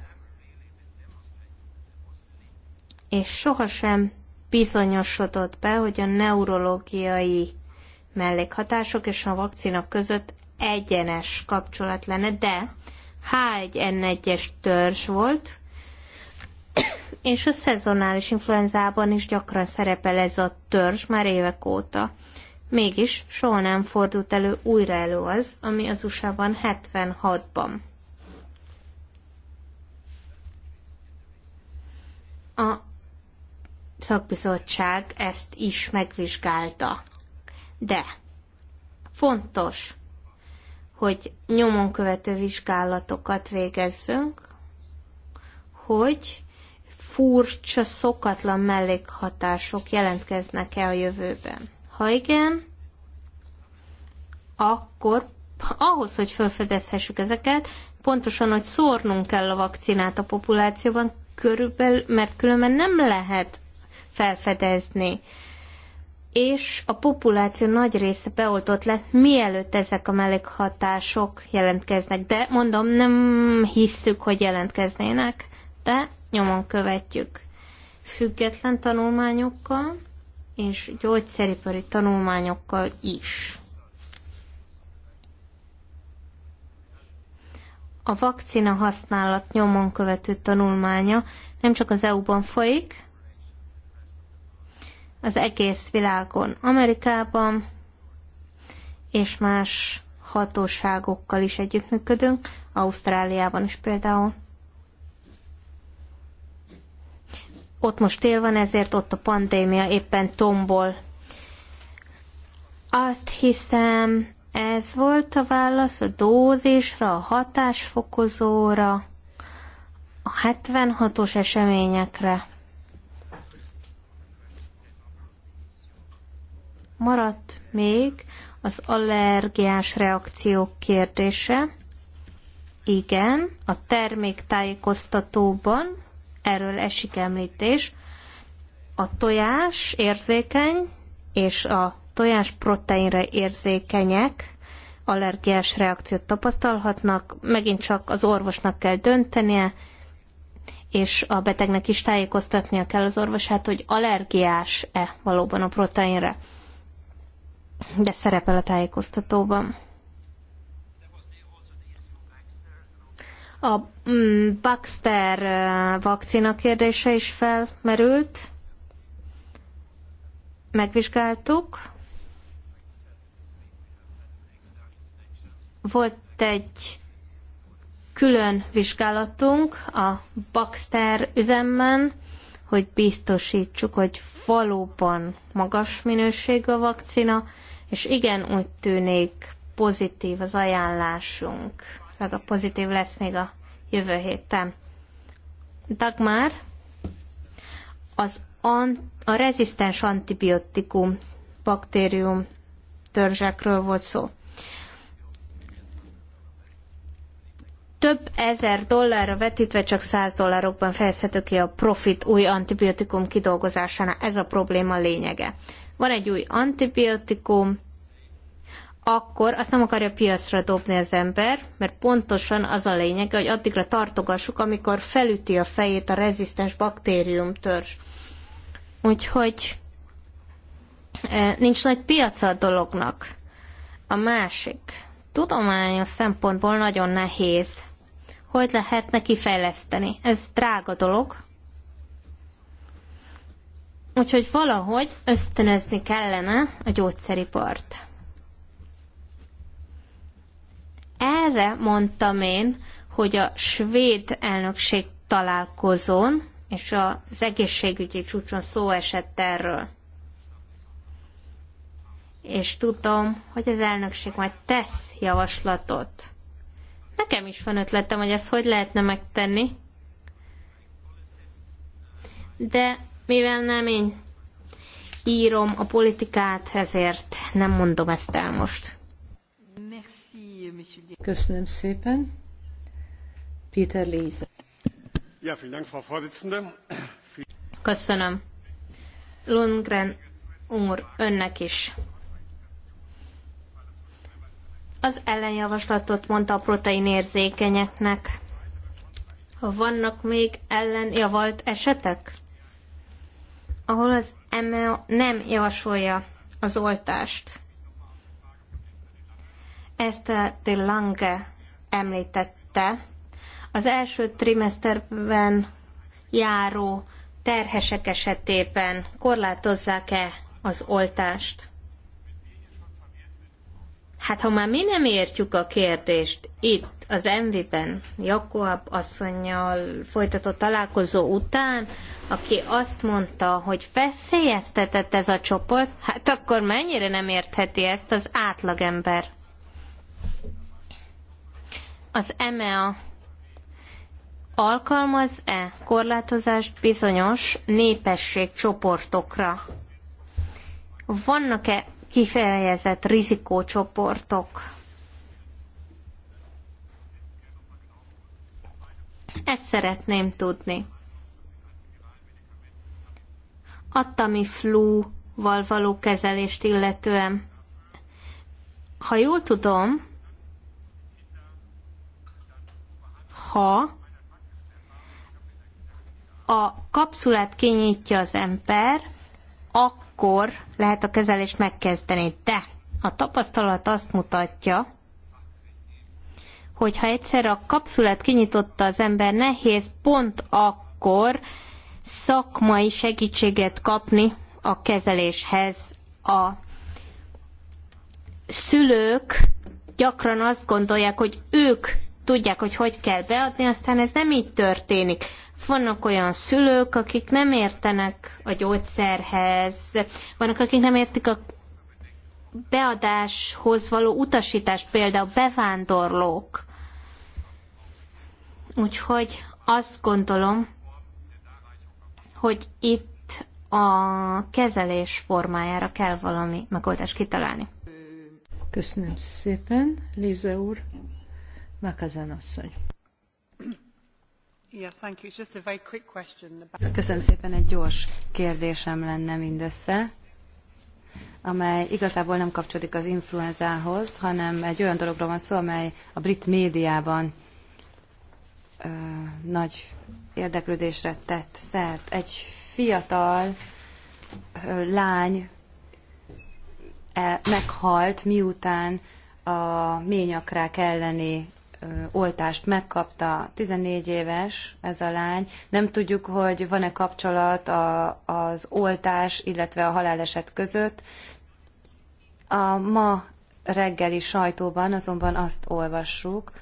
És sohasem bizonyosodott be, hogy a neurológiai mellékhatások és a vakcina között egyenes kapcsolat lenne, de H1N1-es törzs volt, és a szezonális influenzában is gyakran szerepel ez a törzs már évek óta. Mégis soha nem fordult elő újra elő az, ami az USA-ban 76-ban. A szakbizottság ezt is megvizsgálta de fontos, hogy nyomon követő vizsgálatokat végezzünk, hogy furcsa, szokatlan mellékhatások jelentkeznek-e a jövőben. Ha igen, akkor ahhoz, hogy felfedezhessük ezeket, pontosan, hogy szórnunk kell a vakcinát a populációban, körülbelül, mert különben nem lehet felfedezni és a populáció nagy része beoltott lett, mielőtt ezek a mellékhatások jelentkeznek. De mondom, nem hisszük, hogy jelentkeznének, de nyomon követjük. Független tanulmányokkal és gyógyszeripari tanulmányokkal is. A vakcina használat nyomon követő tanulmánya nem csak az EU-ban folyik, az egész világon, Amerikában és más hatóságokkal is együttműködünk, Ausztráliában is például. Ott most tél van, ezért ott a pandémia éppen tombol. Azt hiszem, ez volt a válasz a dózisra, a hatásfokozóra, a 76-os eseményekre. maradt még az allergiás reakciók kérdése. Igen, a terméktájékoztatóban erről esik említés. A tojás érzékeny, és a tojás proteinre érzékenyek allergiás reakciót tapasztalhatnak. Megint csak az orvosnak kell döntenie, és a betegnek is tájékoztatnia kell az orvosát, hogy allergiás-e valóban a proteinre de szerepel a tájékoztatóban. A mm, Baxter vakcina kérdése is felmerült. Megvizsgáltuk. Volt egy külön vizsgálatunk a Baxter üzemben, hogy biztosítsuk, hogy valóban magas minőségű a vakcina, és igen, úgy tűnik pozitív az ajánlásunk, meg a pozitív lesz még a jövő héten. Dagmar, az an, a rezisztens antibiotikum baktérium törzsekről volt szó. Több ezer dollárra vetítve csak 100 dollárokban fejezhető ki a profit új antibiotikum kidolgozásánál. Ez a probléma lényege van egy új antibiotikum, akkor azt nem akarja piacra dobni az ember, mert pontosan az a lényeg, hogy addigra tartogassuk, amikor felüti a fejét a rezisztens baktérium törzs. Úgyhogy e, nincs nagy piaca a dolognak. A másik, tudományos szempontból nagyon nehéz. Hogy lehetne kifejleszteni? Ez drága dolog, Úgyhogy valahogy ösztönözni kellene a gyógyszeripart. Erre mondtam én, hogy a svéd elnökség találkozón és az egészségügyi csúcson szó esett erről. És tudom, hogy az elnökség majd tesz javaslatot. Nekem is van ötletem, hogy ezt hogy lehetne megtenni. De mivel nem én írom a politikát, ezért nem mondom ezt el most. Köszönöm szépen. Peter Léze. Ja, vielen Dank, Köszönöm. Lundgren úr, önnek is. Az ellenjavaslatot mondta a protein érzékenyeknek. Vannak még ellenjavalt esetek? ahol az MO e nem javasolja az oltást. Ezt a de Lange említette. Az első trimesterben járó terhesek esetében korlátozzák-e az oltást? Hát ha már mi nem értjük a kérdést itt, az Envi-ben Jakob asszonynal folytatott találkozó után, aki azt mondta, hogy feszélyeztetett ez a csoport, hát akkor mennyire nem értheti ezt az átlagember? Az EMEA alkalmaz-e korlátozást bizonyos népességcsoportokra? Vannak-e kifejezett rizikócsoportok? Ezt szeretném tudni. Attami flu-val való kezelést illetően. Ha jól tudom, ha a kapszulát kinyitja az ember, akkor lehet a kezelést megkezdeni. De a tapasztalat azt mutatja, hogyha egyszer a kapszulát kinyitotta az ember, nehéz pont akkor szakmai segítséget kapni a kezeléshez. A szülők gyakran azt gondolják, hogy ők tudják, hogy hogy kell beadni, aztán ez nem így történik. Vannak olyan szülők, akik nem értenek a gyógyszerhez, vannak, akik nem értik a beadáshoz való utasítás, például bevándorlók. Úgyhogy azt gondolom, hogy itt a kezelés formájára kell valami megoldást kitalálni. Köszönöm szépen, Lize úr, Makazán asszony. Köszönöm szépen, egy gyors kérdésem lenne mindössze amely igazából nem kapcsolódik az influenzához, hanem egy olyan dologról van szó, amely a brit médiában ö, nagy érdeklődésre tett szert. Egy fiatal ö, lány e, meghalt, miután a ményakrák elleni oltást megkapta, 14 éves ez a lány. Nem tudjuk, hogy van-e kapcsolat a, az oltás, illetve a haláleset között. A ma reggeli sajtóban azonban azt olvassuk,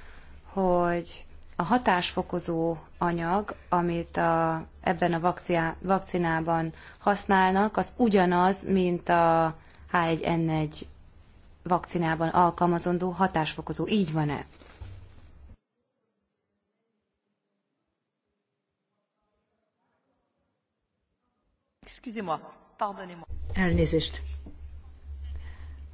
hogy a hatásfokozó anyag, amit a, ebben a vakciá, vakcinában használnak, az ugyanaz, mint a H1N1 vakcinában alkalmazandó hatásfokozó. Így van-e? Elnézést.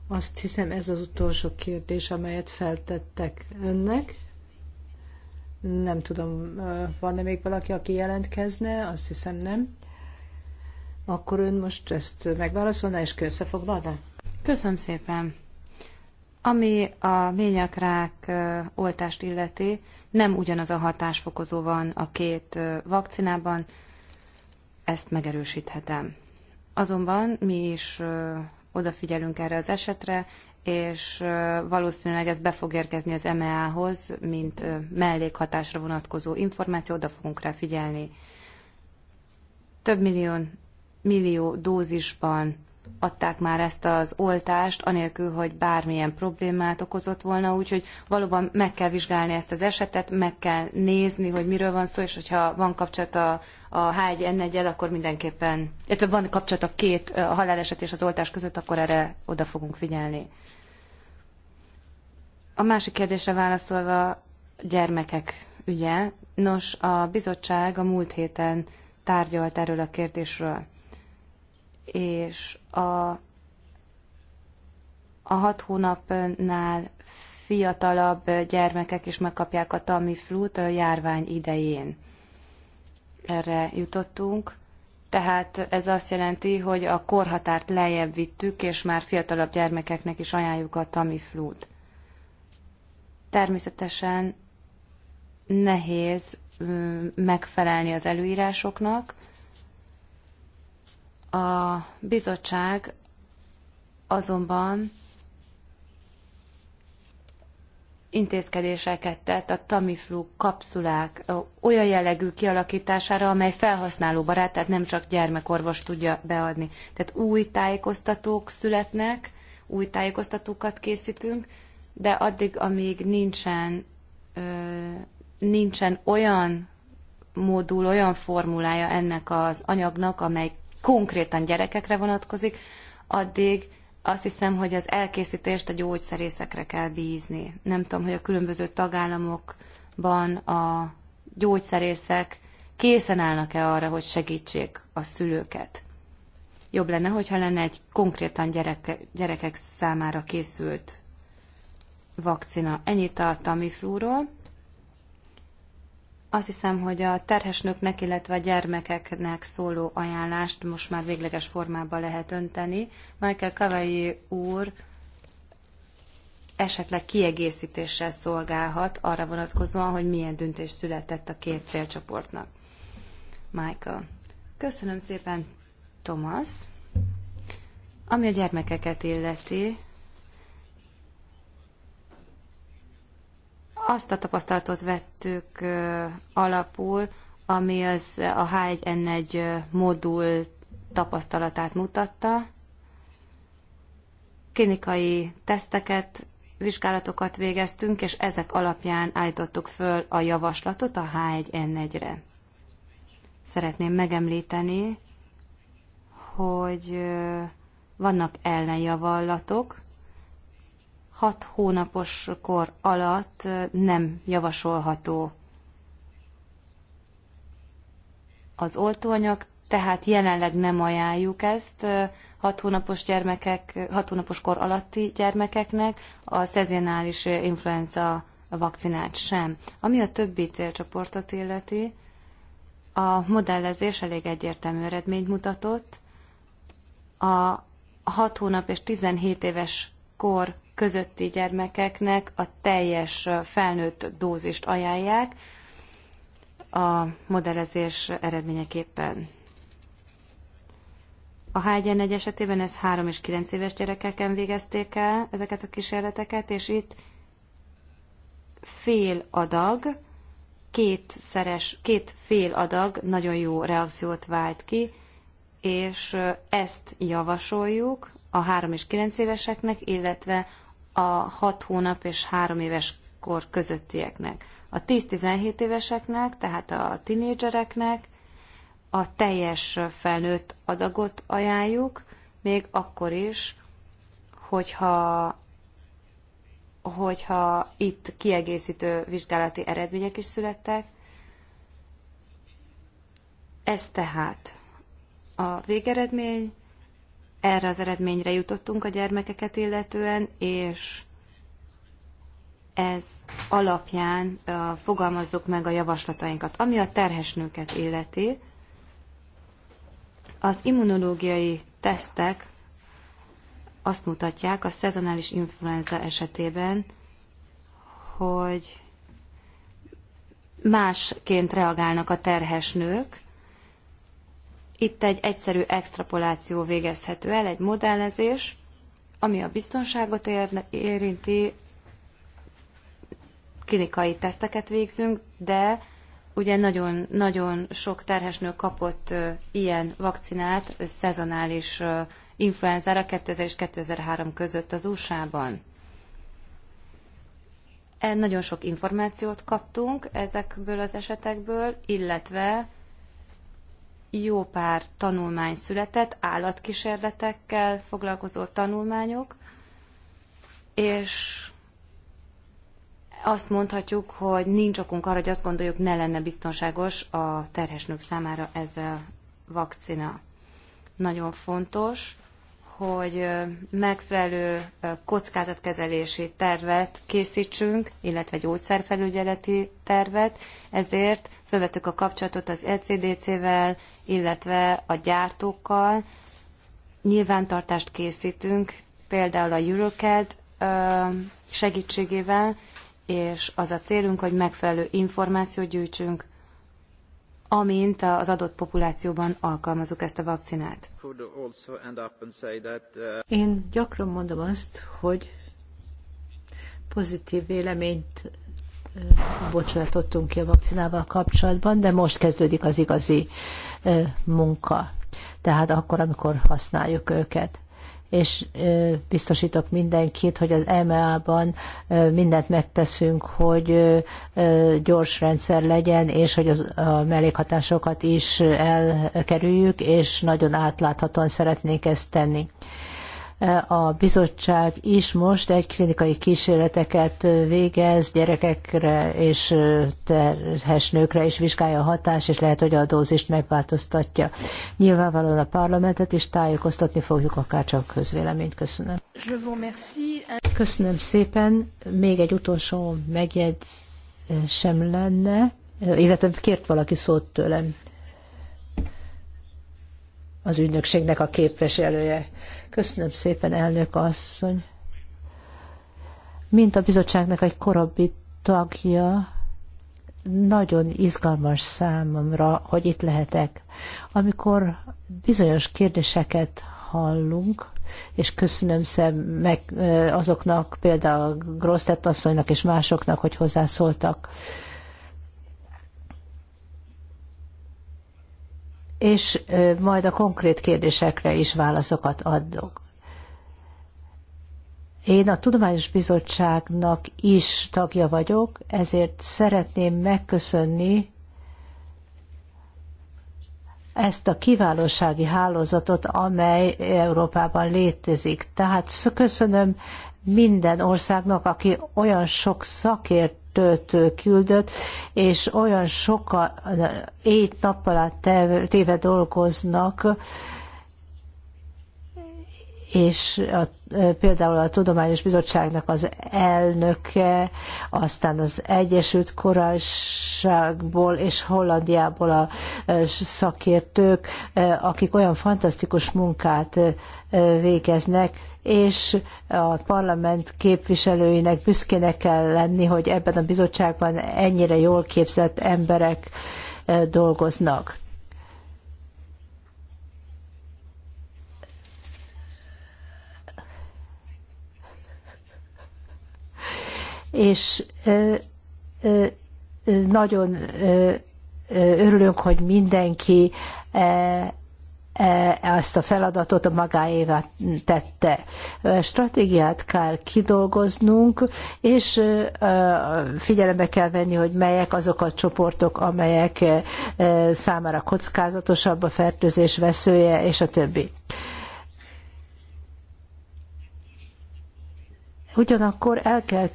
Azt hiszem ez az utolsó kérdés, amelyet feltettek önnek. Nem tudom, van-e még valaki, aki jelentkezne? Azt hiszem nem. Akkor ön most ezt megválaszolná és összefoglalná? Köszönöm szépen. Ami a ményakrák oltást illeti, nem ugyanaz a hatásfokozó van a két vakcinában, ezt megerősíthetem. Azonban mi is odafigyelünk erre az esetre, és valószínűleg ez be fog érkezni az MEA-hoz, mint mellékhatásra vonatkozó információ, oda fogunk rá figyelni. Több millió, millió dózisban adták már ezt az oltást, anélkül, hogy bármilyen problémát okozott volna, úgyhogy valóban meg kell vizsgálni ezt az esetet, meg kell nézni, hogy miről van szó, és hogyha van kapcsolat a, a H1N1-el, akkor mindenképpen, illetve van kapcsolat a két a haláleset és az oltás között, akkor erre oda fogunk figyelni. A másik kérdésre válaszolva, gyermekek ügye. Nos, a bizottság a múlt héten tárgyalt erről a kérdésről és a, a hat hónapnál fiatalabb gyermekek is megkapják a Tamiflut a járvány idején. Erre jutottunk. Tehát ez azt jelenti, hogy a korhatárt lejjebb vittük, és már fiatalabb gyermekeknek is ajánljuk a Tamiflut. Természetesen nehéz megfelelni az előírásoknak, a bizottság azonban intézkedéseket tett a Tamiflu kapszulák olyan jellegű kialakítására, amely felhasználóbarát, tehát nem csak gyermekorvos tudja beadni. Tehát új tájékoztatók születnek, új tájékoztatókat készítünk, de addig, amíg nincsen, nincsen olyan módul, olyan formulája ennek az anyagnak, amely konkrétan gyerekekre vonatkozik, addig azt hiszem, hogy az elkészítést a gyógyszerészekre kell bízni. Nem tudom, hogy a különböző tagállamokban a gyógyszerészek készen állnak-e arra, hogy segítsék a szülőket. Jobb lenne, hogyha lenne egy konkrétan gyereke, gyerekek számára készült vakcina. Ennyit a Tamiflúról. Azt hiszem, hogy a terhes illetve a gyermekeknek szóló ajánlást most már végleges formába lehet önteni. Michael Kavai úr esetleg kiegészítéssel szolgálhat arra vonatkozóan, hogy milyen döntés született a két célcsoportnak. Michael. Köszönöm szépen, Thomas. Ami a gyermekeket illeti, azt a tapasztalatot vettük alapul, ami az a H1N1 modul tapasztalatát mutatta. Klinikai teszteket, vizsgálatokat végeztünk, és ezek alapján állítottuk föl a javaslatot a H1N1-re. Szeretném megemlíteni, hogy vannak ellenjavallatok, hat hónapos kor alatt nem javasolható az oltóanyag, tehát jelenleg nem ajánljuk ezt hat hónapos gyermekek, hat hónapos kor alatti gyermekeknek, a szezonális influenza vakcinát sem. Ami a többi célcsoportot illeti, a modellezés elég egyértelmű eredményt mutatott. A 6 hónap és 17 éves kor közötti gyermekeknek a teljes felnőtt dózist ajánlják a modellezés eredményeképpen. A HGN1 esetében ez 3 és 9 éves gyerekeken végezték el ezeket a kísérleteket, és itt fél adag, kétszeres, két fél adag nagyon jó reakciót vált ki, és ezt javasoljuk a 3 és 9 éveseknek, illetve a 6 hónap és 3 éves kor közöttieknek. A 10-17 éveseknek, tehát a tinédzsereknek a teljes felnőtt adagot ajánljuk, még akkor is, hogyha, hogyha itt kiegészítő vizsgálati eredmények is születtek. Ez tehát a végeredmény, erre az eredményre jutottunk a gyermekeket illetően, és ez alapján fogalmazzuk meg a javaslatainkat. Ami a terhes nőket illeti, az immunológiai tesztek azt mutatják a szezonális influenza esetében, hogy másként reagálnak a terhes nők, itt egy egyszerű extrapoláció végezhető el, egy modellezés, ami a biztonságot érinti, klinikai teszteket végzünk, de ugye nagyon, nagyon sok terhesnő kapott ilyen vakcinát szezonális influenzára 2000 és 2003 között az USA-ban. E, nagyon sok információt kaptunk ezekből az esetekből, illetve jó pár tanulmány született, állatkísérletekkel foglalkozó tanulmányok, és azt mondhatjuk, hogy nincs okunk arra, hogy azt gondoljuk, ne lenne biztonságos a terhes nők számára ez a vakcina. Nagyon fontos, hogy megfelelő kockázatkezelési tervet készítsünk, illetve gyógyszerfelügyeleti tervet, ezért fölvettük a kapcsolatot az ECDC-vel, illetve a gyártókkal, nyilvántartást készítünk, például a Eurocad segítségével, és az a célunk, hogy megfelelő információt gyűjtsünk amint az adott populációban alkalmazuk ezt a vakcinát. Uh, Én gyakran mondom azt, hogy pozitív véleményt uh, bocsátottunk ki a vakcinával kapcsolatban, de most kezdődik az igazi uh, munka. Tehát akkor, amikor használjuk őket és biztosítok mindenkit, hogy az EMA-ban mindent megteszünk, hogy gyors rendszer legyen, és hogy az, a mellékhatásokat is elkerüljük, és nagyon átláthatóan szeretnénk ezt tenni a bizottság is most egy klinikai kísérleteket végez gyerekekre és terhes nőkre is vizsgálja a hatás, és lehet, hogy a dózist megváltoztatja. Nyilvánvalóan a parlamentet is tájékoztatni fogjuk, akár csak közvéleményt. Köszönöm. Köszönöm szépen. Még egy utolsó megjegyzés sem lenne, illetve kért valaki szót tőlem az ügynökségnek a képviselője. Köszönöm szépen, elnök asszony. Mint a bizottságnak egy korabbi tagja, nagyon izgalmas számomra, hogy itt lehetek. Amikor bizonyos kérdéseket hallunk, és köszönöm szem meg azoknak, például Grosztett asszonynak és másoknak, hogy hozzászóltak és majd a konkrét kérdésekre is válaszokat adok. Én a Tudományos Bizottságnak is tagja vagyok, ezért szeretném megköszönni ezt a kiválósági hálózatot, amely Európában létezik. Tehát köszönöm minden országnak, aki olyan sok szakért raportőrt küldött, és olyan sokan, éjt nappal át téve dolgoznak, és a, például a Tudományos Bizottságnak az elnöke, aztán az Egyesült Korányságból és Hollandiából a szakértők, akik olyan fantasztikus munkát végeznek, és a parlament képviselőinek büszkének kell lenni, hogy ebben a bizottságban ennyire jól képzett emberek dolgoznak és nagyon örülünk, hogy mindenki ezt a feladatot a magáévá tette. Stratégiát kell kidolgoznunk, és figyelembe kell venni, hogy melyek azok a csoportok, amelyek számára kockázatosabb a fertőzés veszője, és a többi. Ugyanakkor el kell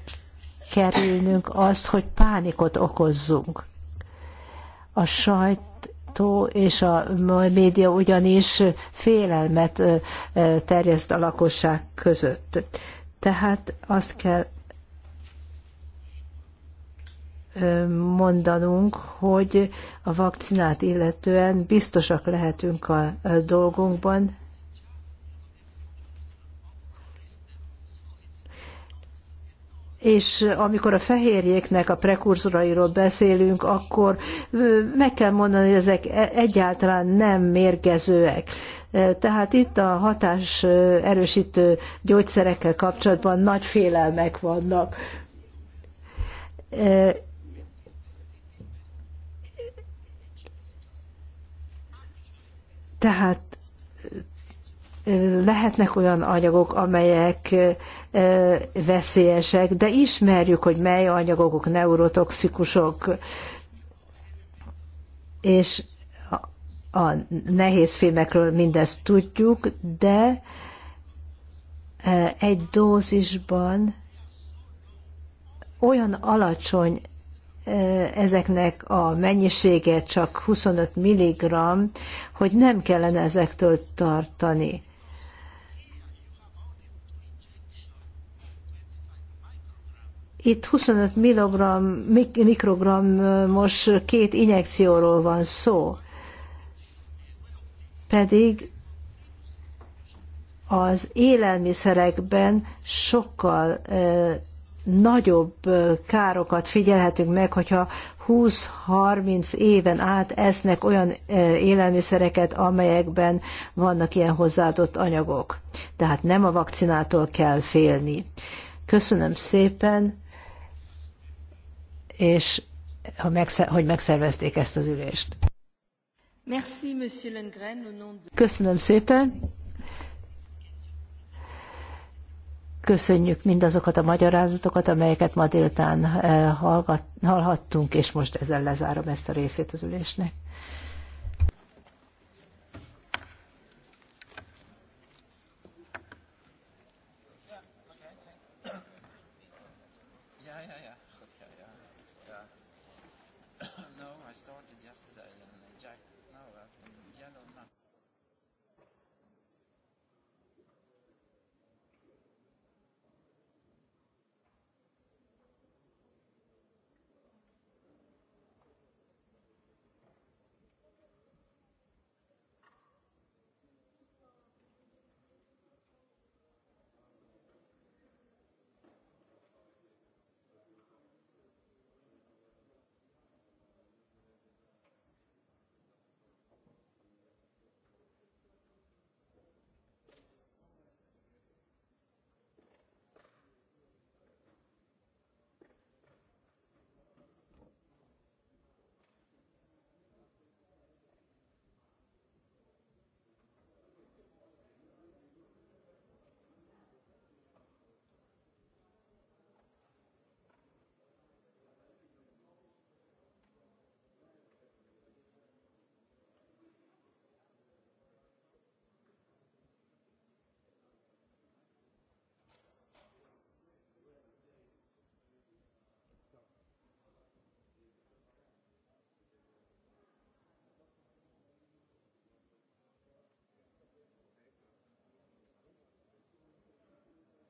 kerülnünk azt, hogy pánikot okozzunk. A sajtó és a média ugyanis félelmet terjeszt a lakosság között. Tehát azt kell mondanunk, hogy a vakcinát illetően biztosak lehetünk a dolgunkban, és amikor a fehérjéknek a prekurzorairól beszélünk, akkor meg kell mondani, hogy ezek e-, egyáltalán nem mérgezőek. Tehát itt a hatás erősítő gyógyszerekkel kapcsolatban nagy félelmek vannak. Tehát lehetnek olyan anyagok, amelyek veszélyesek, de ismerjük, hogy mely anyagok neurotoxikusok, és a nehéz fémekről mindezt tudjuk, de egy dózisban olyan alacsony ezeknek a mennyisége csak 25 mg, hogy nem kellene ezektől tartani. Itt 25 mikrogram, most két injekcióról van szó, pedig az élelmiszerekben sokkal nagyobb károkat figyelhetünk meg, hogyha 20-30 éven át esznek olyan élelmiszereket, amelyekben vannak ilyen hozzáadott anyagok. Tehát nem a vakcinától kell félni. Köszönöm szépen és hogy megszervezték ezt az ülést. Köszönöm szépen. Köszönjük mindazokat a magyarázatokat, amelyeket ma délután eh, hallhattunk, és most ezzel lezárom ezt a részét az ülésnek.